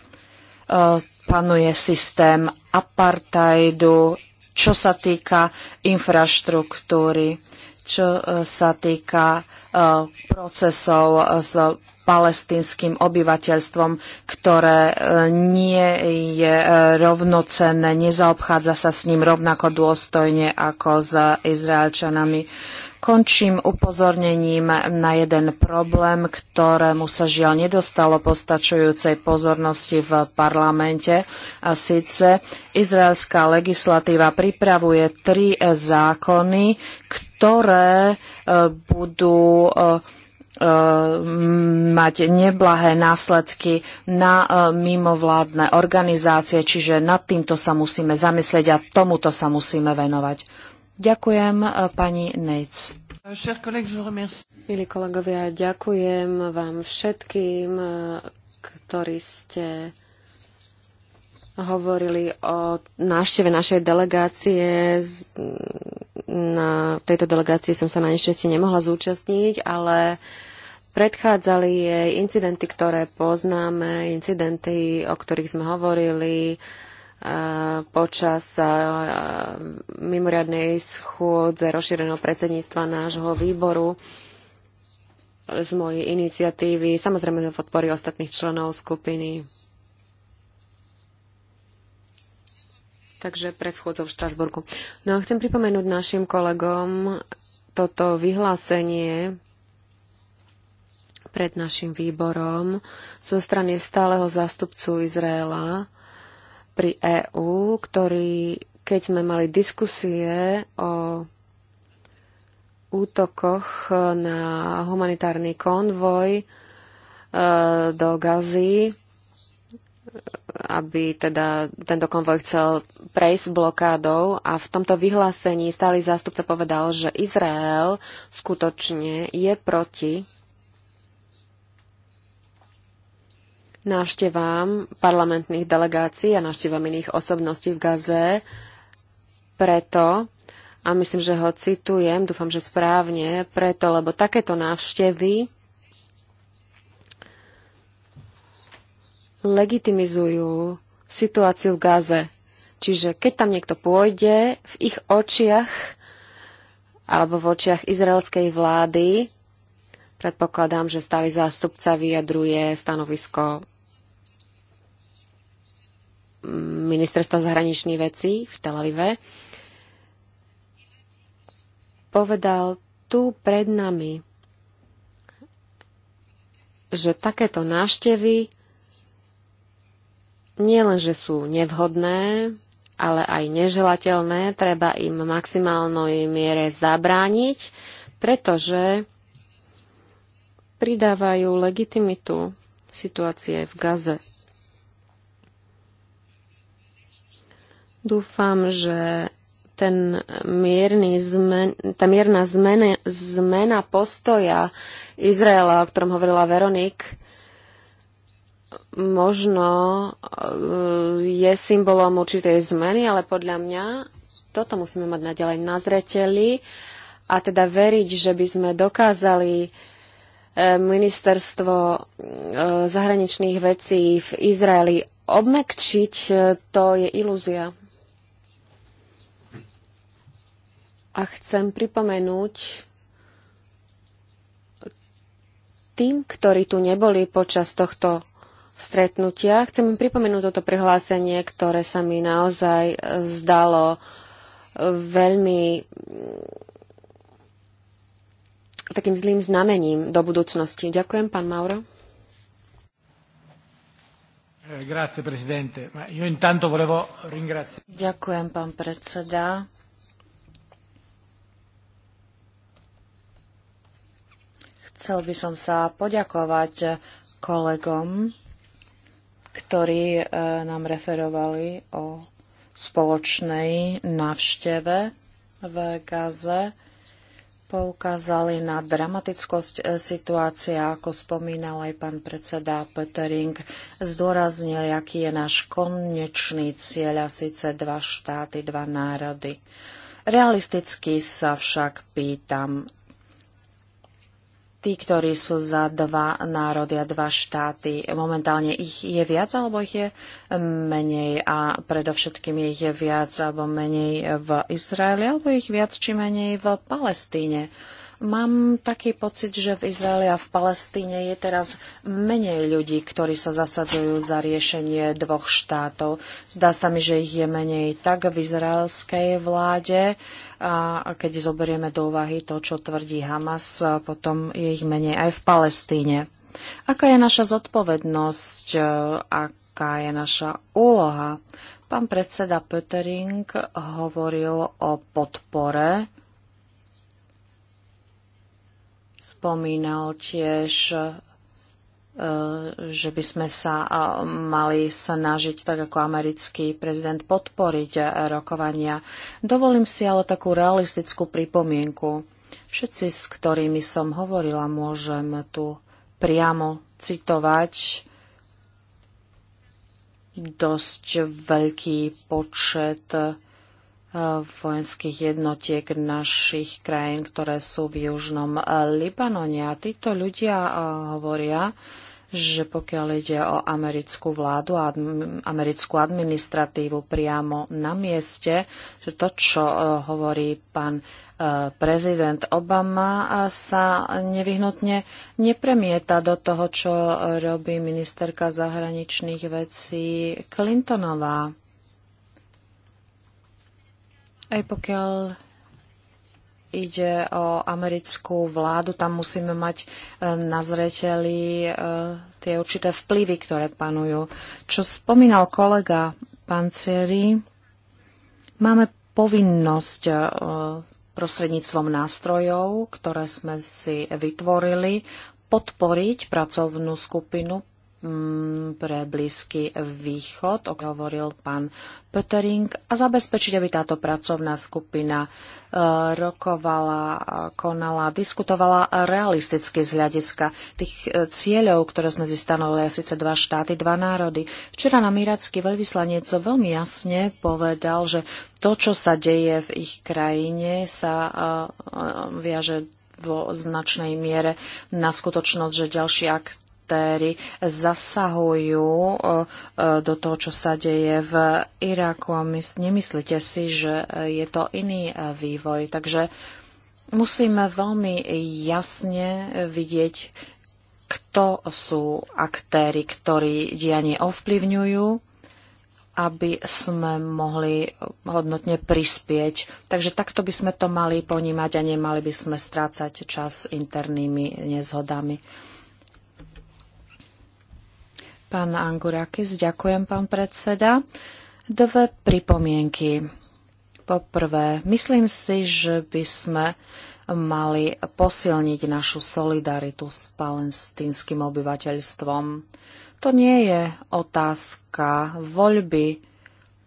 panuje systém apartheidu, čo sa týka infraštruktúry, čo e, sa týka e, procesov s palestinským obyvateľstvom, ktoré e, nie je rovnocenné, nezaobchádza sa s ním rovnako dôstojne ako s Izraelčanami. Končím upozornením na jeden problém, ktorému sa žiaľ nedostalo postačujúcej pozornosti v parlamente. A síce izraelská legislatíva pripravuje tri zákony, ktoré e, budú e, e, mať neblahé následky na mimovládne organizácie, čiže nad týmto sa musíme zamyslieť a tomuto sa musíme venovať. Ďakujem e, pani Nates. Milí kolegovia, ďakujem vám všetkým, e, ktorí ste hovorili o návšteve našej delegácie. Na tejto delegácii som sa na nešťastie nemohla zúčastniť, ale predchádzali jej incidenty, ktoré poznáme, incidenty, o ktorých sme hovorili, počas mimoriadnej schôdze rozšíreného predsedníctva nášho výboru z mojej iniciatívy, samozrejme za podpory ostatných členov skupiny. Takže pred schôdzou v Štrasburgu. No a chcem pripomenúť našim kolegom toto vyhlásenie pred našim výborom zo strany stáleho zástupcu Izraela pri EÚ, ktorý, keď sme mali diskusie o útokoch na humanitárny konvoj e, do Gazy, aby teda tento konvoj chcel prejsť blokádou a v tomto vyhlásení stály zástupca povedal, že Izrael skutočne je proti návštevám parlamentných delegácií a návštevám iných osobností v Gaze. Preto, a myslím, že ho citujem, dúfam, že správne, preto, lebo takéto návštevy legitimizujú situáciu v Gaze. Čiže keď tam niekto pôjde, v ich očiach alebo v očiach izraelskej vlády Predpokladám, že stály zástupca vyjadruje stanovisko ministerstva zahraničných vecí v Tel Avive. Povedal tu pred nami, že takéto návštevy nielenže sú nevhodné, ale aj neželateľné, treba im maximálnej miere zabrániť, pretože pridávajú legitimitu situácie v Gaze. Dúfam, že ten mierny zmen, tá mierna zmena, zmena postoja Izraela, o ktorom hovorila Veronik, možno e, je symbolom určitej zmeny, ale podľa mňa toto musíme mať naďalej na zreteli a teda veriť, že by sme dokázali uh, ministerstvo e, zahraničných vecí v Izraeli obmekčiť, e, to je ilúzia. A chcem pripomenúť tým, ktorí tu neboli počas tohto stretnutia, chcem im pripomenúť toto prihlásenie, ktoré sa mi naozaj zdalo veľmi takým zlým znamením do budúcnosti. Ďakujem, pán Mauro. Eh, grazie, presidente. Ma io intanto volevo Ďakujem, pán predseda. Chcel by som sa poďakovať kolegom, ktorí eh, nám referovali o spoločnej návšteve v Gaze poukázali na dramatickosť e, situácie, ako spomínal aj pán predseda Petering, zdôraznil, aký je náš konečný cieľ a síce dva štáty, dva národy. Realisticky sa však pýtam, tí, ktorí sú za dva národy a dva štáty. Momentálne ich je viac alebo ich je menej a predovšetkým ich je viac alebo menej v Izraeli alebo ich viac či menej v Palestíne. Mám taký pocit, že v Izraeli a v Palestíne je teraz menej ľudí, ktorí sa zasadzujú za riešenie dvoch štátov. Zdá sa mi, že ich je menej tak v izraelskej vláde, a keď zoberieme do úvahy to, čo tvrdí Hamas, potom je ich menej aj v Palestíne. Aká je naša zodpovednosť, e, aká je naša úloha? Pán predseda Pöttering hovoril o podpore spomínal tiež, e, že by sme sa e, mali snažiť, tak ako americký prezident, podporiť rokovania. Dovolím si ale takú realistickú pripomienku. Všetci, s ktorými som hovorila, môžem tu priamo citovať dosť veľký počet vojenských jednotiek našich krajín, ktoré sú v južnom eh, Libanone. A títo ľudia eh, hovoria, že pokiaľ ide o americkú vládu a americkú administratívu priamo na mieste, že to, čo eh, hovorí pán prezident Obama sa nevyhnutne nepremieta do toho, čo robí ministerka zahraničných vecí Clintonová. Aj pokiaľ ide o americkú vládu, tam musíme mať e, na zreteli e, tie určité vplyvy, ktoré panujú. Čo spomínal kolega Pancieri, máme povinnosť e, prostredníctvom nástrojov, ktoré sme si vytvorili, podporiť pracovnú skupinu Mm, pre Blízky východ, o hovoril pán Pöttering, a zabezpečiť, aby táto pracovná skupina e, rokovala, konala, diskutovala realisticky z hľadiska tých e, cieľov, ktoré sme si stanovili, síce dva štáty, dva národy. Včera nám iracký veľvyslanec veľmi jasne povedal, že to, čo sa deje v ich krajine, sa e, viaže vo značnej miere na skutočnosť, že ďalší akt aktéry zasahujú e, e, do toho, čo sa deje v Iraku a nemyslíte si, že je to iný e, vývoj. Takže musíme veľmi jasne vidieť, kto sú aktéry, ktorí dianie ovplyvňujú aby sme mohli hodnotne prispieť. Takže takto by sme to mali ponímať a nemali by sme strácať čas internými nezhodami. Pán Angurakis, ďakujem, pán predseda. Dve pripomienky. Poprvé, myslím si, že by sme mali posilniť našu solidaritu s palestinským obyvateľstvom. To nie je otázka voľby.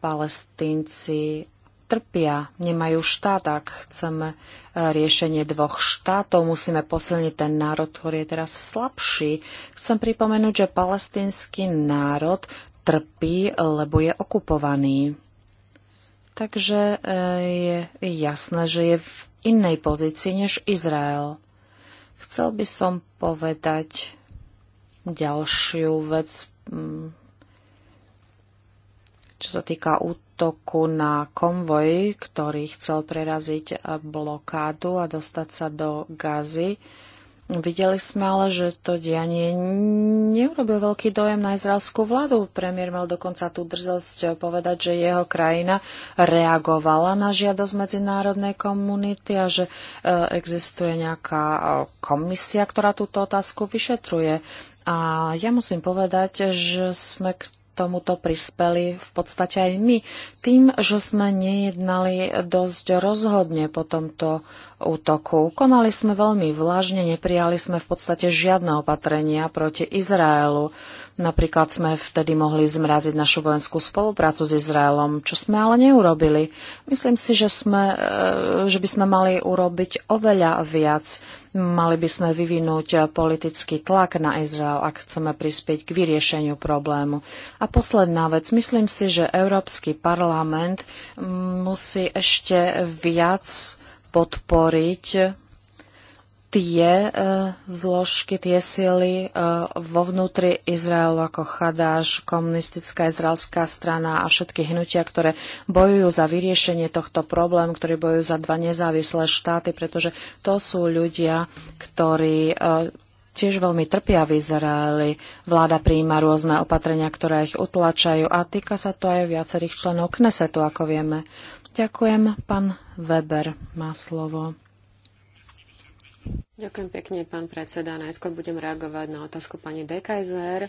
Palestínci trpia, nemajú štát. Ak chceme e, riešenie dvoch štátov, musíme posilniť ten národ, ktorý je teraz slabší. Chcem pripomenúť, že palestínsky národ trpí, lebo je okupovaný. Takže e, je jasné, že je v inej pozícii než Izrael. Chcel by som povedať ďalšiu vec, čo sa týka útoku na konvoj, ktorý chcel preraziť blokádu a dostať sa do Gazy. Videli sme ale, že to dianie neurobil veľký dojem na izraelskú vládu. Premiér mal dokonca tú drzosť povedať, že jeho krajina reagovala na žiadosť medzinárodnej komunity a že eh, existuje nejaká eh, komisia, ktorá túto otázku vyšetruje. A ja musím povedať, že sme k tomuto prispeli v podstate aj my, tým, že sme nejednali dosť rozhodne po tomto útoku. Konali sme veľmi vlažne, neprijali sme v podstate žiadne opatrenia proti Izraelu. Napríklad sme vtedy mohli zmraziť našu vojenskú spoluprácu s Izraelom, čo sme ale neurobili. Myslím si, že, sme, e, že by sme mali urobiť oveľa viac. Mali by sme vyvinúť politický tlak na Izrael, ak chceme prispieť k vyriešeniu problému. A posledná vec. Myslím si, že Európsky parlament musí ešte viac podporiť tie e, zložky, tie sily e, vo vnútri Izraelu ako Chadáš, komunistická izraelská strana a všetky hnutia, ktoré bojujú za vyriešenie tohto problému, ktorí bojujú za dva nezávislé štáty, pretože to sú ľudia, ktorí e, tiež veľmi trpia v Izraeli. Vláda prijíma rôzne opatrenia, ktoré ich utlačajú a týka sa to aj viacerých členov Knesetu, ako vieme. Ďakujem. Pán Weber má slovo. Ďakujem pekne, pán predseda. Najskôr budem reagovať na otázku pani Dekajzer,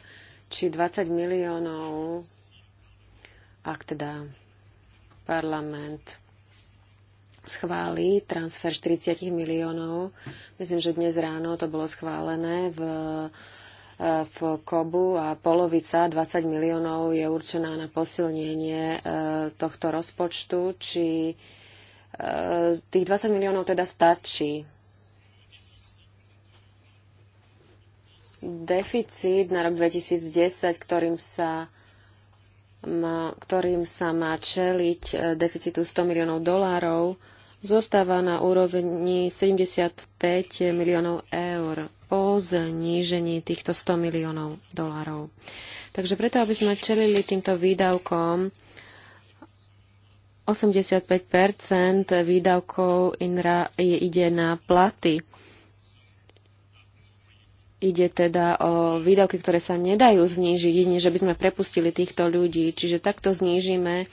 či 20 miliónov, ak teda parlament schváli transfer 40 miliónov. Myslím, že dnes ráno to bolo schválené v, v KOBu a polovica, 20 miliónov, je určená na posilnenie e, tohto rozpočtu. Či e, tých 20 miliónov teda stačí deficit na rok 2010, ktorým sa má, ktorým sa má čeliť e, deficitu 100 miliónov dolárov, zostáva na úrovni 75 miliónov eur po znížení týchto 100 miliónov dolárov. Takže preto, aby sme čelili týmto výdavkom, 85 výdavkov INRA ide na platy. Ide teda o výdavky, ktoré sa nedajú znížiť, jedine, že by sme prepustili týchto ľudí. Čiže takto znížime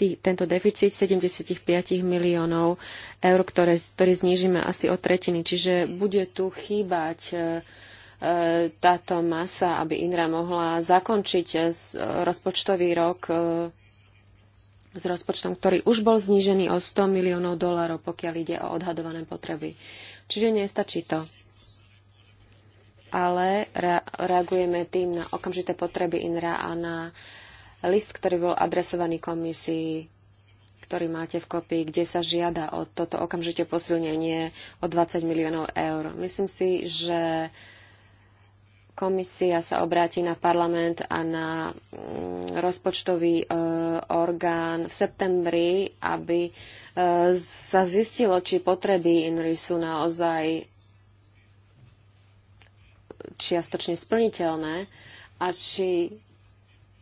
tý, tento deficit 75 miliónov eur, ktoré, ktorý znížime asi o tretiny. Čiže bude tu chýbať e, e táto masa, aby Indra mohla zakončiť z, e, rozpočtový rok e, s rozpočtom, ktorý už bol znížený o 100 miliónov dolárov, pokiaľ ide o odhadované potreby. Čiže nestačí to ale reagujeme tým na okamžité potreby INRA a na list, ktorý bol adresovaný komisii, ktorý máte v kopii, kde sa žiada o toto okamžite posilnenie o 20 miliónov eur. Myslím si, že komisia sa obráti na parlament a na mm, rozpočtový e, orgán v septembri, aby e, sa zistilo, či potreby INRI sú naozaj čiastočne splniteľné a či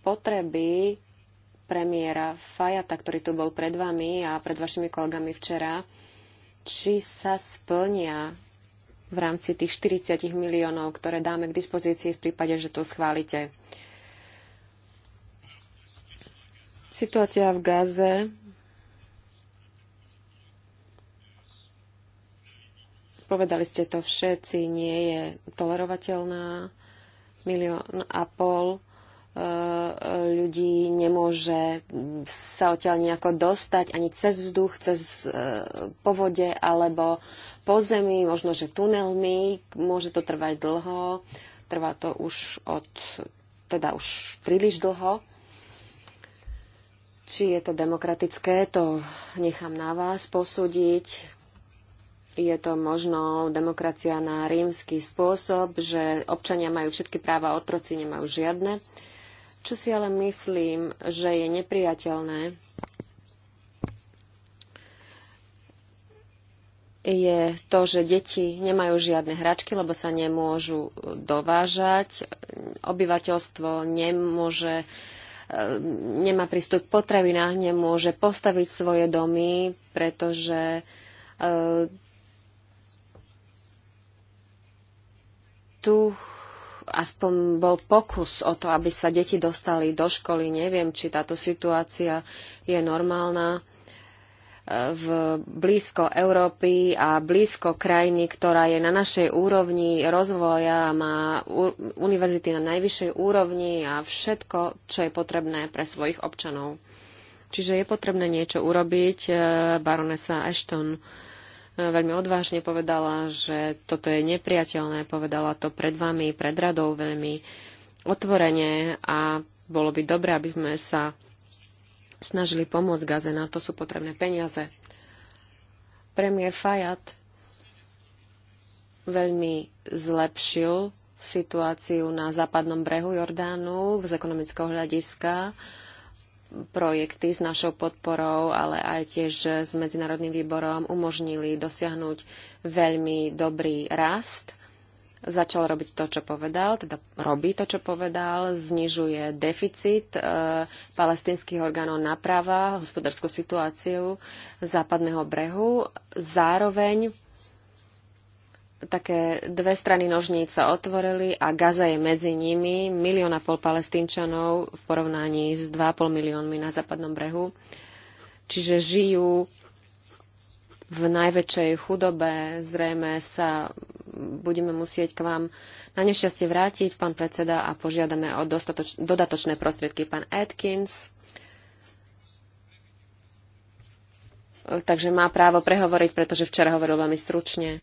potreby premiéra Fajata, ktorý tu bol pred vami a pred vašimi kolegami včera, či sa splnia v rámci tých 40 miliónov, ktoré dáme k dispozícii v prípade, že to schválite. Situácia v Gaze Povedali ste to všetci, nie je tolerovateľná. Milión a pol e, ľudí nemôže sa odtiaľ nejako dostať ani cez vzduch, cez e, povode alebo po zemi, možno že tunelmi. Môže to trvať dlho. Trvá to už od, teda už príliš dlho. Či je to demokratické, to nechám na vás posúdiť je to možno demokracia na rímsky spôsob, že občania majú všetky práva, otroci nemajú žiadne. Čo si ale myslím, že je nepriateľné, je to, že deti nemajú žiadne hračky, lebo sa nemôžu dovážať. Obyvateľstvo nemôže e, nemá prístup k potravinách, nemôže postaviť svoje domy, pretože e, tu aspoň bol pokus o to, aby sa deti dostali do školy. Neviem, či táto situácia je normálna e, v blízko Európy a blízko krajiny, ktorá je na našej úrovni rozvoja, má univerzity na najvyššej úrovni a všetko, čo je potrebné pre svojich občanov. Čiže je potrebné niečo urobiť, e, baronesa Ashton veľmi odvážne povedala, že toto je nepriateľné. Povedala to pred vami, pred radou veľmi otvorene a bolo by dobré, aby sme sa snažili pomôcť Gaze. Na to sú potrebné peniaze. Premiér Fayad veľmi zlepšil situáciu na západnom brehu Jordánu z ekonomického hľadiska projekty s našou podporou, ale aj tiež s Medzinárodným výborom umožnili dosiahnuť veľmi dobrý rast. Začal robiť to, čo povedal, teda robí to, čo povedal, znižuje deficit e, palestinských orgánov naprava hospodárskú situáciu západného brehu. Zároveň také dve strany nožníc sa otvorili a Gaza je medzi nimi. Milión a pol palestínčanov v porovnaní s 2,5 miliónmi na západnom brehu. Čiže žijú v najväčšej chudobe. Zrejme sa budeme musieť k vám na nešťastie vrátiť, pán predseda, a požiadame o dodatočné prostriedky. Pán Atkins. takže má právo prehovoriť, pretože včera hovoril veľmi stručne.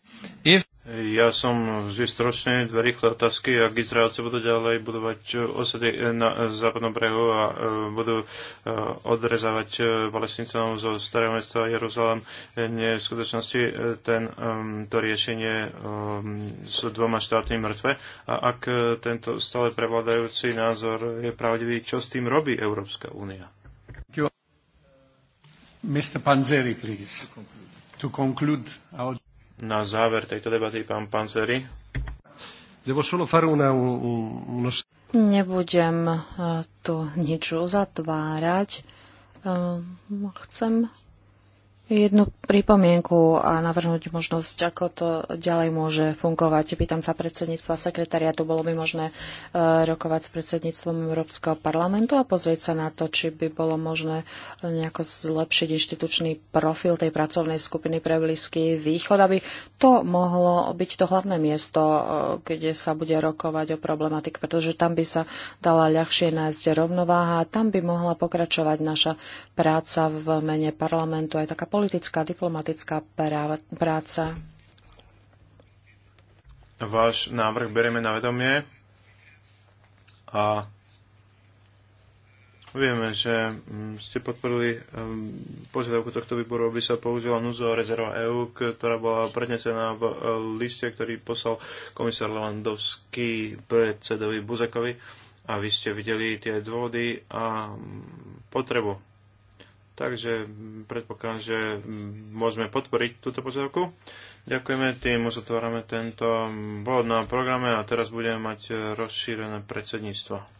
Ja som vždy stručný, dve rýchle otázky. Ak Izraelci budú ďalej budovať e, osady e, na e, západnom brehu a budú odrezávať Palestincov zo starého mesta Jeruzalem, nie v skutočnosti ten, to riešenie s dvoma štátmi mŕtve. A ak tento stále prevládajúci názor je pravdivý, čo s tým robí Európska únia? Na záver tejto debaty, pán Panzeri. Nebudem eh, tu nič uzatvárať. Eh, chcem jednu pripomienku a navrhnúť možnosť, ako to ďalej môže fungovať. Pýtam sa predsedníctva sekretariatu, bolo by možné e, rokovať s predsedníctvom Európskeho parlamentu a pozrieť sa na to, či by bolo možné nejako zlepšiť inštitučný profil tej pracovnej skupiny pre Blízky východ, aby to mohlo byť to hlavné miesto, e, kde sa bude rokovať o problematik, pretože tam by sa dala ľahšie nájsť rovnováha a tam by mohla pokračovať naša práca v mene parlamentu aj taká politická, diplomatická práca. Váš návrh bereme na vedomie a vieme, že mm, ste podporili mm, požiadavku tohto výboru, aby sa použila núzová rezerva EÚ, ktorá bola prednesená v e, liste, ktorý poslal komisár Lewandowski predsedovi Buzekovi a vy ste videli tie dôvody a mm, potrebu Takže predpokladám, že môžeme podporiť túto požiadavku. Ďakujeme, tým už otvárame tento bod na programe a teraz budeme mať rozšírené predsedníctvo.